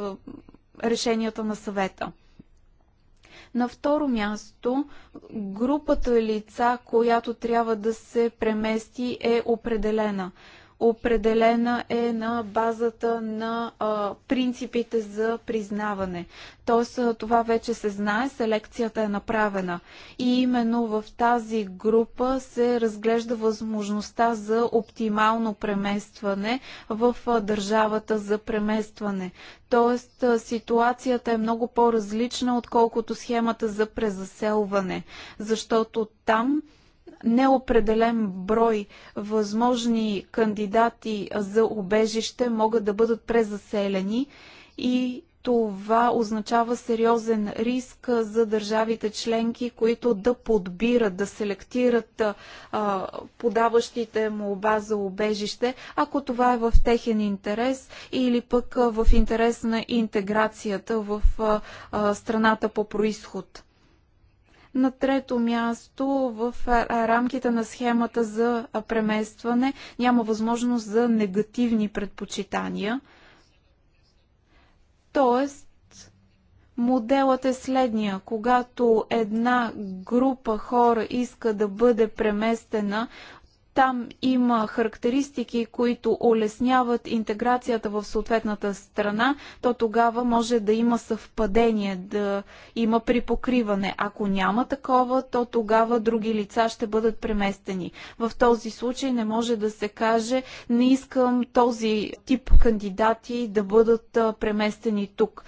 е, решенията на съвета. На второ място, групата лица, която трябва да се премести е определена определена е на базата на а, принципите за признаване. Тоест това вече се знае, селекцията е направена. И именно в тази група се разглежда възможността за оптимално преместване в държавата за преместване. Тоест ситуацията е много по-различна, отколкото схемата за презаселване, защото там неопределен брой възможни кандидати за обежище могат да бъдат презаселени и това означава сериозен риск за държавите членки, които да подбират, да селектират а, подаващите молба за убежище, ако това е в техен интерес или пък в интерес на интеграцията в а, страната по происход. На трето място, в рамките на схемата за преместване няма възможност за негативни предпочитания. Тоест, Моделът е следния. Когато една група хора иска да бъде преместена там има характеристики, които улесняват интеграцията в съответната страна, то тогава може да има съвпадение, да има припокриване. Ако няма такова, то тогава други лица ще бъдат преместени. В този случай не може да се каже, не искам този тип кандидати да бъдат преместени тук.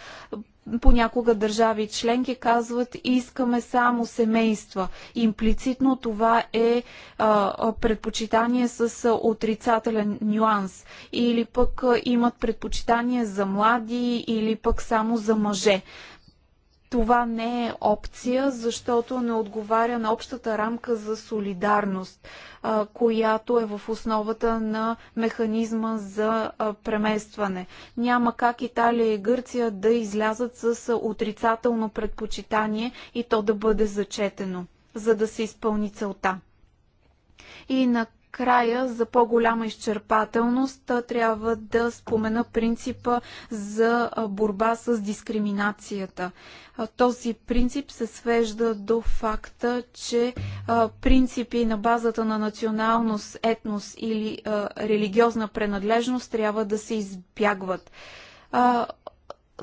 Понякога държави членки казват искаме само семейства. Имплицитно това е а, предпочитание с отрицателен нюанс. Или пък имат предпочитание за млади или пък само за мъже това не е опция, защото не отговаря на общата рамка за солидарност, която е в основата на механизма за преместване. Няма как Италия и Гърция да излязат с отрицателно предпочитание и то да бъде зачетено, за да се изпълни целта. И на Края за по-голяма изчерпателност, трябва да спомена принципа за борба с дискриминацията. Този принцип се свежда до факта, че принципи на базата на националност, етнос или религиозна принадлежност трябва да се избягват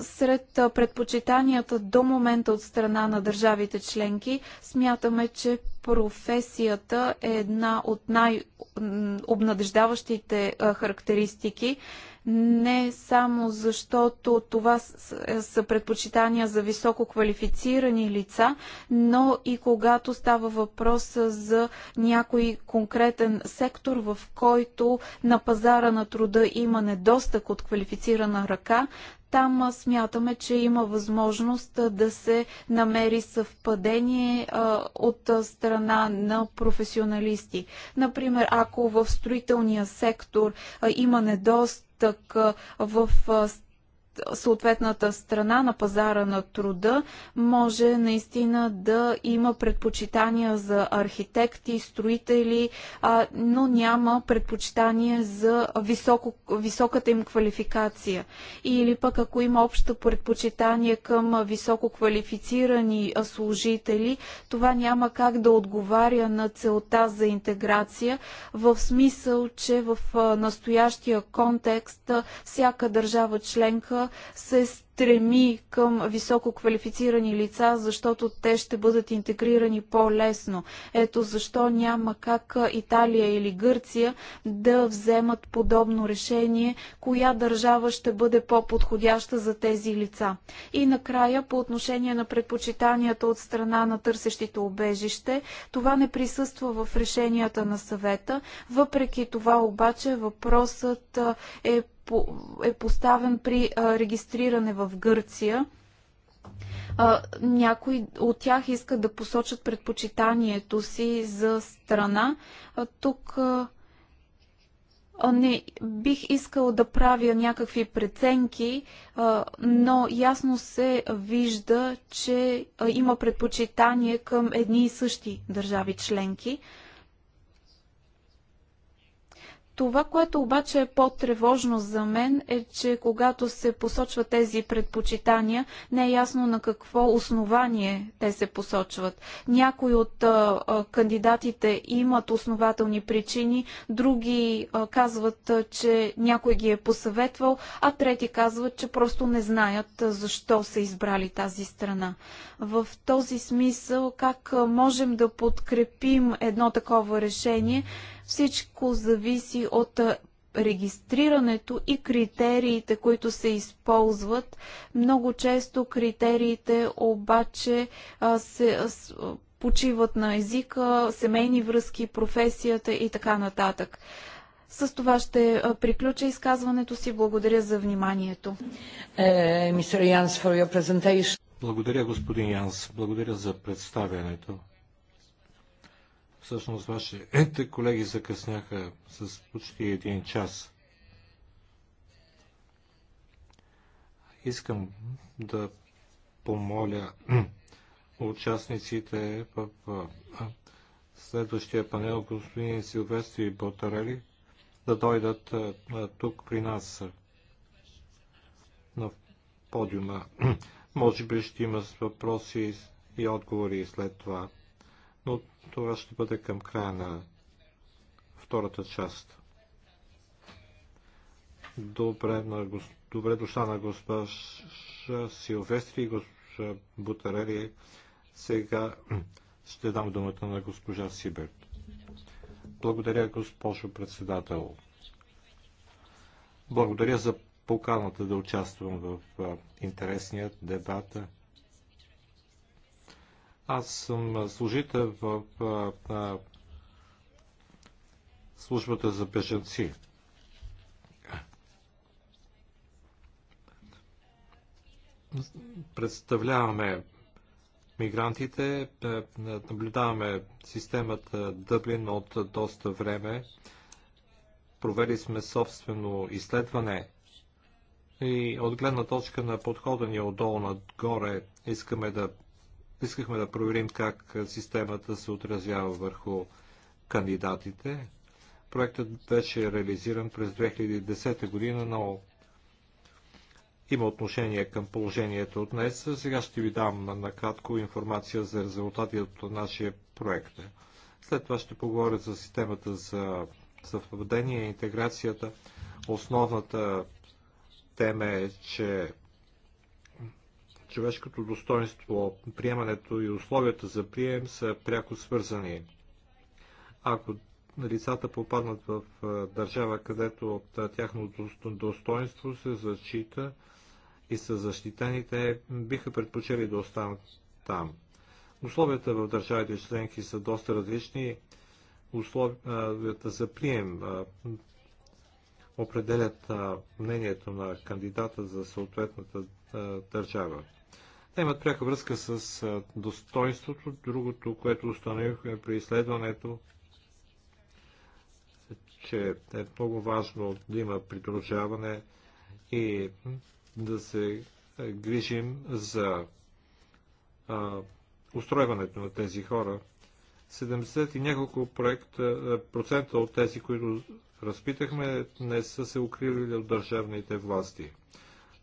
сред предпочитанията до момента от страна на държавите членки смятаме, че професията е една от най-обнадеждаващите характеристики не само защото това е, са предпочитания за високо квалифицирани лица, но и когато става въпрос за някой конкретен сектор, в който на пазара на труда има недостъг от квалифицирана ръка, там смятаме, че има възможност да се намери съвпадение от страна на професионалисти. Например, ако в строителния сектор има недостиг напредък в съответната страна на пазара на труда може наистина да има предпочитания за архитекти, строители, а, но няма предпочитание за високо, високата им квалификация. Или пък ако има общо предпочитание към високо квалифицирани служители, това няма как да отговаря на целта за интеграция, в смисъл, че в настоящия контекст всяка държава членка се стреми към високо квалифицирани лица, защото те ще бъдат интегрирани по-лесно. Ето защо няма как Италия или Гърция да вземат подобно решение, коя държава ще бъде по-подходяща за тези лица. И накрая, по отношение на предпочитанията от страна на търсещите обежище, това не присъства в решенията на съвета. Въпреки това обаче въпросът е е поставен при регистриране в Гърция. Някои от тях искат да посочат предпочитанието си за страна. Тук не бих искал да правя някакви преценки, но ясно се вижда, че има предпочитание към едни и същи държави членки. Това, което обаче е по-тревожно за мен е, че когато се посочват тези предпочитания, не е ясно на какво основание те се посочват. Някои от а, кандидатите имат основателни причини, други а, казват, че някой ги е посъветвал, а трети казват, че просто не знаят защо са избрали тази страна. В този смисъл, как можем да подкрепим едно такова решение? Всичко зависи от регистрирането и критериите, които се използват. Много често критериите обаче се почиват на езика, семейни връзки, професията и така нататък. С това ще приключа изказването си. Благодаря за вниманието. Е, Благодаря, господин Янс. Благодаря за представянето. Всъщност вашите колеги закъсняха с почти един час. Искам да помоля участниците в следващия панел, господин Силвестри и Ботарели, да дойдат тук при нас на подиума. Може би ще има въпроси и отговори след това но това ще бъде към края на втората част. Добре, на гос... Добре дошла на госпожа Силвестри и госпожа Бутарери. Сега ще дам думата на госпожа Сиберт. Благодаря, госпожо председател. Благодаря за поканата да участвам в интересният дебат. Аз съм служител в а, службата за беженци. Представляваме мигрантите, наблюдаваме системата Дъблин от доста време. Провели сме собствено изследване и от гледна точка на подхода ни отдолу нагоре искаме да Искахме да проверим как системата се отразява върху кандидатите. Проектът беше реализиран през 2010 година, но има отношение към положението от днес. Сега ще ви дам накратко информация за резултатите от нашия проект. След това ще поговоря за системата за съвпадение и интеграцията. Основната тема е, че човешкото достоинство, приемането и условията за прием са пряко свързани. Ако лицата попаднат в държава, където от тяхното достоинство се зачита и са защитени, те биха предпочели да останат там. Условията в държавите членки са доста различни. Условията за прием определят мнението на кандидата за съответната държава. Те имат пряка връзка с достоинството. Другото, което установихме при изследването, че е много важно да има придружаване и да се грижим за а, устройването на тези хора. 70 и няколко проекта, процента от тези, които разпитахме, не са се укрили от държавните власти.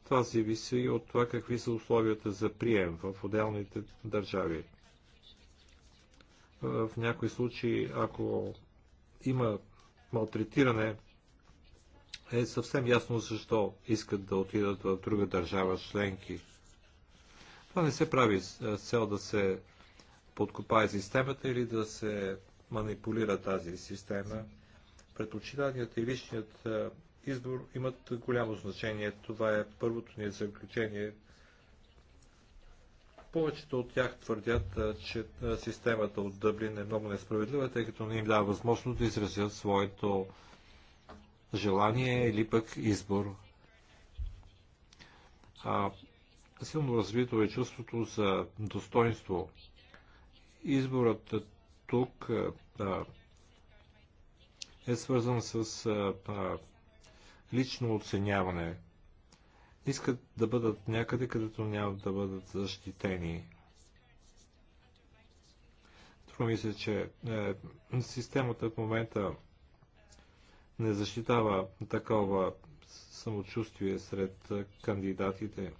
Това зависи и от това какви са условията за прием в отделните държави. В някои случаи, ако има малтретиране, е съвсем ясно защо искат да отидат в друга държава членки. Това не се прави с цел да се подкопае системата или да се манипулира тази система. Предпочитанията и личният избор имат голямо значение. Това е първото ни заключение. Повечето от тях твърдят, че системата от Дъблин е много несправедлива, тъй като не им дава възможност да изразят своето желание или пък избор. А, силно развито е чувството за достоинство. Изборът тук а, е свързан с а, лично оценяване. Искат да бъдат някъде, където няма да бъдат защитени. Друго ми се, че е, системата в момента не защитава такова самочувствие сред е, кандидатите.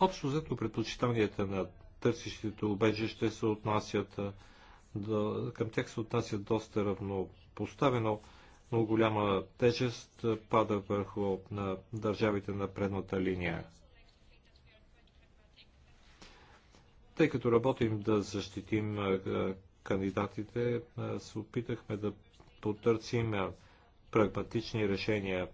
Общо взето предпочитанията на търсещите убежище се отнасят е, да, към тях се отнася доста равнопоставено, но голяма тежест пада върху на държавите на предната линия. Тъй като работим да защитим кандидатите, се опитахме да потърсим прагматични решения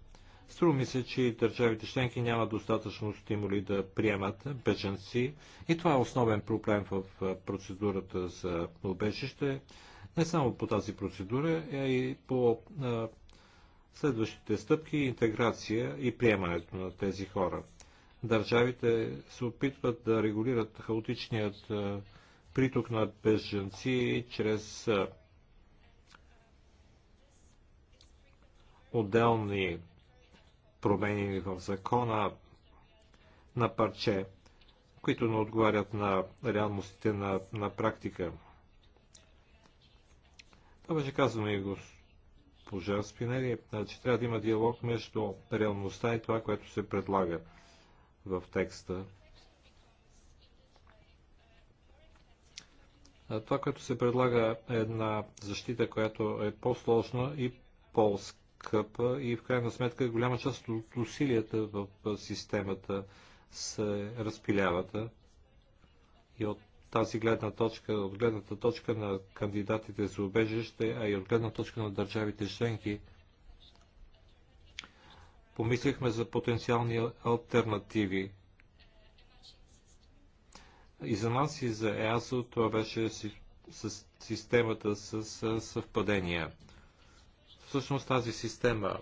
Струва ми се, че държавите членки няма достатъчно стимули да приемат беженци и това е основен проблем в процедурата за убежище. Не само по тази процедура, а и по следващите стъпки, интеграция и приемането на тези хора. Държавите се опитват да регулират хаотичният приток на беженци чрез отделни промени в закона на парче, които не отговарят на реалностите на, на практика. Това беше казано и госпожа Спинери, че значи, трябва да има диалог между реалността и това, което се предлага в текста. Това, което се предлага е една защита, която е по-сложна и по скъпна скъпа и в крайна сметка голяма част от усилията в системата се разпиляват. И от тази гледна точка, от гледната точка на кандидатите за убежище, а и от гледна точка на държавите членки, помислихме за потенциални альтернативи. И за нас и за ЕАСО това беше системата с съвпадения. Всъщност тази система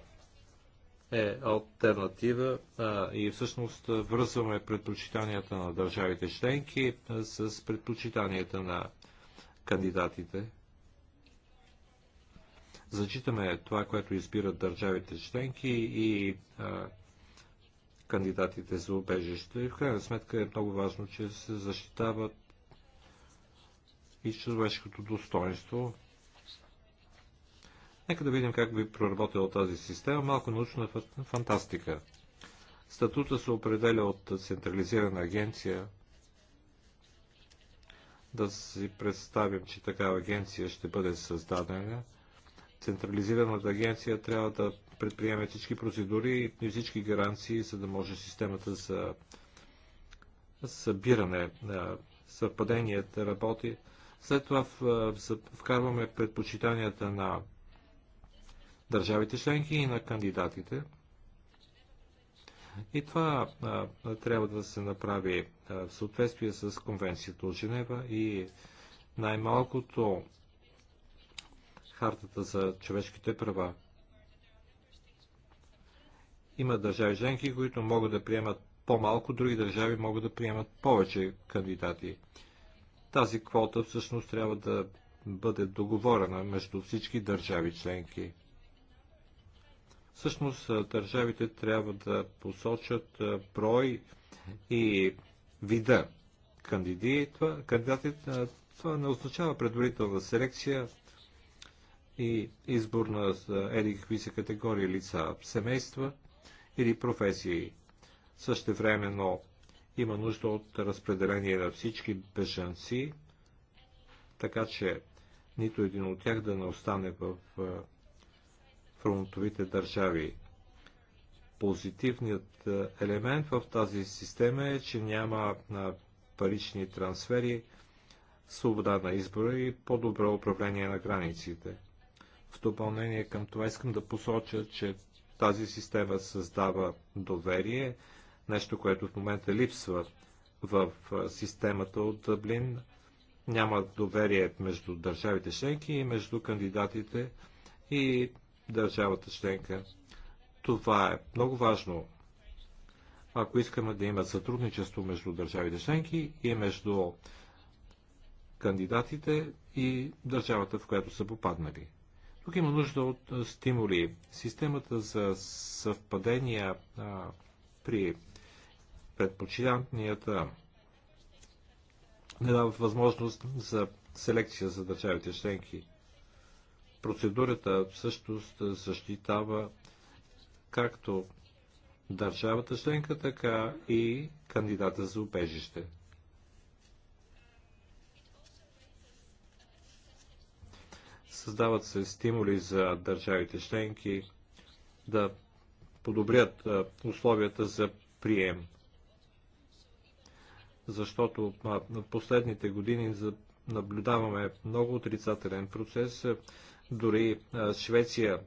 е альтернатива а, и всъщност връзваме предпочитанията на държавите членки с предпочитанията на кандидатите. Зачитаме това, което избират държавите членки и а, кандидатите за убежище. И в крайна сметка е много важно, че се защитават и човешкото достоинство. Нека да видим как би проработила тази система. Малко научна фантастика. Статута се определя от централизирана агенция. Да си представим, че такава агенция ще бъде създадена. Централизираната агенция трябва да предприеме всички процедури и всички гаранции, за да може системата за събиране на съвпаденията работи. След това вкарваме предпочитанията на държавите членки и на кандидатите. И това а, трябва да се направи а, в съответствие с конвенцията от Женева и най-малкото хартата за човешките права. Има държави членки, които могат да приемат по-малко, други държави могат да приемат повече кандидати. Тази квота всъщност трябва да бъде договорена между всички държави членки. Всъщност държавите трябва да посочат брой и вида кандидати. Това, не означава предварителна селекция и избор на еди какви са категории лица, семейства или професии. Също но има нужда от разпределение на всички бежанци, така че нито един от тях да не остане в фронтовите държави. Позитивният е, елемент в тази система е, че няма на парични трансфери, свобода на избора и по-добро управление на границите. В допълнение към това искам да посоча, че тази система създава доверие, нещо, което в момента липсва в системата от Дъблин. Няма доверие между държавите членки и между кандидатите и държавата членка. Това е много важно, ако искаме да има сътрудничество между държавите членки и между кандидатите и държавата, в която са попаднали. Тук има нужда от стимули. Системата за съвпадения а, при предпочитанията не дава възможност за селекция за държавите членки. Процедурата всъщност защитава както държавата членка, така и кандидата за убежище. Създават се стимули за държавите членки да подобрят условията за прием. Защото на последните години наблюдаваме много отрицателен процес дори Швеция,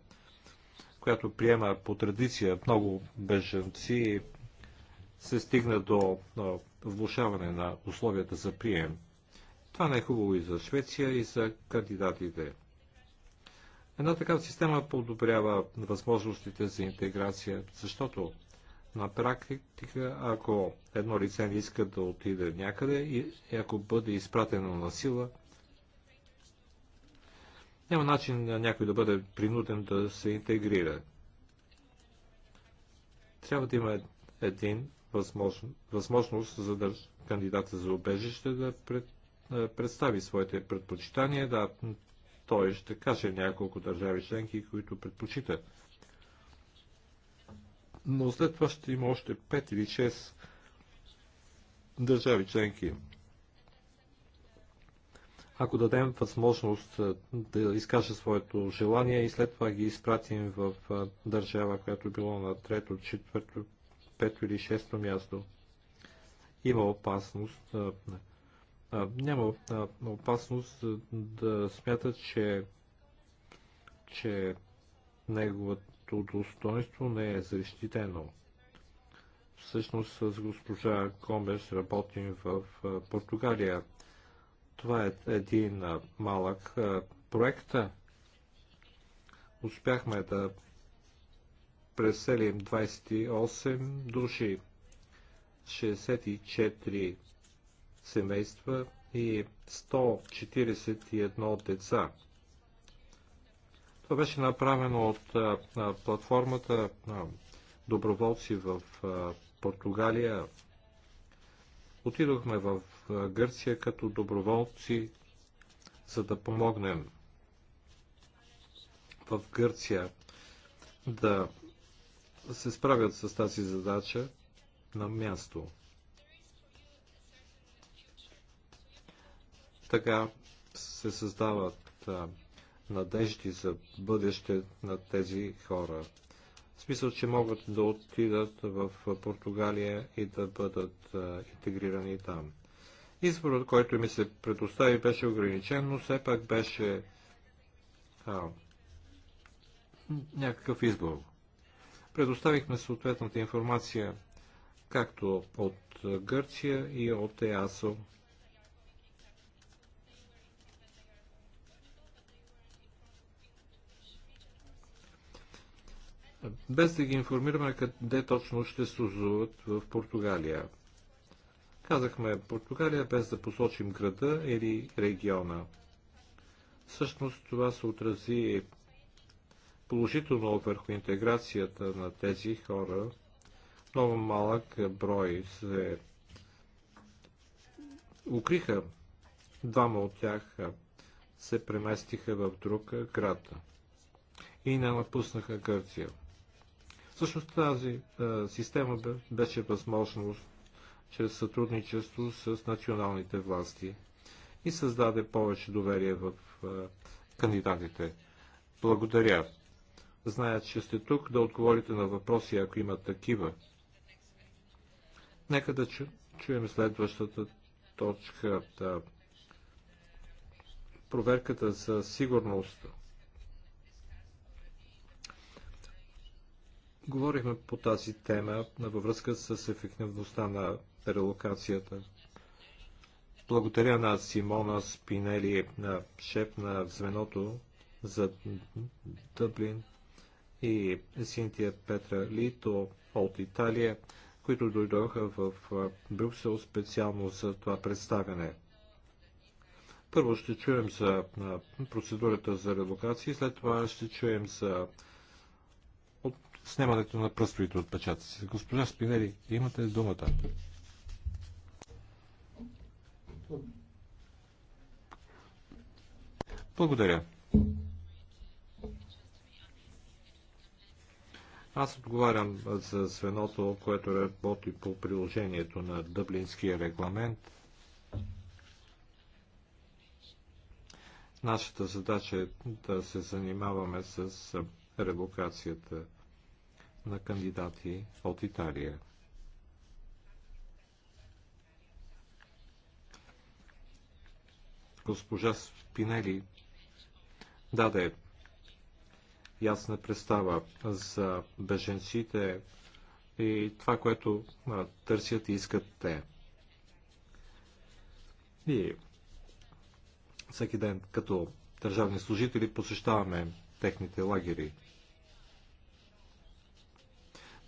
която приема по традиция много бежанци, се стигна до влушаване на условията за прием. Това не е хубаво и за Швеция, и за кандидатите. Една такава система подобрява възможностите за интеграция, защото на практика, ако едно лице не иска да отиде някъде и ако бъде изпратено на сила, няма начин на някой да бъде принуден да се интегрира. Трябва да има един възможно, възможност за да, кандидата за убежище да пред, представи своите предпочитания. Да, той ще каже няколко държави членки, които предпочита. Но след това ще има още 5 или 6 държави членки, ако дадем възможност да изкаже своето желание и след това ги изпратим в държава, която било на трето, четвърто, пето или шесто място, има опасност, няма опасност да смятат, че, че неговото достоинство не е защитено. Всъщност с госпожа Комбеш работим в Португалия това е един малък проект. Успяхме да преселим 28 души, 64 семейства и 141 деца. Това беше направено от платформата на доброволци в Португалия. Отидохме в Гърция като доброволци, за да помогнем в Гърция да се справят с тази задача на място. Така се създават надежди за бъдеще на тези хора. В смисъл, че могат да отидат в Португалия и да бъдат интегрирани там. Изборът, който ми се предостави, беше ограничен, но все пак беше а, някакъв избор. Предоставихме съответната информация както от Гърция и от ЕАСО. Без да ги информираме къде точно ще се в Португалия. Казахме Португалия без да посочим града или региона. Всъщност това се отрази положително върху интеграцията на тези хора. Много малък брой се укриха. Двама от тях се преместиха в друг град и не напуснаха Гърция. Всъщност тази система беше възможност чрез сътрудничество с националните власти и създаде повече доверие в кандидатите. Благодаря. Зная, че сте тук да отговорите на въпроси, ако има такива. Нека да чу, чуем следващата точка. Да. Проверката за сигурност. Говорихме по тази тема във връзка с ефективността на релокацията. Благодаря на Симона Спинели, на шеф на звеното за Дъблин и Синтия Петра Лито от Италия, които дойдоха в Брюксел специално за това представяне. Първо ще чуем за процедурата за релокации, след това ще чуем за снимането на пръстовите отпечатъци. Госпожа Спинели, имате думата. Благодаря. Аз отговарям за звеното, което работи по приложението на Дъблинския регламент. Нашата задача е да се занимаваме с ревокацията на кандидати от Италия. Госпожа Спинели даде ясна представа за беженците и това, което търсят и искат те. И всеки ден като държавни служители посещаваме техните лагери.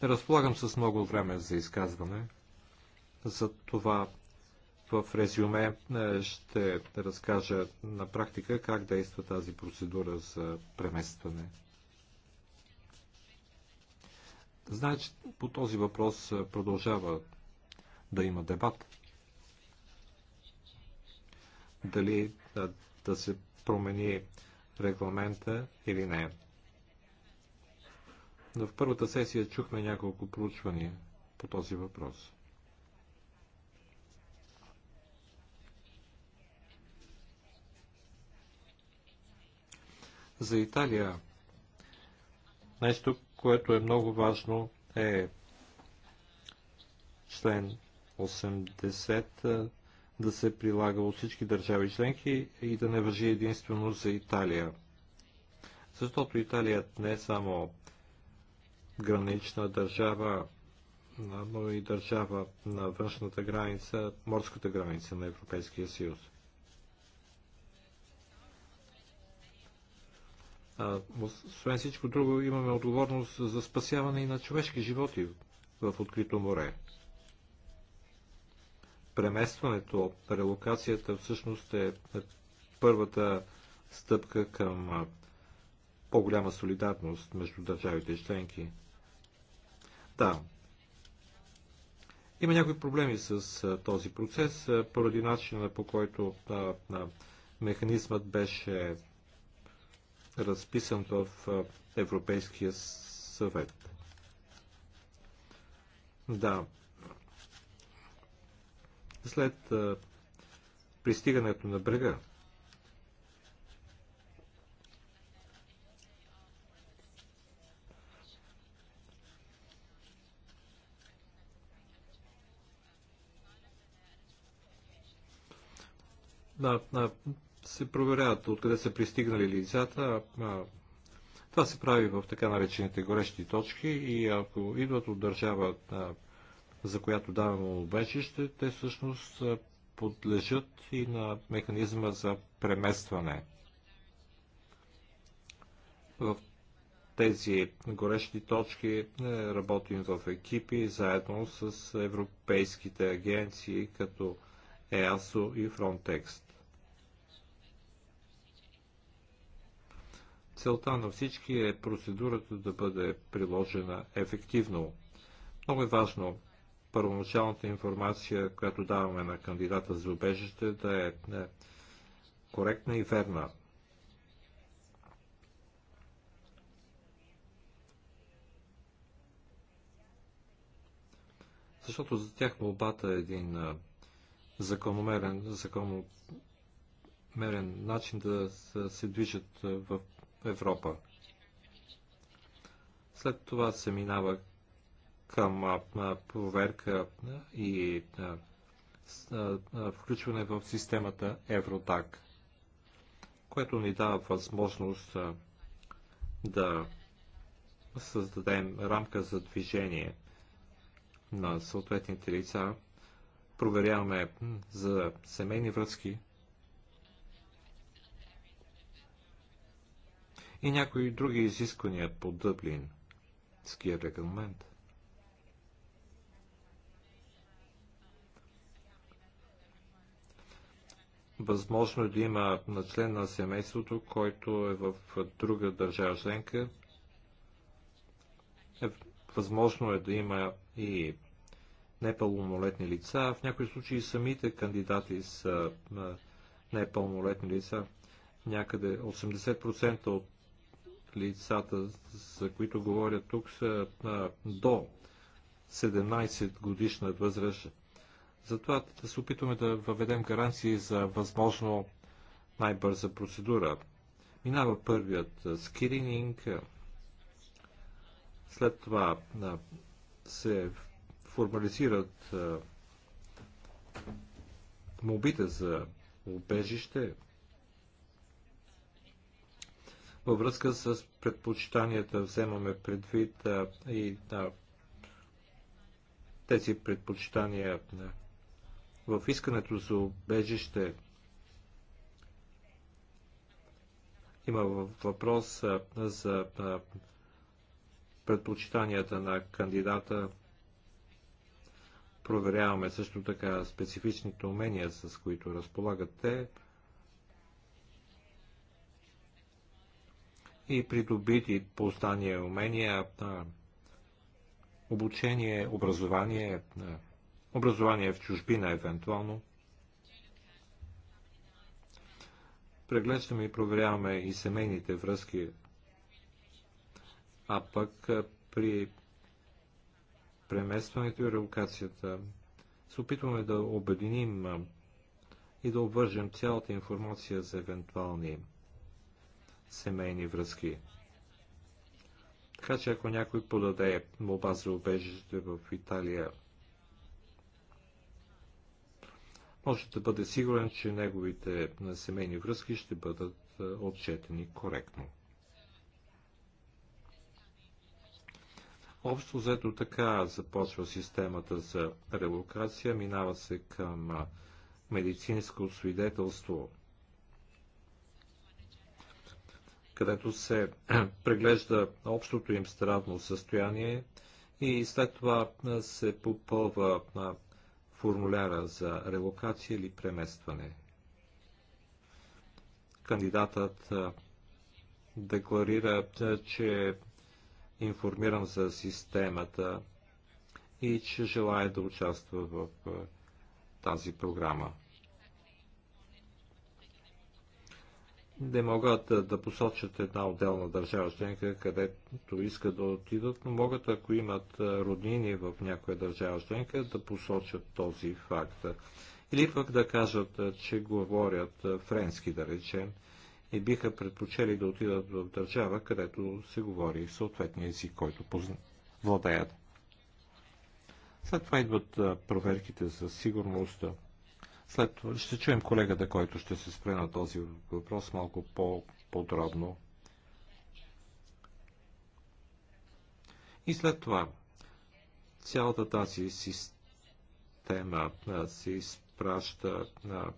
Не разполагам с много време за изказване, за това в резюме е, ще разкажа на практика как действа тази процедура за преместване. Значи по този въпрос е, продължава да има дебат. Дали да, е, да се промени регламента или не. Но в първата сесия чухме няколко проучвания по този въпрос. за Италия. Нещо, което е много важно, е член 80 да се прилага от всички държави членки и да не въжи единствено за Италия. Защото Италия не е само гранична държава, но и държава на външната граница, морската граница на Европейския съюз. Освен всичко друго, имаме отговорност за спасяване и на човешки животи в открито море. Преместването, релокацията всъщност е първата стъпка към по-голяма солидарност между държавите и членки. Да, има някои проблеми с този процес, поради начина по който а, а, механизмът беше разписан в Европейския съвет. Да. След пристигането на брега, Да, на се проверяват откъде са пристигнали лицата. Това се прави в така наречените горещи точки и ако идват от държава, за която даваме обечище, те всъщност подлежат и на механизма за преместване. В тези горещи точки е, работим в екипи заедно с европейските агенции като ЕАСО и Фронтекст. Целта на всички е процедурата да бъде приложена ефективно. Много е важно първоначалната информация, която даваме на кандидата за убежище, да е, е коректна и верна. Защото за тях молбата е един е, закономерен, закономерен начин да се движат е, в Европа. След това се минава към проверка и включване в системата Евротак, което ни дава възможност да създадем рамка за движение на съответните лица. Проверяваме за семейни връзки, и някои други изисквания по Дъблин ския регламент. Възможно е да има на член на семейството, който е в друга държава членка. Е, възможно е да има и непълнолетни лица. В някои случаи самите кандидати са непълнолетни лица. Някъде 80% от лицата, за които говоря тук, са а, до 17 годишна възраст. Затова да се опитваме да въведем гаранции за възможно най-бърза процедура. Минава първият скрининг, след това а, се формализират а, мобите за убежище, във връзка с предпочитанията вземаме предвид а, и а, тези предпочитания а, в искането за обежище Има въпрос а, за а, предпочитанията на кандидата. Проверяваме също така специфичните умения, с които разполагат те. и придобити познания, умения, обучение, образование, образование в чужбина евентуално. Преглеждаме и проверяваме и семейните връзки, а пък при преместването и релокацията се опитваме да обединим и да обвържем цялата информация за евентуални семейни връзки. Така че ако някой подаде моба за убежище в Италия, може да бъде сигурен, че неговите семейни връзки ще бъдат отчетени коректно. Общо взето така започва системата за релокация, минава се към медицинско свидетелство където се преглежда общото им здравно състояние и след това се попълва на формуляра за релокация или преместване. Кандидатът декларира, че е информиран за системата и че желая да участва в тази програма. не могат да посочат една отделна държава членка, където искат да отидат, но могат, ако имат роднини в някоя държава членка, да посочат този факт. Или пък да кажат, че говорят френски, да речем, и биха предпочели да отидат в държава, където се говори съответния език, който владеят. След това идват проверките за сигурността. След това ще чуем колегата, който ще се спре на този въпрос малко по-подробно. И след това цялата тази система се изпраща на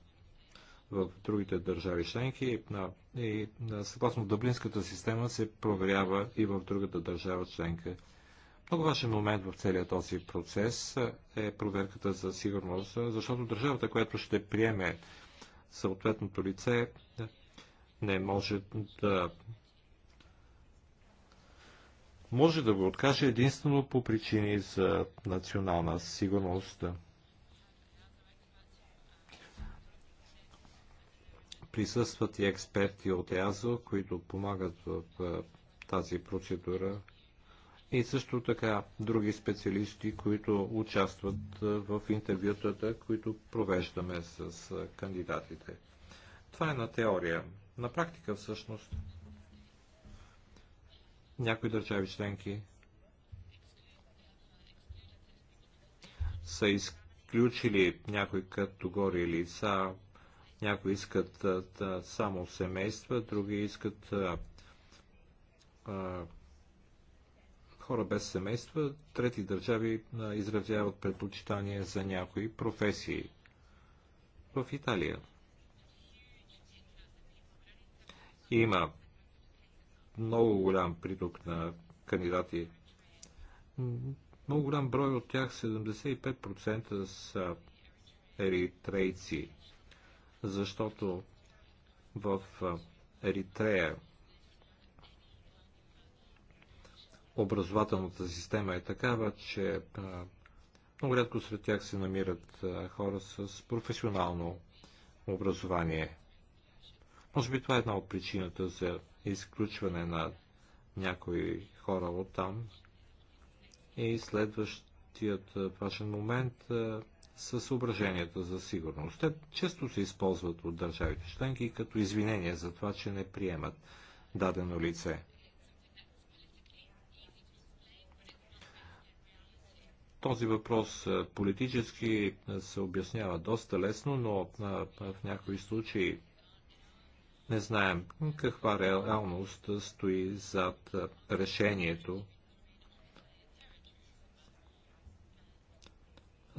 в другите държави членки и съгласно Дъблинската система се проверява и в другата държава членка. Много важен момент в целия този процес е проверката за сигурност, защото държавата, която ще приеме съответното лице, не може да може да го откаже единствено по причини за национална сигурност. Присъстват и експерти от ЕАЗО, които помагат в тази процедура и също така други специалисти, които участват в интервютата, които провеждаме с кандидатите. Това е на теория. На практика всъщност някои държави членки са изключили някои категории лица, някои искат само семейства, други искат хора без семейства, трети държави изразяват предпочитание за някои професии. В Италия има много голям приток на кандидати. Много голям брой от тях, 75% са еритрейци, защото в Еритрея образователната система е такава, че много рядко сред тях се намират хора с професионално образование. Може би това е една от причината за изключване на някои хора от там. И следващият важен момент са съображенията за сигурност. Те често се използват от държавите членки като извинение за това, че не приемат дадено лице. Този въпрос е, политически е, се обяснява доста лесно, но е, в някои случаи не знаем каква реалност стои зад решението.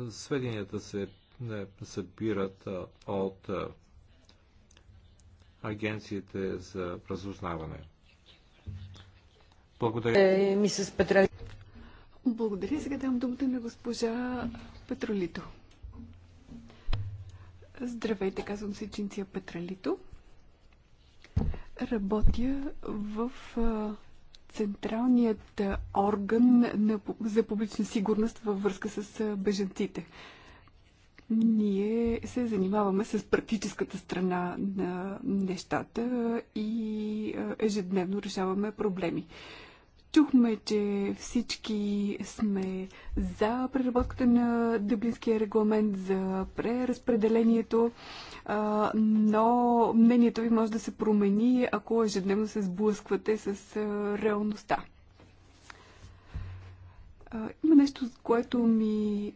Сведенията се събират от агенциите за разузнаване. Благодаря. Благодаря. Сега дам думата на госпожа Петролито. Здравейте, казвам се Чинция Петралито. Работя в централният орган за публична сигурност във връзка с беженците. Ние се занимаваме с практическата страна на нещата и ежедневно решаваме проблеми. Чухме, че всички сме за преработката на Дъблинския регламент, за преразпределението, но мнението ви може да се промени, ако ежедневно се сблъсквате с реалността. Има нещо, което ми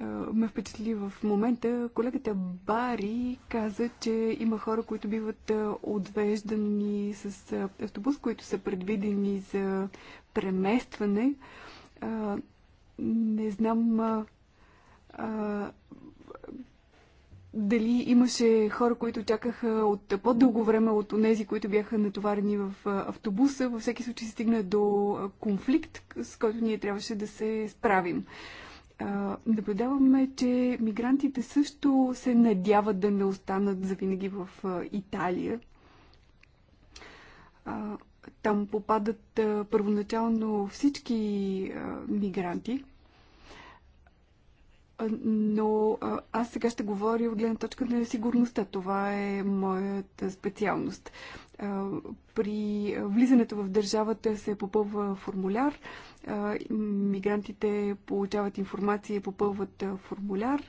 е, ме впечатли в момента. Колегата Бари каза, че има хора, които биват е, отвеждани с е, автобус, които са предвидени за преместване. Не знам дали имаше хора, които чакаха от по-дълго време от тези, които бяха натоварени в автобуса. Във всеки случай се стигна до конфликт, с който ние трябваше да се справим наблюдаваме, че мигрантите също се надяват да не останат завинаги в Италия. Там попадат първоначално всички мигранти. Но аз сега ще говоря от гледна точка на сигурността. Това е моята специалност. При влизането в държавата се попълва формуляр, мигрантите получават информация и попълват формуляр,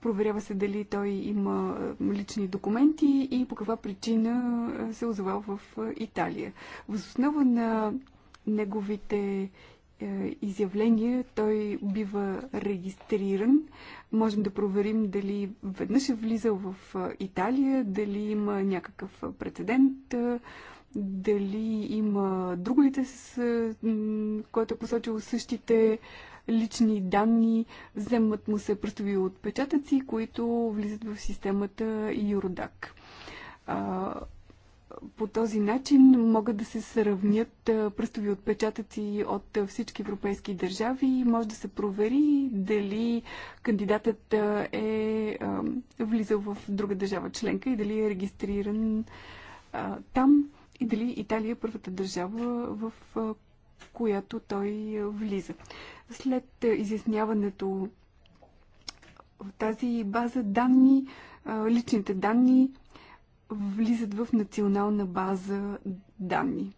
проверява се дали той има лични документи и по каква причина се озовал в Италия. В основа на неговите изявления той бива регистриран Можем да проверим дали веднъж е влизал в Италия, дали има някакъв прецедент, дали има друго лице, с което е посочил същите лични данни, вземат му се пръстови отпечатъци, които влизат в системата Юродак по този начин могат да се сравнят пръстови отпечатъци от всички европейски държави и може да се провери дали кандидатът е влизал в друга държава членка и дали е регистриран там и дали Италия е първата държава, в която той влиза. След изясняването в тази база данни, личните данни влизат в национална база данни.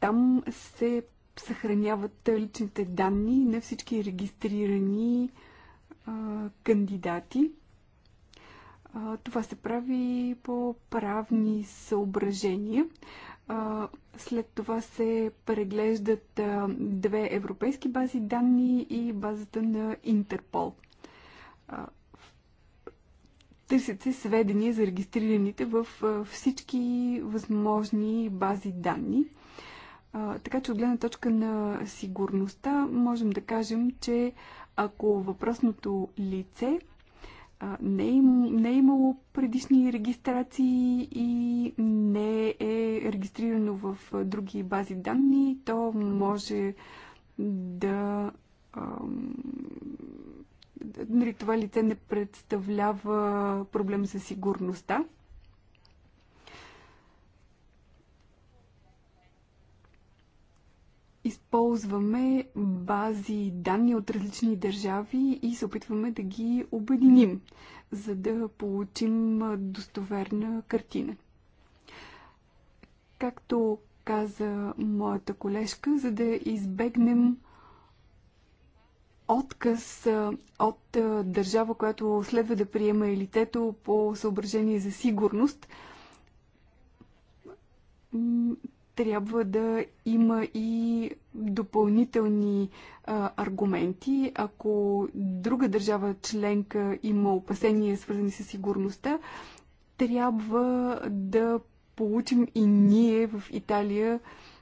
Там се съхраняват личните данни на всички регистрирани а, кандидати. А, това се прави по правни съображения. А, след това се преглеждат а, две европейски бази данни и базата на Интерпол. А, Търсят се сведения за регистрираните в всички възможни бази данни. Така че от гледна точка на сигурността можем да кажем, че ако въпросното лице не е, не е имало предишни регистрации и не е регистрирано в други бази данни, то може да нали, това лице не представлява проблем за сигурността. Използваме бази данни от различни държави и се опитваме да ги обединим, за да получим достоверна картина. Както каза моята колежка, за да избегнем отказ от държава, която следва да приема и лицето по съображение за сигурност, трябва да има и допълнителни а, аргументи. Ако друга държава членка има опасения, свързани с сигурността, трябва да получим и ние в Италия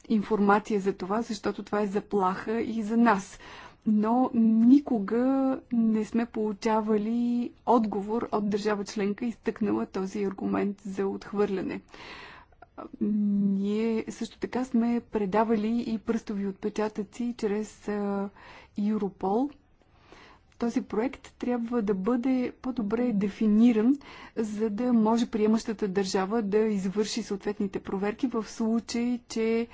информация за това, защото това е заплаха и за нас но никога не сме получавали отговор от държава членка, изтъкнала този аргумент за отхвърляне. Ние също така сме предавали и пръстови отпечатъци чрез Европол. Този проект трябва да бъде по-добре дефиниран, за да може приемащата държава да извърши съответните проверки в случай, че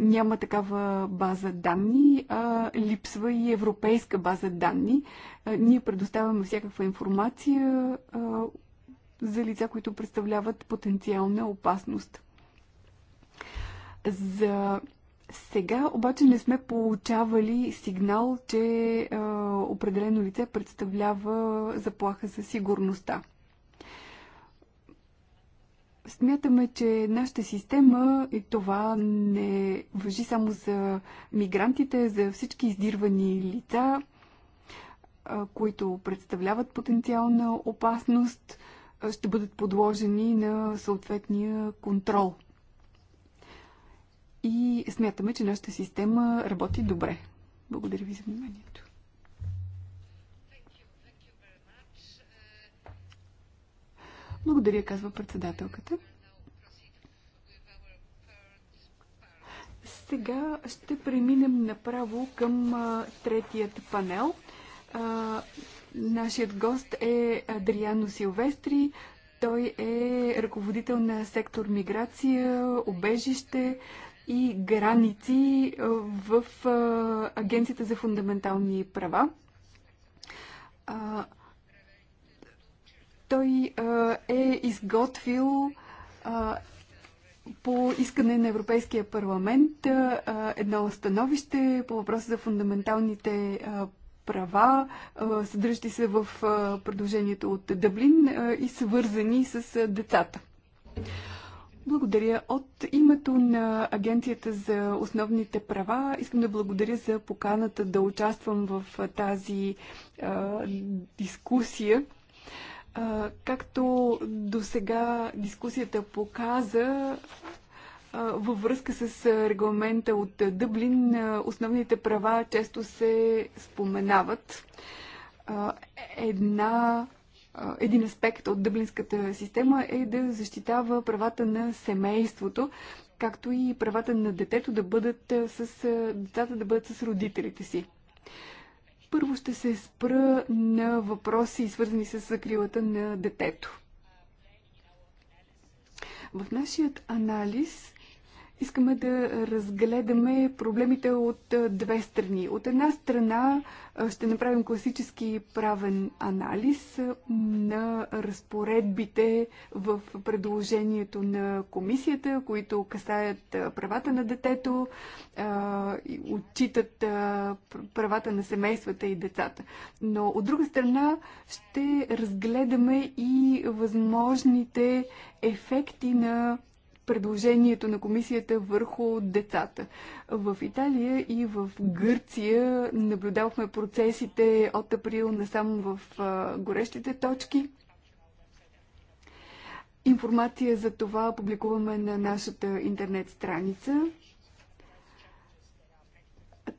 няма такава база данни, а липсва и европейска база данни. Ние предоставяме всякаква информация за лица, които представляват потенциална опасност. За сега обаче не сме получавали сигнал, че определено лице представлява заплаха за сигурността. Смятаме, че нашата система и това не въжи само за мигрантите, за всички издирвани лица, които представляват потенциална опасност, ще бъдат подложени на съответния контрол. И смятаме, че нашата система работи добре. Благодаря ви за вниманието. Благодаря, казва председателката. Сега ще преминем направо към а, третият панел. А, нашият гост е Адриано Силвестри. Той е ръководител на сектор миграция, обежище и граници в а, Агенцията за фундаментални права. А, той е изготвил по искане на Европейския парламент едно становище по въпроса за фундаменталните права, съдържащи се в продължението от Дъблин и свързани с децата. Благодаря. От името на Агенцията за основните права искам да благодаря за поканата да участвам в тази а, дискусия. Както до сега дискусията показа, във връзка с регламента от Дъблин, основните права често се споменават. Една, един аспект от дъблинската система е да защитава правата на семейството, както и правата на детето да бъдат с, децата да бъдат с родителите си. Първо ще се спра на въпроси, свързани с закрилата на детето. В нашият анализ искаме да разгледаме проблемите от две страни. От една страна ще направим класически правен анализ на разпоредбите в предложението на комисията, които касаят правата на детето, отчитат правата на семействата и децата. Но от друга страна ще разгледаме и възможните ефекти на предложението на комисията върху децата. В Италия и в Гърция наблюдавахме процесите от април насам в горещите точки. Информация за това публикуваме на нашата интернет страница.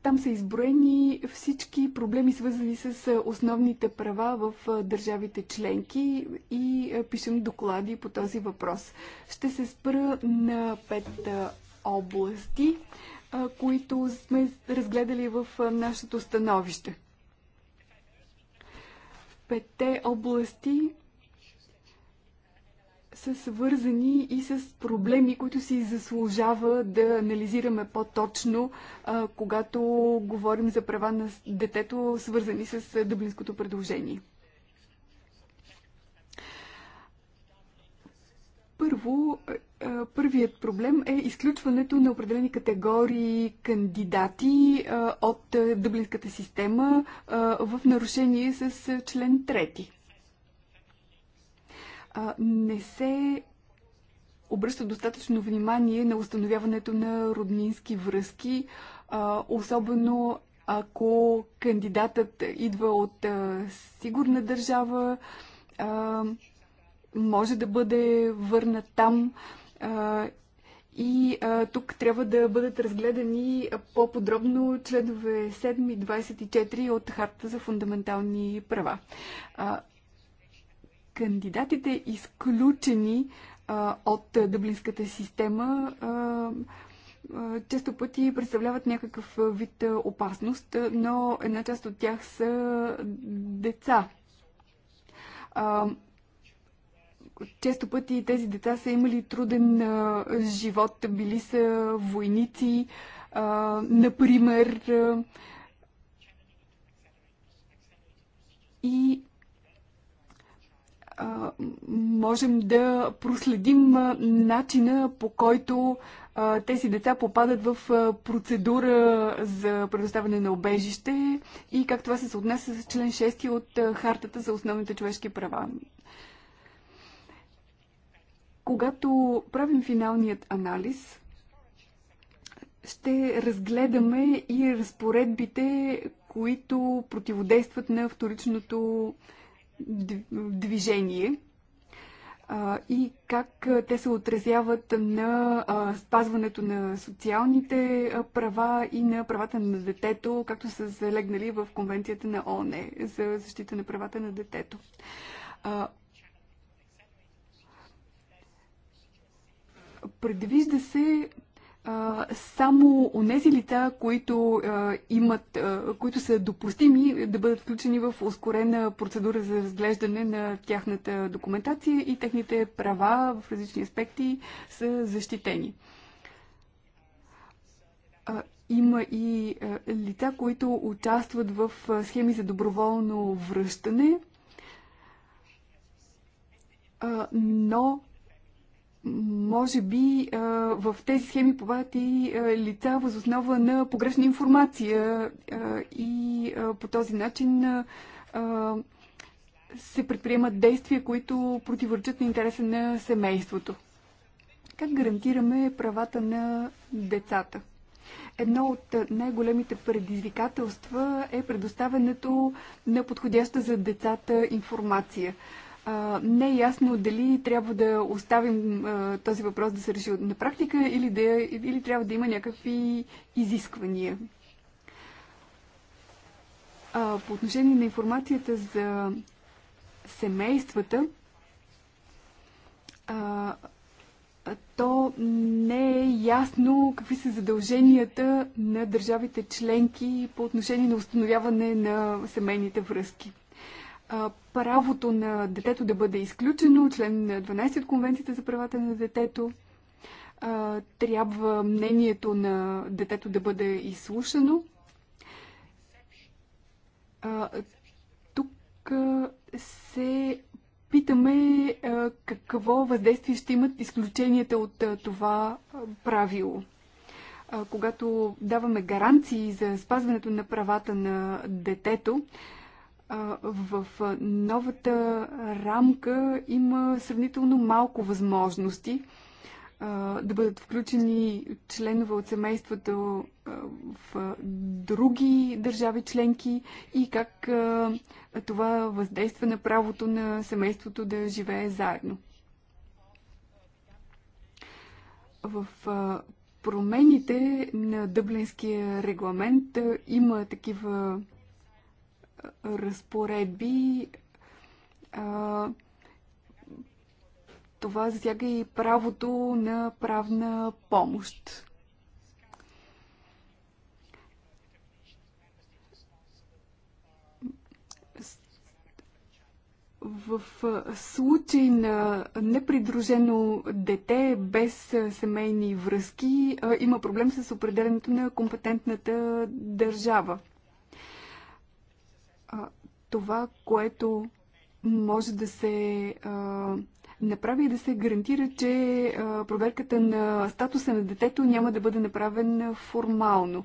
Там са изброени всички проблеми, свързани с основните права в държавите членки и пишем доклади по този въпрос. Ще се спра на пет области, които сме разгледали в нашето становище. Петте области са свързани и с проблеми, които си заслужава да анализираме по-точно, когато говорим за права на детето, свързани с дъблинското предложение. Първо, първият проблем е изключването на определени категории кандидати от дъблинската система в нарушение с член трети не се обръща достатъчно внимание на установяването на роднински връзки, особено ако кандидатът идва от сигурна държава, може да бъде върнат там. И тук трябва да бъдат разгледани по-подробно членове 7 и 24 от Харта за фундаментални права кандидатите, изключени а, от дъблинската система, а, а, често пъти представляват някакъв вид опасност, но една част от тях са деца. А, често пъти тези деца са имали труден а, живот, били са войници, а, например. А, и можем да проследим начина по който тези деца попадат в процедура за предоставяне на обежище и как това се съотнася с член 6 от Хартата за основните човешки права. Когато правим финалният анализ, ще разгледаме и разпоредбите, които противодействат на вторичното движение и как те се отразяват на спазването на социалните права и на правата на детето, както са залегнали в Конвенцията на ООН за защита на правата на детето. Предвижда се а, само онези лица, които а, имат, а, които са допустими да бъдат включени в ускорена процедура за разглеждане на тяхната документация и техните права в различни аспекти са защитени. А, има и а, лица, които участват в а, схеми за доброволно връщане, а, но може би в тези схеми попадат и лица възоснова на погрешна информация и по този начин се предприемат действия, които противоречат на интереса на семейството. Как гарантираме правата на децата? Едно от най-големите предизвикателства е предоставянето на подходяща за децата информация не е ясно дали трябва да оставим а, този въпрос да се реши на практика или, да, или трябва да има някакви изисквания. А, по отношение на информацията за семействата, а, то не е ясно какви са задълженията на държавите членки по отношение на установяване на семейните връзки правото на детето да бъде изключено, член 12 от Конвенцията за правата на детето. Трябва мнението на детето да бъде изслушано. Тук се питаме какво въздействие ще имат изключенията от това правило когато даваме гаранции за спазването на правата на детето, в новата рамка има сравнително малко възможности да бъдат включени членове от семейството в други държави членки и как това въздейства на правото на семейството да живее заедно. В промените на Дъблинския регламент има такива разпоредби. А, това засяга и правото на правна помощ. в случай на непридружено дете без семейни връзки има проблем с определенето на компетентната държава това, което може да се а, направи и да се гарантира, че а, проверката на статуса на детето няма да бъде направен формално.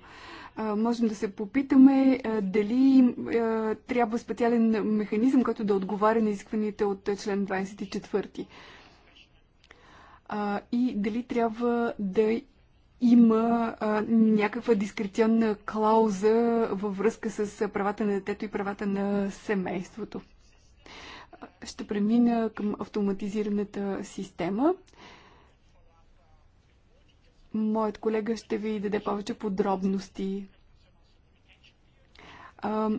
А, можем да се попитаме а, дали а, трябва специален механизъм, който да отговаря на изискваните от член 24 а, и дали трябва да има а, някаква дискреционна клауза във връзка с правата на детето и правата на семейството. Ще премина към автоматизираната система. Моят колега ще ви даде повече подробности. А,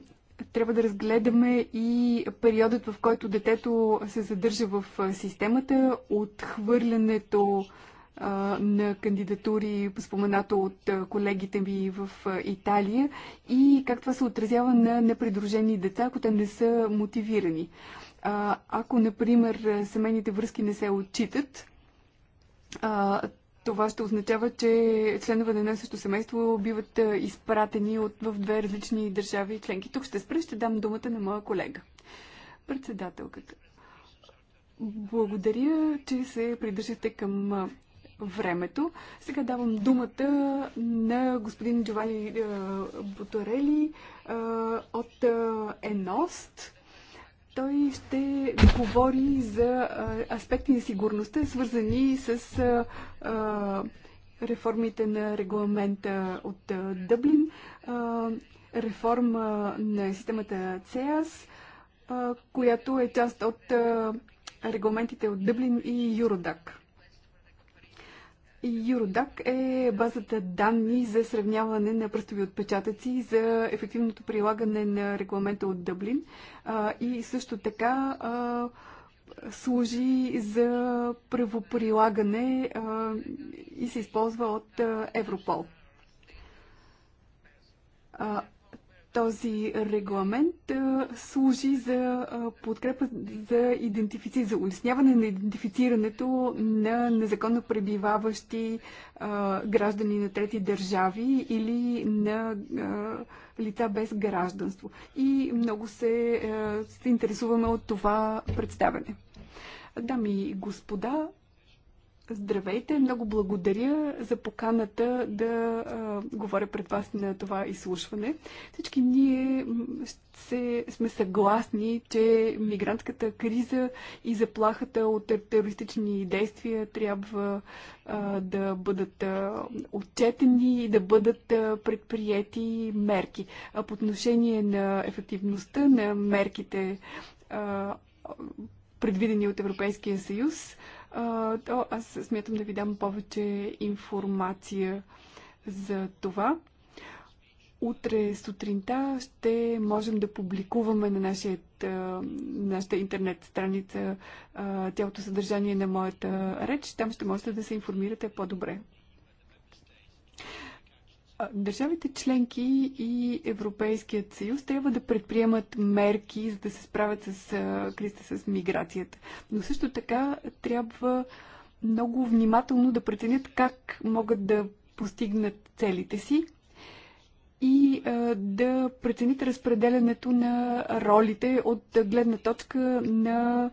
трябва да разгледаме и периодът, в който детето се задържа в системата, отхвърлянето хвърлянето на кандидатури, споменато от колегите ми в Италия и как това се отразява на непридружени деца, ако те не са мотивирани. Ако, например, семейните връзки не се отчитат, това ще означава, че членове на същото семейство биват изпратени от, в две различни държави и членки. Тук ще спра, ще дам думата на моя колега. Председателката. Благодаря, че се придържате към времето. Сега давам думата на господин Джовани е, Бутарели е, от е, ЕНОСТ. Той ще говори за аспекти на сигурността, свързани с реформите на регламента от Дъблин, реформа на системата ЦЕАС, която е част от регламентите от Дъблин и Юродак. Юродак е базата данни за сравняване на пръстови отпечатъци за ефективното прилагане на регламента от Дъблин а, и също така а, служи за правоприлагане а, и се използва от а, Европол. Този регламент а, служи за а, подкрепа за, идентифици... за улесняване на идентифицирането на незаконно пребиваващи а, граждани на трети държави или на лица без гражданство. И много се, се интересуваме от това представене. Дами и господа, Здравейте, много благодаря за поканата да а, говоря пред вас на това изслушване. Всички ние се, сме съгласни, че мигрантската криза и заплахата от терористични действия трябва а, да бъдат а, отчетени и да бъдат а, предприяти мерки. А по отношение на ефективността на мерките, а, предвидени от Европейския съюз, а, то аз смятам да ви дам повече информация за това. Утре сутринта ще можем да публикуваме на нашият, нашата интернет страница цялото съдържание на моята реч. Там ще можете да се информирате по-добре. Държавите членки и Европейският съюз трябва да предприемат мерки, за да се справят с кризата с миграцията. Но също така трябва много внимателно да преценят как могат да постигнат целите си и да прецените разпределянето на ролите от гледна точка на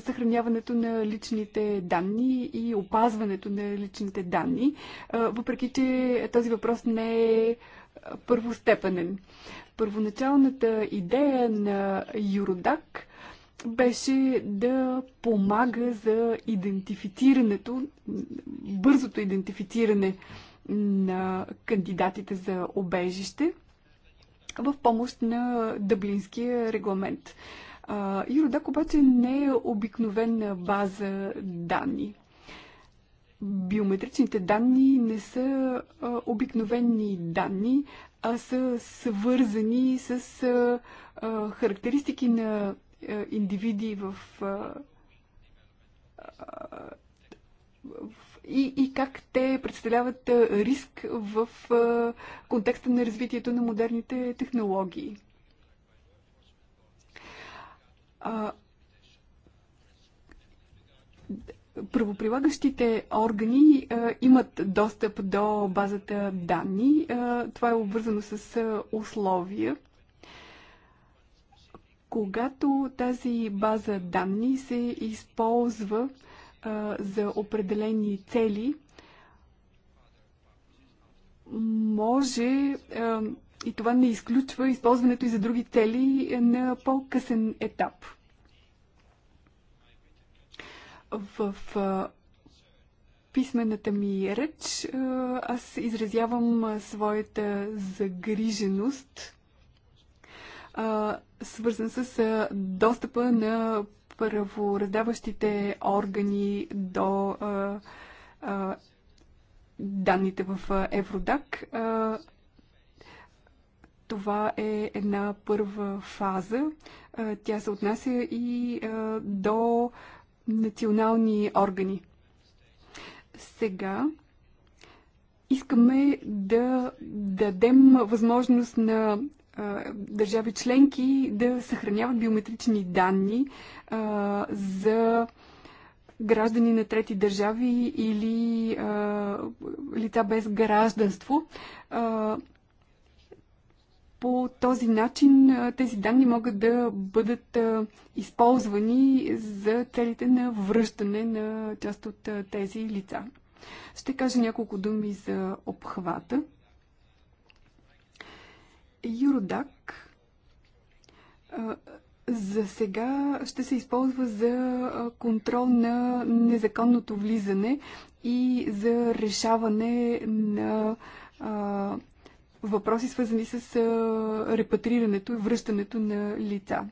съхраняването на личните данни и опазването на личните данни, въпреки че този въпрос не е първостепенен. Първоначалната идея на Юродак беше да помага за идентифицирането, бързото идентифициране на кандидатите за обежище в помощ на Дъблинския регламент. Юродак обаче не е обикновена база данни. Биометричните данни не са обикновени данни, а са свързани с характеристики на индивиди в и, и как те представляват риск в контекста на развитието на модерните технологии. правоприлагащите органи а, имат достъп до базата данни. А, това е обвързано с а, условия. Когато тази база данни се използва а, за определени цели, може и това не изключва използването и за други цели на по-късен етап. В писмената ми реч аз изразявам своята загриженост свързан с достъпа на правораздаващите органи до а, а, данните в Евродак. А, това е една първа фаза. А, тя се отнася и а, до национални органи. Сега искаме да дадем възможност на държави членки да съхраняват биометрични данни а, за граждани на трети държави или а, лица без гражданство. А, по този начин тези данни могат да бъдат използвани за целите на връщане на част от тези лица. Ще кажа няколко думи за обхвата. Юродак за сега ще се използва за контрол на незаконното влизане и за решаване на въпроси, свързани с репатрирането и връщането на лица.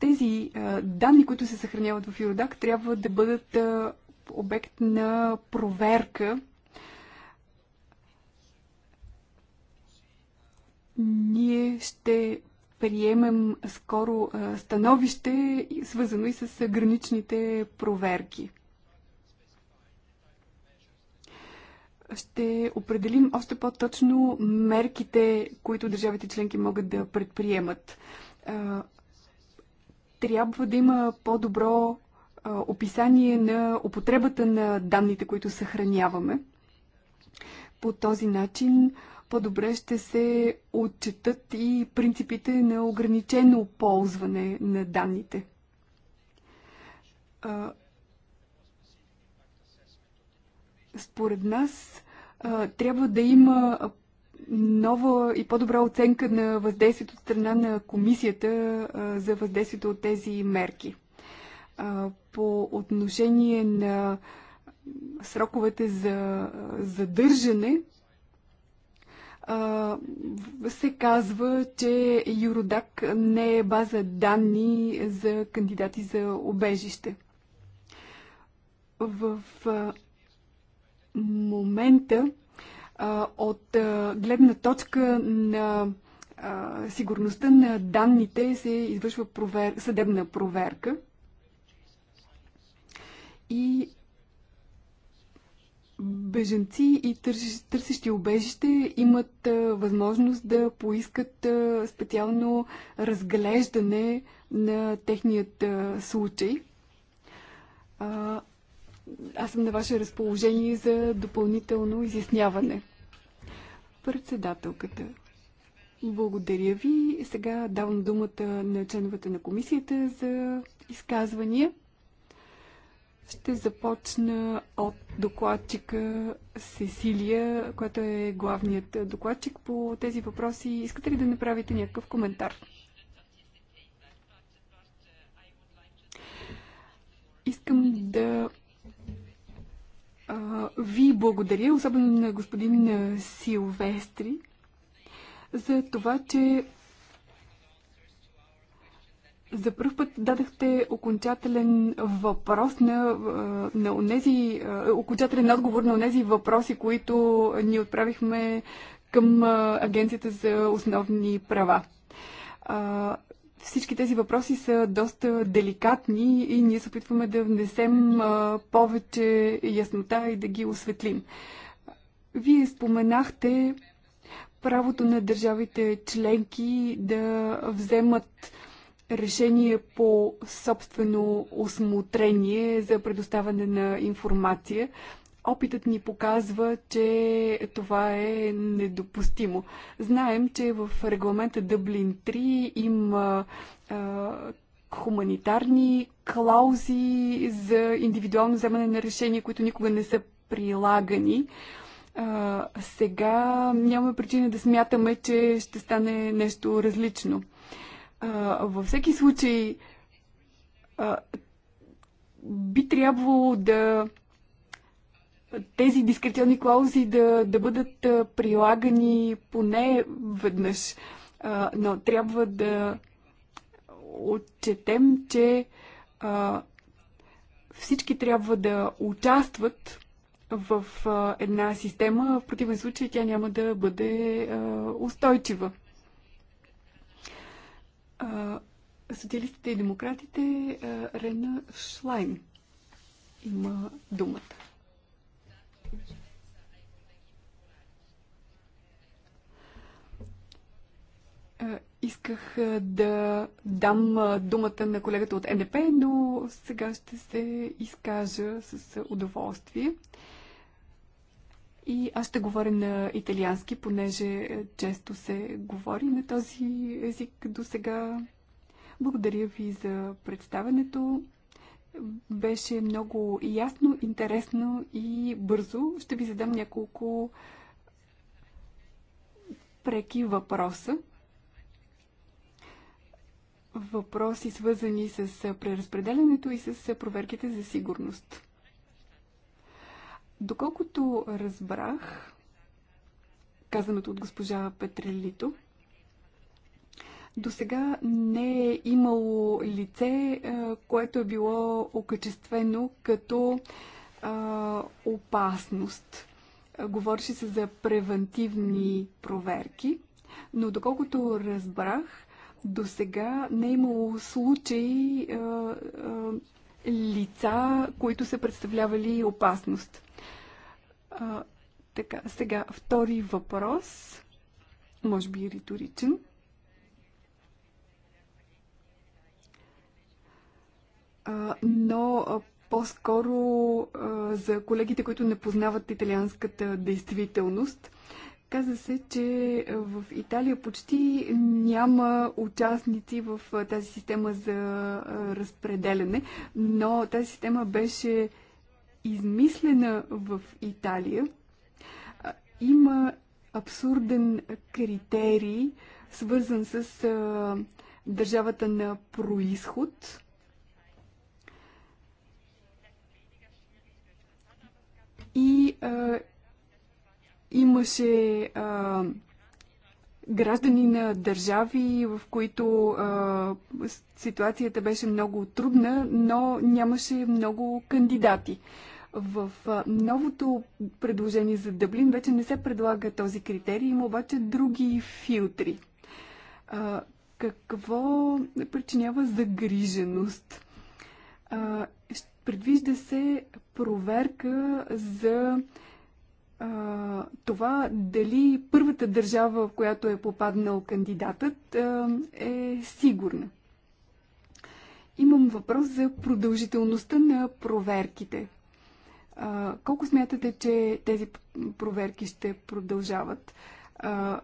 тези данни, които се съхраняват в Юродак, трябва да бъдат обект на проверка Ние ще приемем скоро становище, свързано и с граничните проверки. Ще определим още по-точно мерките, които държавите членки могат да предприемат. Трябва да има по-добро описание на употребата на данните, които съхраняваме. По този начин по-добре ще се отчитат и принципите на ограничено ползване на данните. Според нас трябва да има нова и по-добра оценка на въздействието от страна на комисията за въздействието от тези мерки. По отношение на сроковете за задържане, се казва, че Юродак не е база данни за кандидати за обежище. В момента от гледна точка на сигурността на данните се извършва провер... съдебна проверка и бежанци и търсещи обежище имат възможност да поискат специално разглеждане на техният случай. Аз съм на ваше разположение за допълнително изясняване. Председателката. Благодаря ви. Сега давам думата на членовете на комисията за изказвания. Ще започна от докладчика Сесилия, която е главният докладчик по тези въпроси. Искате ли да направите някакъв коментар? Искам да ви благодаря, особено на господин Силвестри, за това, че за първ път дадахте окончателен въпрос на, на онези, окончателен отговор на тези въпроси, които ни отправихме към Агенцията за основни права. Всички тези въпроси са доста деликатни и ние се опитваме да внесем повече яснота и да ги осветлим. Вие споменахте правото на държавите членки да вземат решение по собствено осмотрение за предоставяне на информация. Опитът ни показва, че това е недопустимо. Знаем, че в регламента Дъблин 3 има а, хуманитарни клаузи за индивидуално вземане на решения, които никога не са прилагани. А, сега нямаме причина да смятаме, че ще стане нещо различно във всеки случай би трябвало да тези дискреционни клаузи да, да бъдат прилагани поне веднъж. Но трябва да отчетем, че всички трябва да участват в една система, в противен случай тя няма да бъде устойчива социалистите и демократите Рена Шлайн има думата. Исках да дам думата на колегата от НДП, но сега ще се изкажа с удоволствие. И аз ще говоря на италиански, понеже е, често се говори на този език до сега. Благодаря ви за представенето. Беше много ясно, интересно и бързо. Ще ви задам няколко преки въпроса. Въпроси свързани с преразпределянето и с проверките за сигурност. Доколкото разбрах казаното от госпожа Петрелито, до сега не е имало лице, е, което е било окачествено като а, е, опасност. Говореше се за превентивни проверки, но доколкото разбрах, до сега не е имало случаи а, е, а, лица, които са представлявали опасност. А, така, сега втори въпрос, може би риторичен. А, но по-скоро за колегите, които не познават италианската действителност – каза се, че в Италия почти няма участници в тази система за разпределяне, но тази система беше измислена в Италия. Има абсурден критерий, свързан с държавата на происход. И Имаше а, граждани на държави, в които а, ситуацията беше много трудна, но нямаше много кандидати. В а, новото предложение за Дъблин вече не се предлага този критерий, има обаче други филтри. А, какво причинява загриженост? А, предвижда се проверка за а, а, това дали първата държава, в която е попаднал кандидатът, а, е сигурна. Имам въпрос за продължителността на проверките. А, колко смятате, че тези проверки ще продължават? А,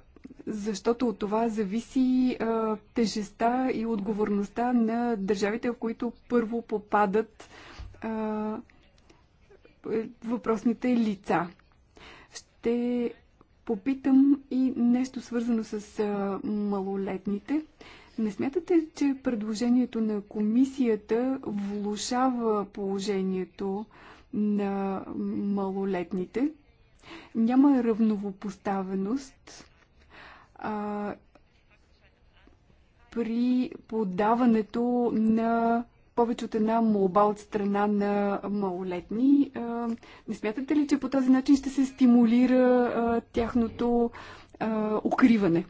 защото от това зависи а, тежестта и отговорността на държавите, в които първо попадат а, въпросните лица ще попитам и нещо свързано с малолетните. Не смятате, че предложението на комисията влушава положението на малолетните? Няма равновопоставеност. А, при подаването на повече от една молба от страна на малолетни. Не смятате ли, че по този начин ще се стимулира тяхното укриване?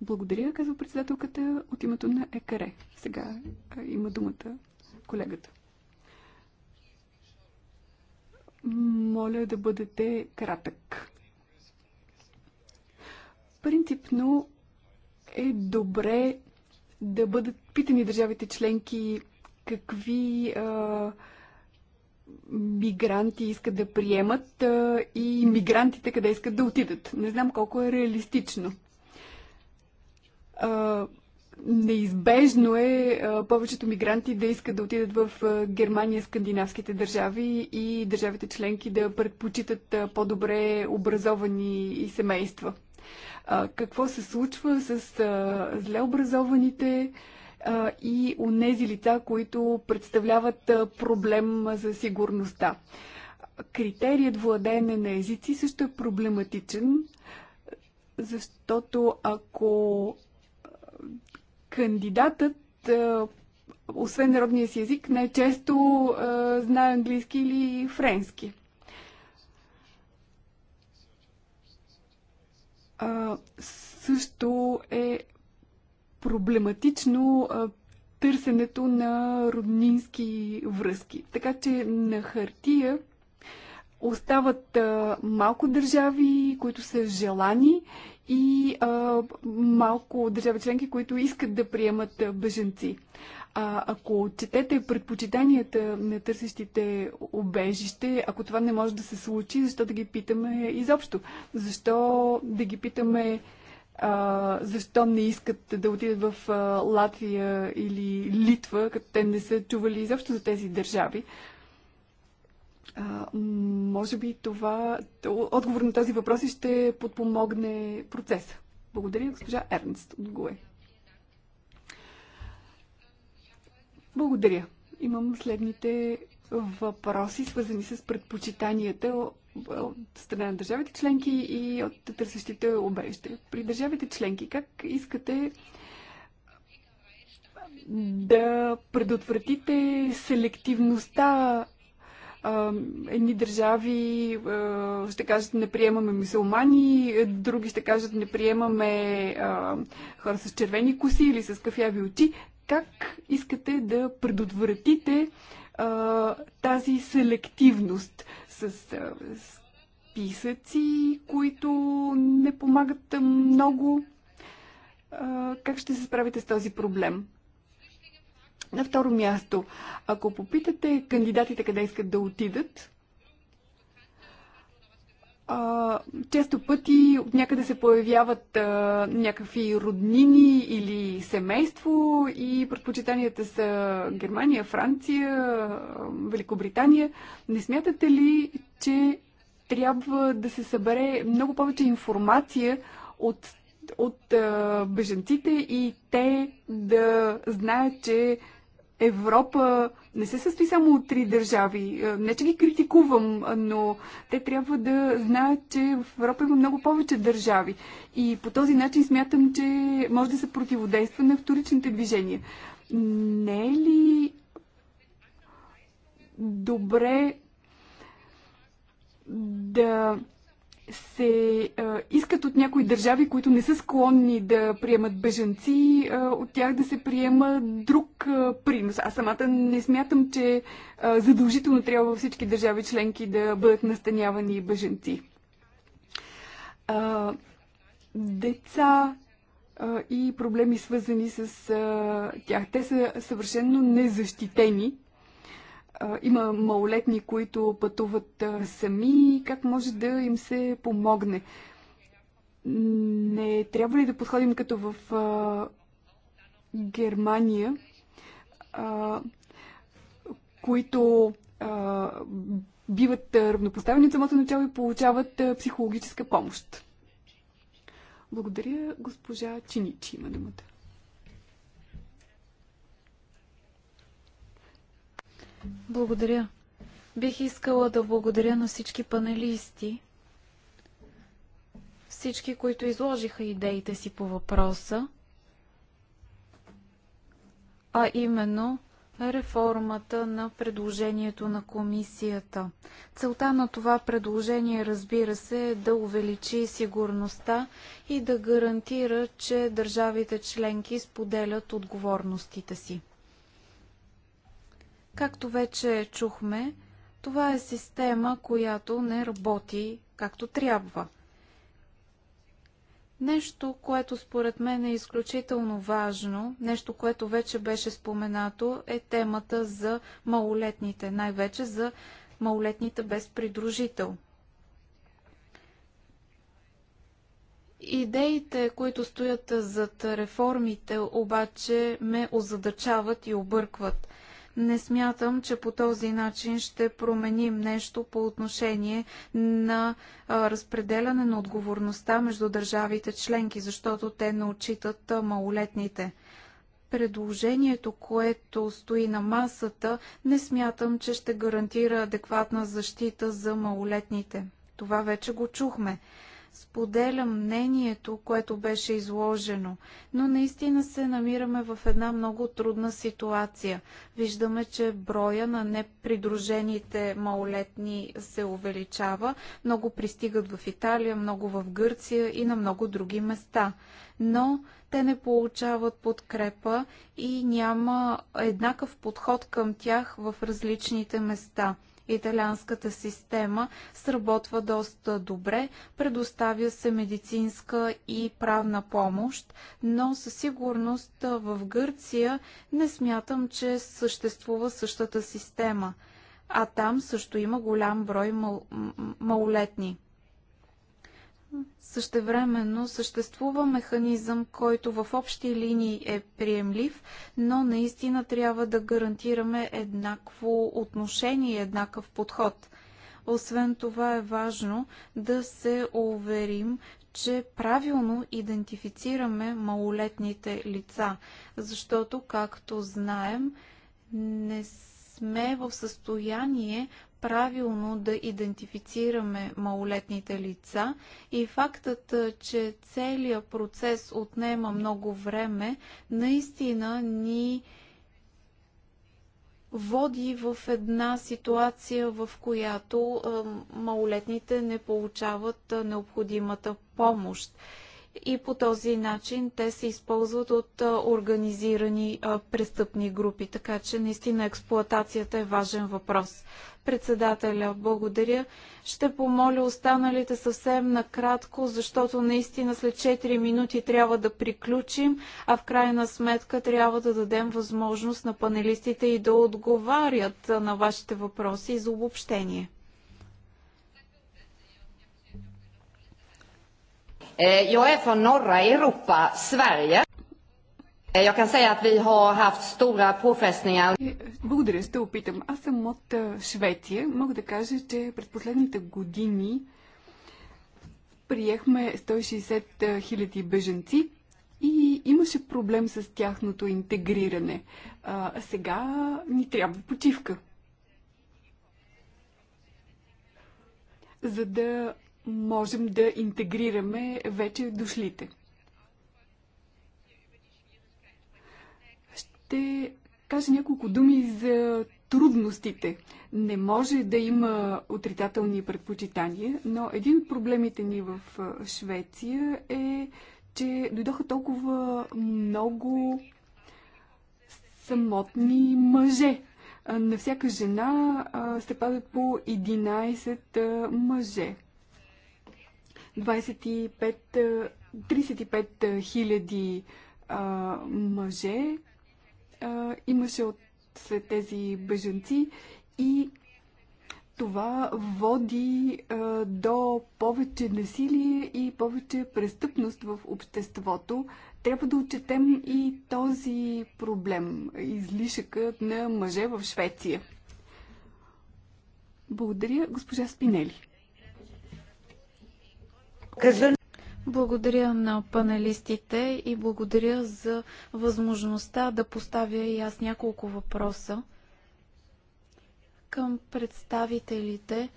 Благодаря, казва председателката от името на ЕКР. Сега има думата колегата. Моля да бъдете кратък. Принципно е добре да бъдат Питани държавите членки какви а, мигранти искат да приемат а, и мигрантите къде искат да отидат. Не знам колко е реалистично. А, неизбежно е а, повечето мигранти да искат да отидат в а, Германия, скандинавските държави и държавите членки да предпочитат а, по-добре образовани и семейства. А, какво се случва с а, зле образованите? А, и у нези лица, които представляват проблем за сигурността. Критерият владеене на езици също е проблематичен, защото ако кандидатът освен народния си език, най-често е, знае английски или френски. А, също е проблематично търсенето на роднински връзки. Така че на хартия остават а, малко държави, които са желани и а, малко държави членки, които искат да приемат беженци. А, ако четете предпочитанията на търсещите обежище, ако това не може да се случи, защо да ги питаме изобщо? Защо да ги питаме а, защо не искат да отидат в а, Латвия или Литва, като те не са чували изобщо за тези държави. А, може би това, отговор на този въпрос ще подпомогне процеса. Благодаря, госпожа Ернст от Благодаря. Имам следните въпроси, свързани с предпочитанията от страна на държавите членки и от търсещите обежище. При държавите членки как искате да предотвратите селективността едни държави ще кажат не приемаме мусулмани, други ще кажат не приемаме хора с червени коси или с кафяви очи. Как искате да предотвратите а, тази селективност с а, писъци, които не помагат много. А, как ще се справите с този проблем? На второ място, ако попитате кандидатите къде искат да отидат, а, често пъти от някъде се появяват а, някакви роднини или семейство и предпочитанията са Германия, Франция, Великобритания. Не смятате ли, че трябва да се събере много повече информация от, от а, беженците и те да знаят, че Европа не се състои само от три държави. Е, не, че ги критикувам, е, но те трябва да знаят, че в Европа има много повече държави. И по този начин смятам, че може да се противодейства на вторичните движения. Не е ли добре да се а, искат от някои държави, които не са склонни да приемат бежанци, а, от тях да се приема друг а, принос. Аз самата не смятам, че а, задължително трябва във всички държави членки да бъдат настанявани бежанци. А, деца а, и проблеми свързани с а, тях. Те са съвършенно незащитени има малолетни, които пътуват сами, как може да им се помогне? Не трябва ли да подходим като в Германия, които биват равнопоставени от самото начало и получават психологическа помощ? Благодаря, госпожа Чиничи има думата. Благодаря. Бих искала да благодаря на всички панелисти, всички, които изложиха идеите си по въпроса, а именно реформата на предложението на комисията. Целта на това предложение, разбира се, е да увеличи сигурността и да гарантира, че държавите членки споделят отговорностите си. Както вече чухме, това е система, която не работи както трябва. Нещо, което според мен е изключително важно, нещо, което вече беше споменато, е темата за малолетните, най-вече за малолетните без придружител. Идеите, които стоят зад реформите, обаче ме озадачават и объркват. Не смятам, че по този начин ще променим нещо по отношение на разпределяне на отговорността между държавите членки, защото те не отчитат малолетните предложението, което стои на масата, не смятам, че ще гарантира адекватна защита за малолетните. Това вече го чухме. Споделям мнението, което беше изложено, но наистина се намираме в една много трудна ситуация. Виждаме, че броя на непридружените малолетни се увеличава. Много пристигат в Италия, много в Гърция и на много други места. Но те не получават подкрепа и няма еднакъв подход към тях в различните места италианската система сработва доста добре, предоставя се медицинска и правна помощ, но със сигурност в Гърция не смятам, че съществува същата система. А там също има голям брой мал... малолетни. Същевременно съществува механизъм, който в общи линии е приемлив, но наистина трябва да гарантираме еднакво отношение, еднакъв подход. Освен това е важно да се уверим, че правилно идентифицираме малолетните лица, защото, както знаем, не сме в състояние правилно да идентифицираме малолетните лица и фактът, че целият процес отнема много време, наистина ни води в една ситуация, в която малолетните не получават необходимата помощ и по този начин те се използват от организирани престъпни групи. Така че наистина експлоатацията е важен въпрос. Председателя, благодаря. Ще помоля останалите съвсем накратко, защото наистина след 4 минути трябва да приключим, а в крайна сметка трябва да дадем възможност на панелистите и да отговарят на вашите въпроси за обобщение. Eh, jag är från norra Europa, Sverige. Eh, jag kan säga att vi har haft stora påfrestningar. Благодаря, ще опитам. Аз съм от е, Швеция. Мога да кажа, че през последните години приехме 160 е, хиляди беженци и имаше проблем с тяхното интегриране. А сега ни трябва почивка. За да можем да интегрираме вече дошлите. Ще кажа няколко думи за трудностите. Не може да има отрицателни предпочитания, но един от проблемите ни в Швеция е, че дойдоха толкова много самотни мъже. На всяка жена се падат по 11 мъже. 25, 35 хиляди мъже а, имаше от сред тези бежанци и това води а, до повече насилие и повече престъпност в обществото. Трябва да отчетем и този проблем, излишъкът на мъже в Швеция. Благодаря, госпожа Спинели. Благодаря на панелистите и благодаря за възможността да поставя и аз няколко въпроса към представителите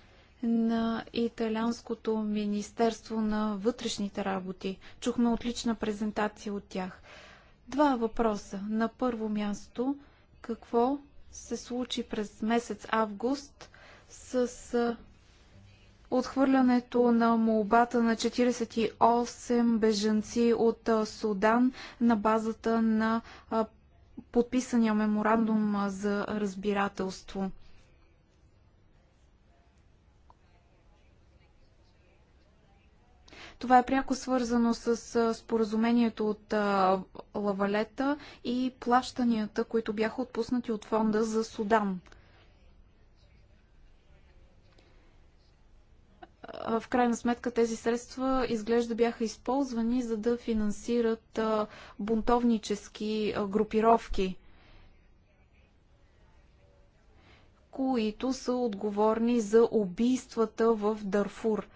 на Италианското Министерство на вътрешните работи. Чухме отлична презентация от тях. Два въпроса. На първо място, какво се случи през месец август с отхвърлянето на молбата на 48 бежанци от Судан на базата на подписания меморандум за разбирателство. Това е пряко свързано с споразумението от Лавалета и плащанията, които бяха отпуснати от фонда за Судан. в крайна сметка тези средства изглежда бяха използвани за да финансират бунтовнически групировки, които са отговорни за убийствата в Дарфур.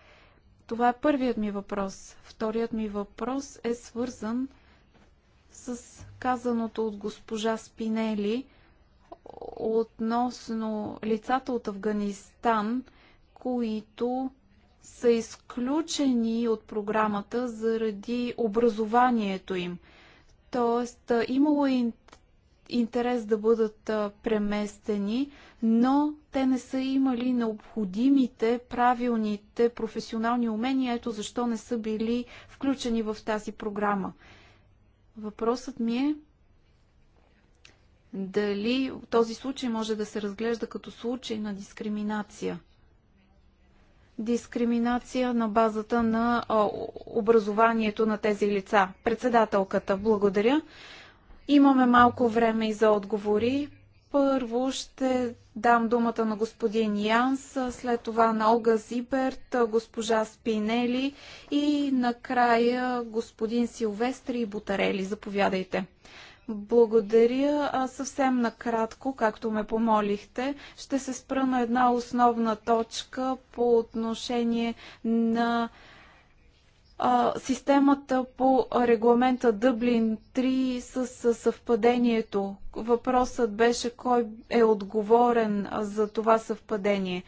Това е първият ми въпрос. Вторият ми въпрос е свързан с казаното от госпожа Спинели относно лицата от Афганистан, които са изключени от програмата заради образованието им. Тоест, имало е интерес да бъдат преместени, но те не са имали необходимите, правилните професионални умения, ето защо не са били включени в тази програма. Въпросът ми е дали този случай може да се разглежда като случай на дискриминация – дискриминация на базата на образованието на тези лица. Председателката, благодаря. Имаме малко време и за отговори. Първо ще дам думата на господин Янс, след това на Олга Зиберт, госпожа Спинели и накрая господин Силвестри и Бутарели. Заповядайте. Благодаря. А съвсем накратко, както ме помолихте, ще се спра на една основна точка по отношение на системата по регламента Дъблин 3 с съвпадението. Въпросът беше кой е отговорен за това съвпадение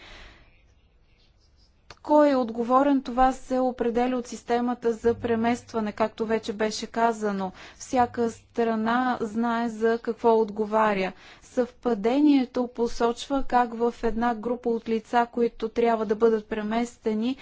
кой е отговорен, това се определя от системата за преместване, както вече беше казано. Всяка страна знае за какво отговаря. Съвпадението посочва как в една група от лица, които трябва да бъдат преместени,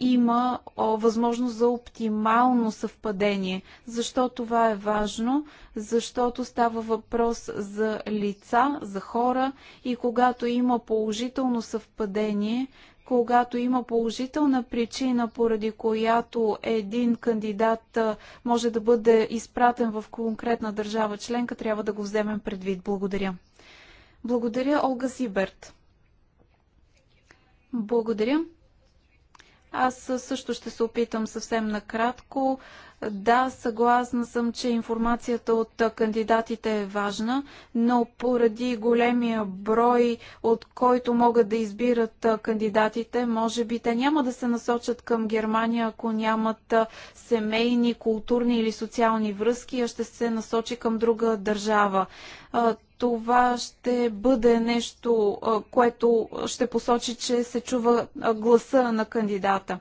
има възможност за оптимално съвпадение. Защо това е важно? Защото става въпрос за лица, за хора и когато има положително съвпадение, когато има положителна причина, поради която един кандидат може да бъде изпратен в конкретна държава членка, трябва да го вземем предвид. Благодаря. Благодаря, Олга Сиберт. Благодаря. Аз също ще се опитам съвсем накратко. Да, съгласна съм, че информацията от кандидатите е важна, но поради големия брой, от който могат да избират кандидатите, може би те няма да се насочат към Германия, ако нямат семейни, културни или социални връзки, а ще се насочи към друга държава това ще бъде нещо, което ще посочи, че се чува гласа на кандидата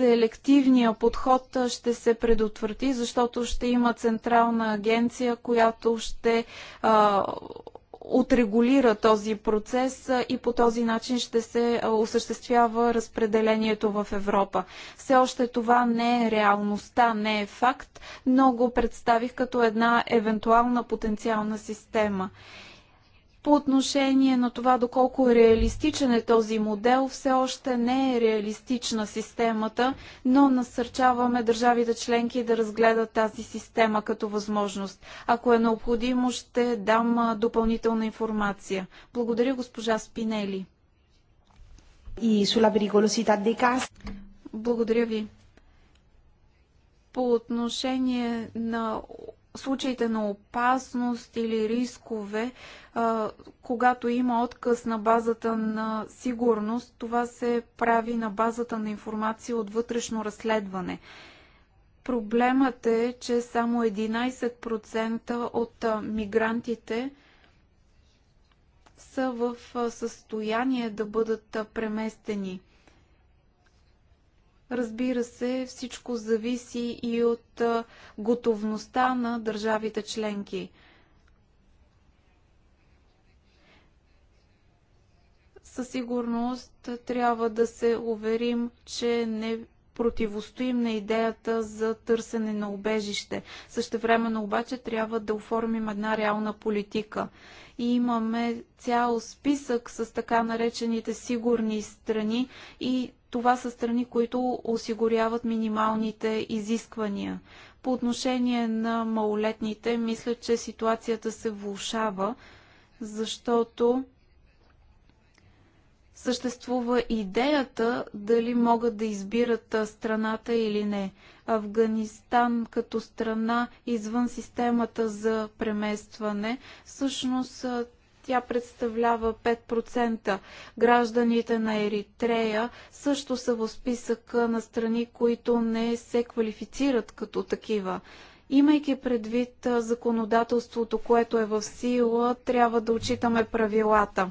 селективния подход ще се предотврати, защото ще има централна агенция, която ще а, отрегулира този процес и по този начин ще се осъществява разпределението в Европа. Все още това не е реалността, не е факт, но го представих като една евентуална потенциална система. По отношение на това доколко реалистичен е този модел, все още не е реалистична системата, но насърчаваме държавите членки да разгледат тази система като възможност. Ако е необходимо, ще дам допълнителна информация. Благодаря госпожа Спинели. И sulla pericolosità dei Благодаря ви. По отношение на случаите на опасност или рискове, а, когато има отказ на базата на сигурност, това се прави на базата на информация от вътрешно разследване. Проблемът е, че само 11% от мигрантите са в състояние да бъдат преместени. Разбира се, всичко зависи и от готовността на държавите членки. Със сигурност трябва да се уверим, че не противостоим на идеята за търсене на убежище. времено обаче трябва да оформим една реална политика. И имаме цял списък с така наречените сигурни страни и това са страни, които осигуряват минималните изисквания. По отношение на малолетните, мисля, че ситуацията се влушава, защото съществува идеята дали могат да избират страната или не. Афганистан като страна извън системата за преместване, всъщност тя представлява 5%. Гражданите на Еритрея също са в списъка на страни, които не се квалифицират като такива. Имайки предвид законодателството, което е в сила, трябва да отчитаме правилата.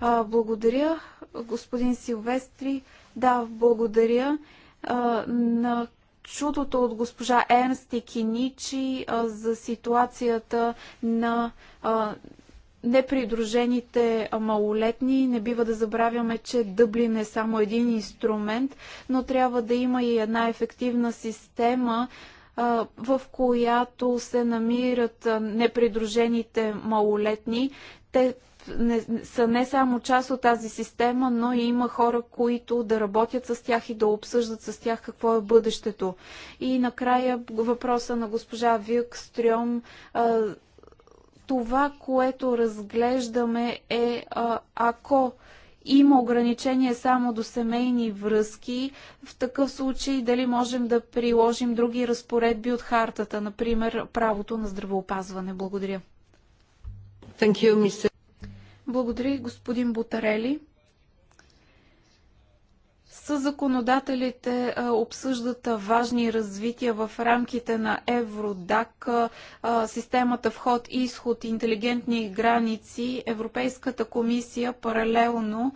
А, благодаря, господин Силвестри. Да, благодаря а, на чудото от госпожа Ернст и Киничи а, за ситуацията на а, непридружените малолетни. Не бива да забравяме, че Дъблин е само един инструмент, но трябва да има и една ефективна система, в която се намират непридружените малолетни. Те не, са не само част от тази система, но и има хора, които да работят с тях и да обсъждат с тях какво е бъдещето. И накрая въпроса на госпожа Стрём. Това, което разглеждаме е ако има ограничение само до семейни връзки, в такъв случай дали можем да приложим други разпоредби от хартата, например правото на здравеопазване. Благодаря. Thank you, Mr. Благодаря, господин Бутарели. Със законодателите обсъждат важни развития в рамките на Евродак, системата вход и изход, интелигентни граници. Европейската комисия паралелно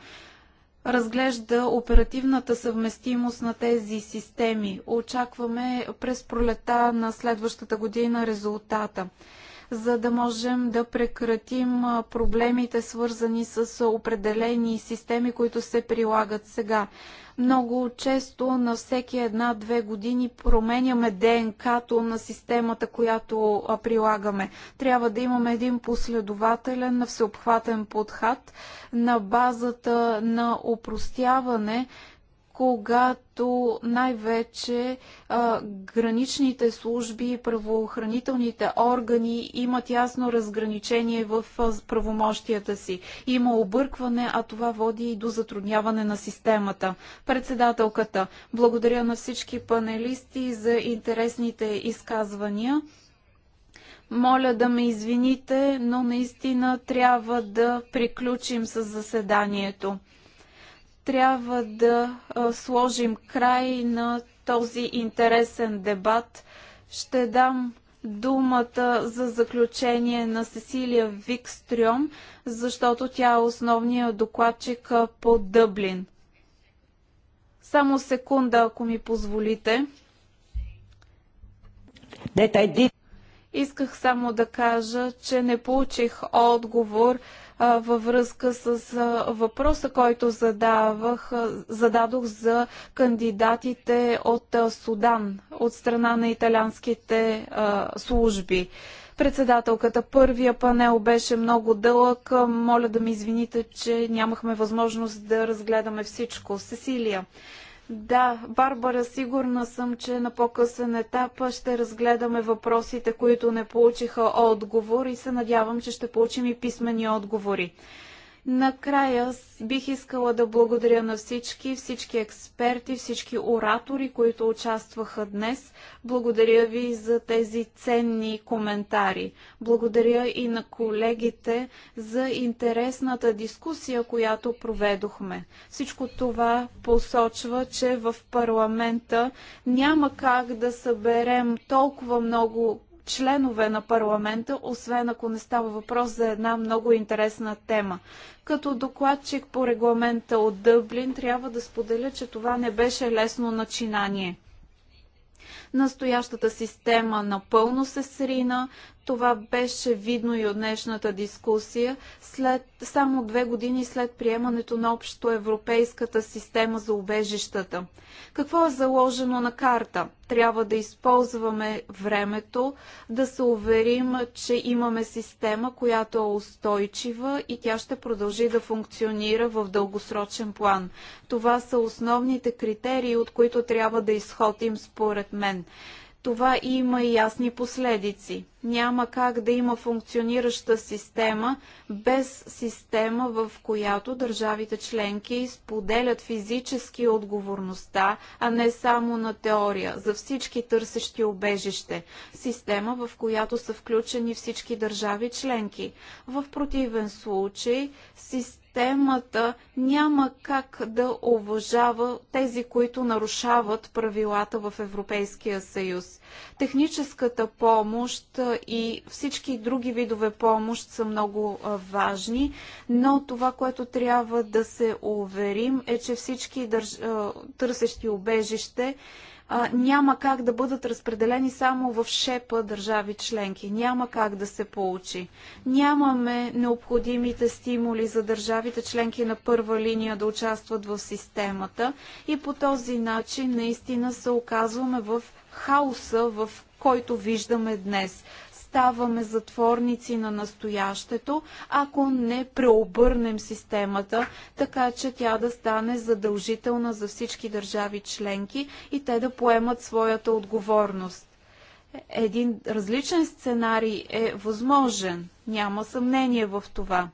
разглежда оперативната съвместимост на тези системи. Очакваме през пролета на следващата година резултата за да можем да прекратим проблемите, свързани с определени системи, които се прилагат сега. Много често на всеки една-две години променяме ДНК-то на системата, която прилагаме. Трябва да имаме един последователен, всеобхватен подход на базата на упростяване когато най-вече граничните служби, правоохранителните органи имат ясно разграничение в правомощията си. Има объркване, а това води и до затрудняване на системата. Председателката, благодаря на всички панелисти за интересните изказвания. Моля да ме извините, но наистина трябва да приключим с заседанието трябва да сложим край на този интересен дебат. Ще дам думата за заключение на Сесилия Викстрюм, защото тя е основният докладчик по Дъблин. Само секунда, ако ми позволите. Исках само да кажа, че не получих отговор във връзка с въпроса, който задавах, зададох за кандидатите от Судан, от страна на италянските служби председателката. Първия панел беше много дълъг. Моля да ми извините, че нямахме възможност да разгледаме всичко. Сесилия. Да, Барбара, сигурна съм, че на по-късен етап ще разгледаме въпросите, които не получиха отговор и се надявам, че ще получим и писмени отговори. Накрая бих искала да благодаря на всички, всички експерти, всички оратори, които участваха днес. Благодаря ви за тези ценни коментари. Благодаря и на колегите за интересната дискусия, която проведохме. Всичко това посочва, че в парламента няма как да съберем толкова много членове на парламента, освен ако не става въпрос за една много интересна тема. Като докладчик по регламента от Дъблин трябва да споделя, че това не беше лесно начинание. Настоящата система напълно се срина, това беше видно и от днешната дискусия, след, само две години след приемането на общо европейската система за убежищата. Какво е заложено на карта? Трябва да използваме времето, да се уверим, че имаме система, която е устойчива и тя ще продължи да функционира в дългосрочен план. Това са основните критерии, от които трябва да изходим според мен това има и ясни последици. Няма как да има функционираща система без система, в която държавите членки споделят физически отговорността, а не само на теория, за всички търсещи обежище. Система, в която са включени всички държави членки. В противен случай, система системата няма как да уважава тези, които нарушават правилата в Европейския съюз. Техническата помощ и всички други видове помощ са много важни, но това, което трябва да се уверим е, че всички търсещи убежище а, няма как да бъдат разпределени само в шепа държави членки. Няма как да се получи. Нямаме необходимите стимули за държавите членки на първа линия да участват в системата и по този начин наистина се оказваме в хаоса, в който виждаме днес. Ставаме затворници на настоящето, ако не преобърнем системата, така че тя да стане задължителна за всички държави членки и те да поемат своята отговорност. Един различен сценарий е възможен, няма съмнение в това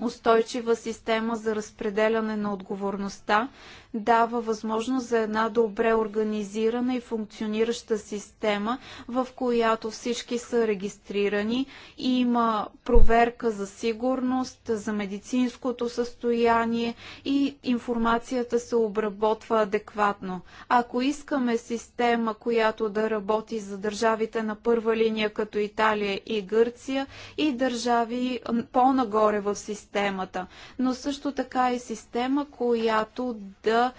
устойчива система за разпределяне на отговорността дава възможност за една добре организирана и функционираща система, в която всички са регистрирани и има проверка за сигурност, за медицинското състояние и информацията се обработва адекватно. Ако искаме система, която да работи за държавите на първа линия като Италия и Гърция и държави по-нагоре в системата, системата, но също така и система, която да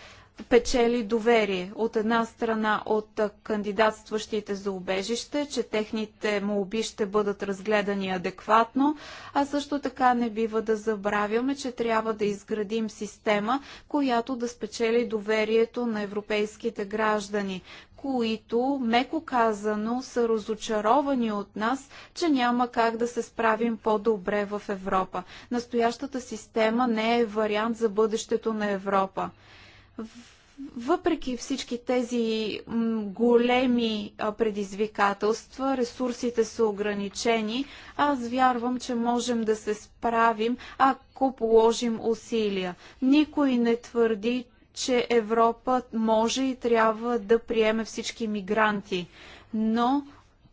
печели доверие от една страна от кандидатстващите за убежище, че техните молби ще бъдат разгледани адекватно, а също така не бива да забравяме, че трябва да изградим система, която да спечели доверието на европейските граждани, които, меко казано, са разочаровани от нас, че няма как да се справим по-добре в Европа. Настоящата система не е вариант за бъдещето на Европа въпреки всички тези големи предизвикателства, ресурсите са ограничени, аз вярвам, че можем да се справим, ако положим усилия. Никой не твърди, че Европа може и трябва да приеме всички мигранти, но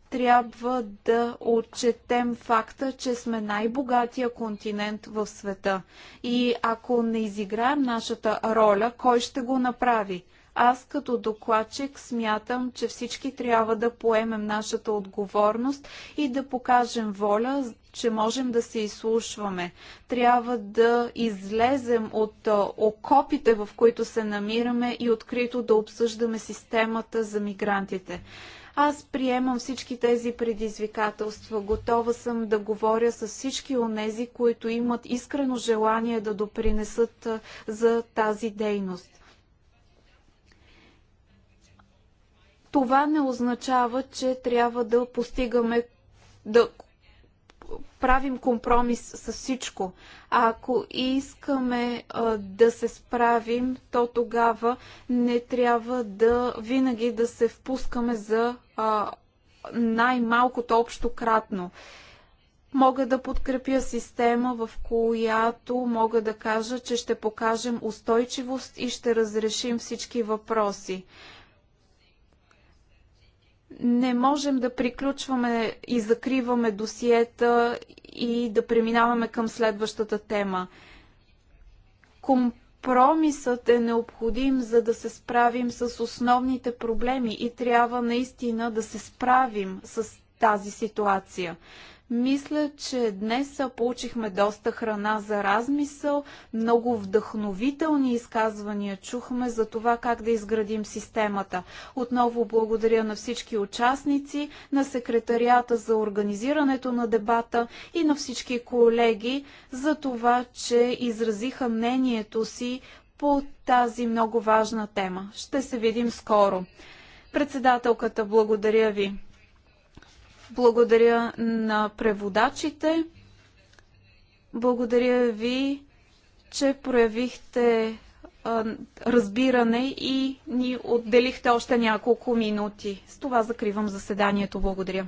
трябва да отчетем факта, че сме най-богатия континент в света. И ако не изиграем нашата роля, кой ще го направи? Аз като докладчик смятам, че всички трябва да поемем нашата отговорност и да покажем воля, че можем да се изслушваме. Трябва да излезем от окопите, в които се намираме и открито да обсъждаме системата за мигрантите. Аз приемам всички тези предизвикателства. Готова съм да говоря с всички онези, които имат искрено желание да допринесат за тази дейност. това не означава, че трябва да постигаме, да правим компромис с всичко. А ако искаме а, да се справим, то тогава не трябва да винаги да се впускаме за най-малкото общо кратно. Мога да подкрепя система, в която мога да кажа, че ще покажем устойчивост и ще разрешим всички въпроси не можем да приключваме и закриваме досиета и да преминаваме към следващата тема. Компромисът е необходим, за да се справим с основните проблеми и трябва наистина да се справим с тази ситуация. Мисля, че днес получихме доста храна за размисъл, много вдъхновителни изказвания чухме за това как да изградим системата. Отново благодаря на всички участници, на секретарията за организирането на дебата и на всички колеги за това, че изразиха мнението си по тази много важна тема. Ще се видим скоро. Председателката, благодаря ви. Благодаря на преводачите. Благодаря ви, че проявихте разбиране и ни отделихте още няколко минути. С това закривам заседанието. Благодаря.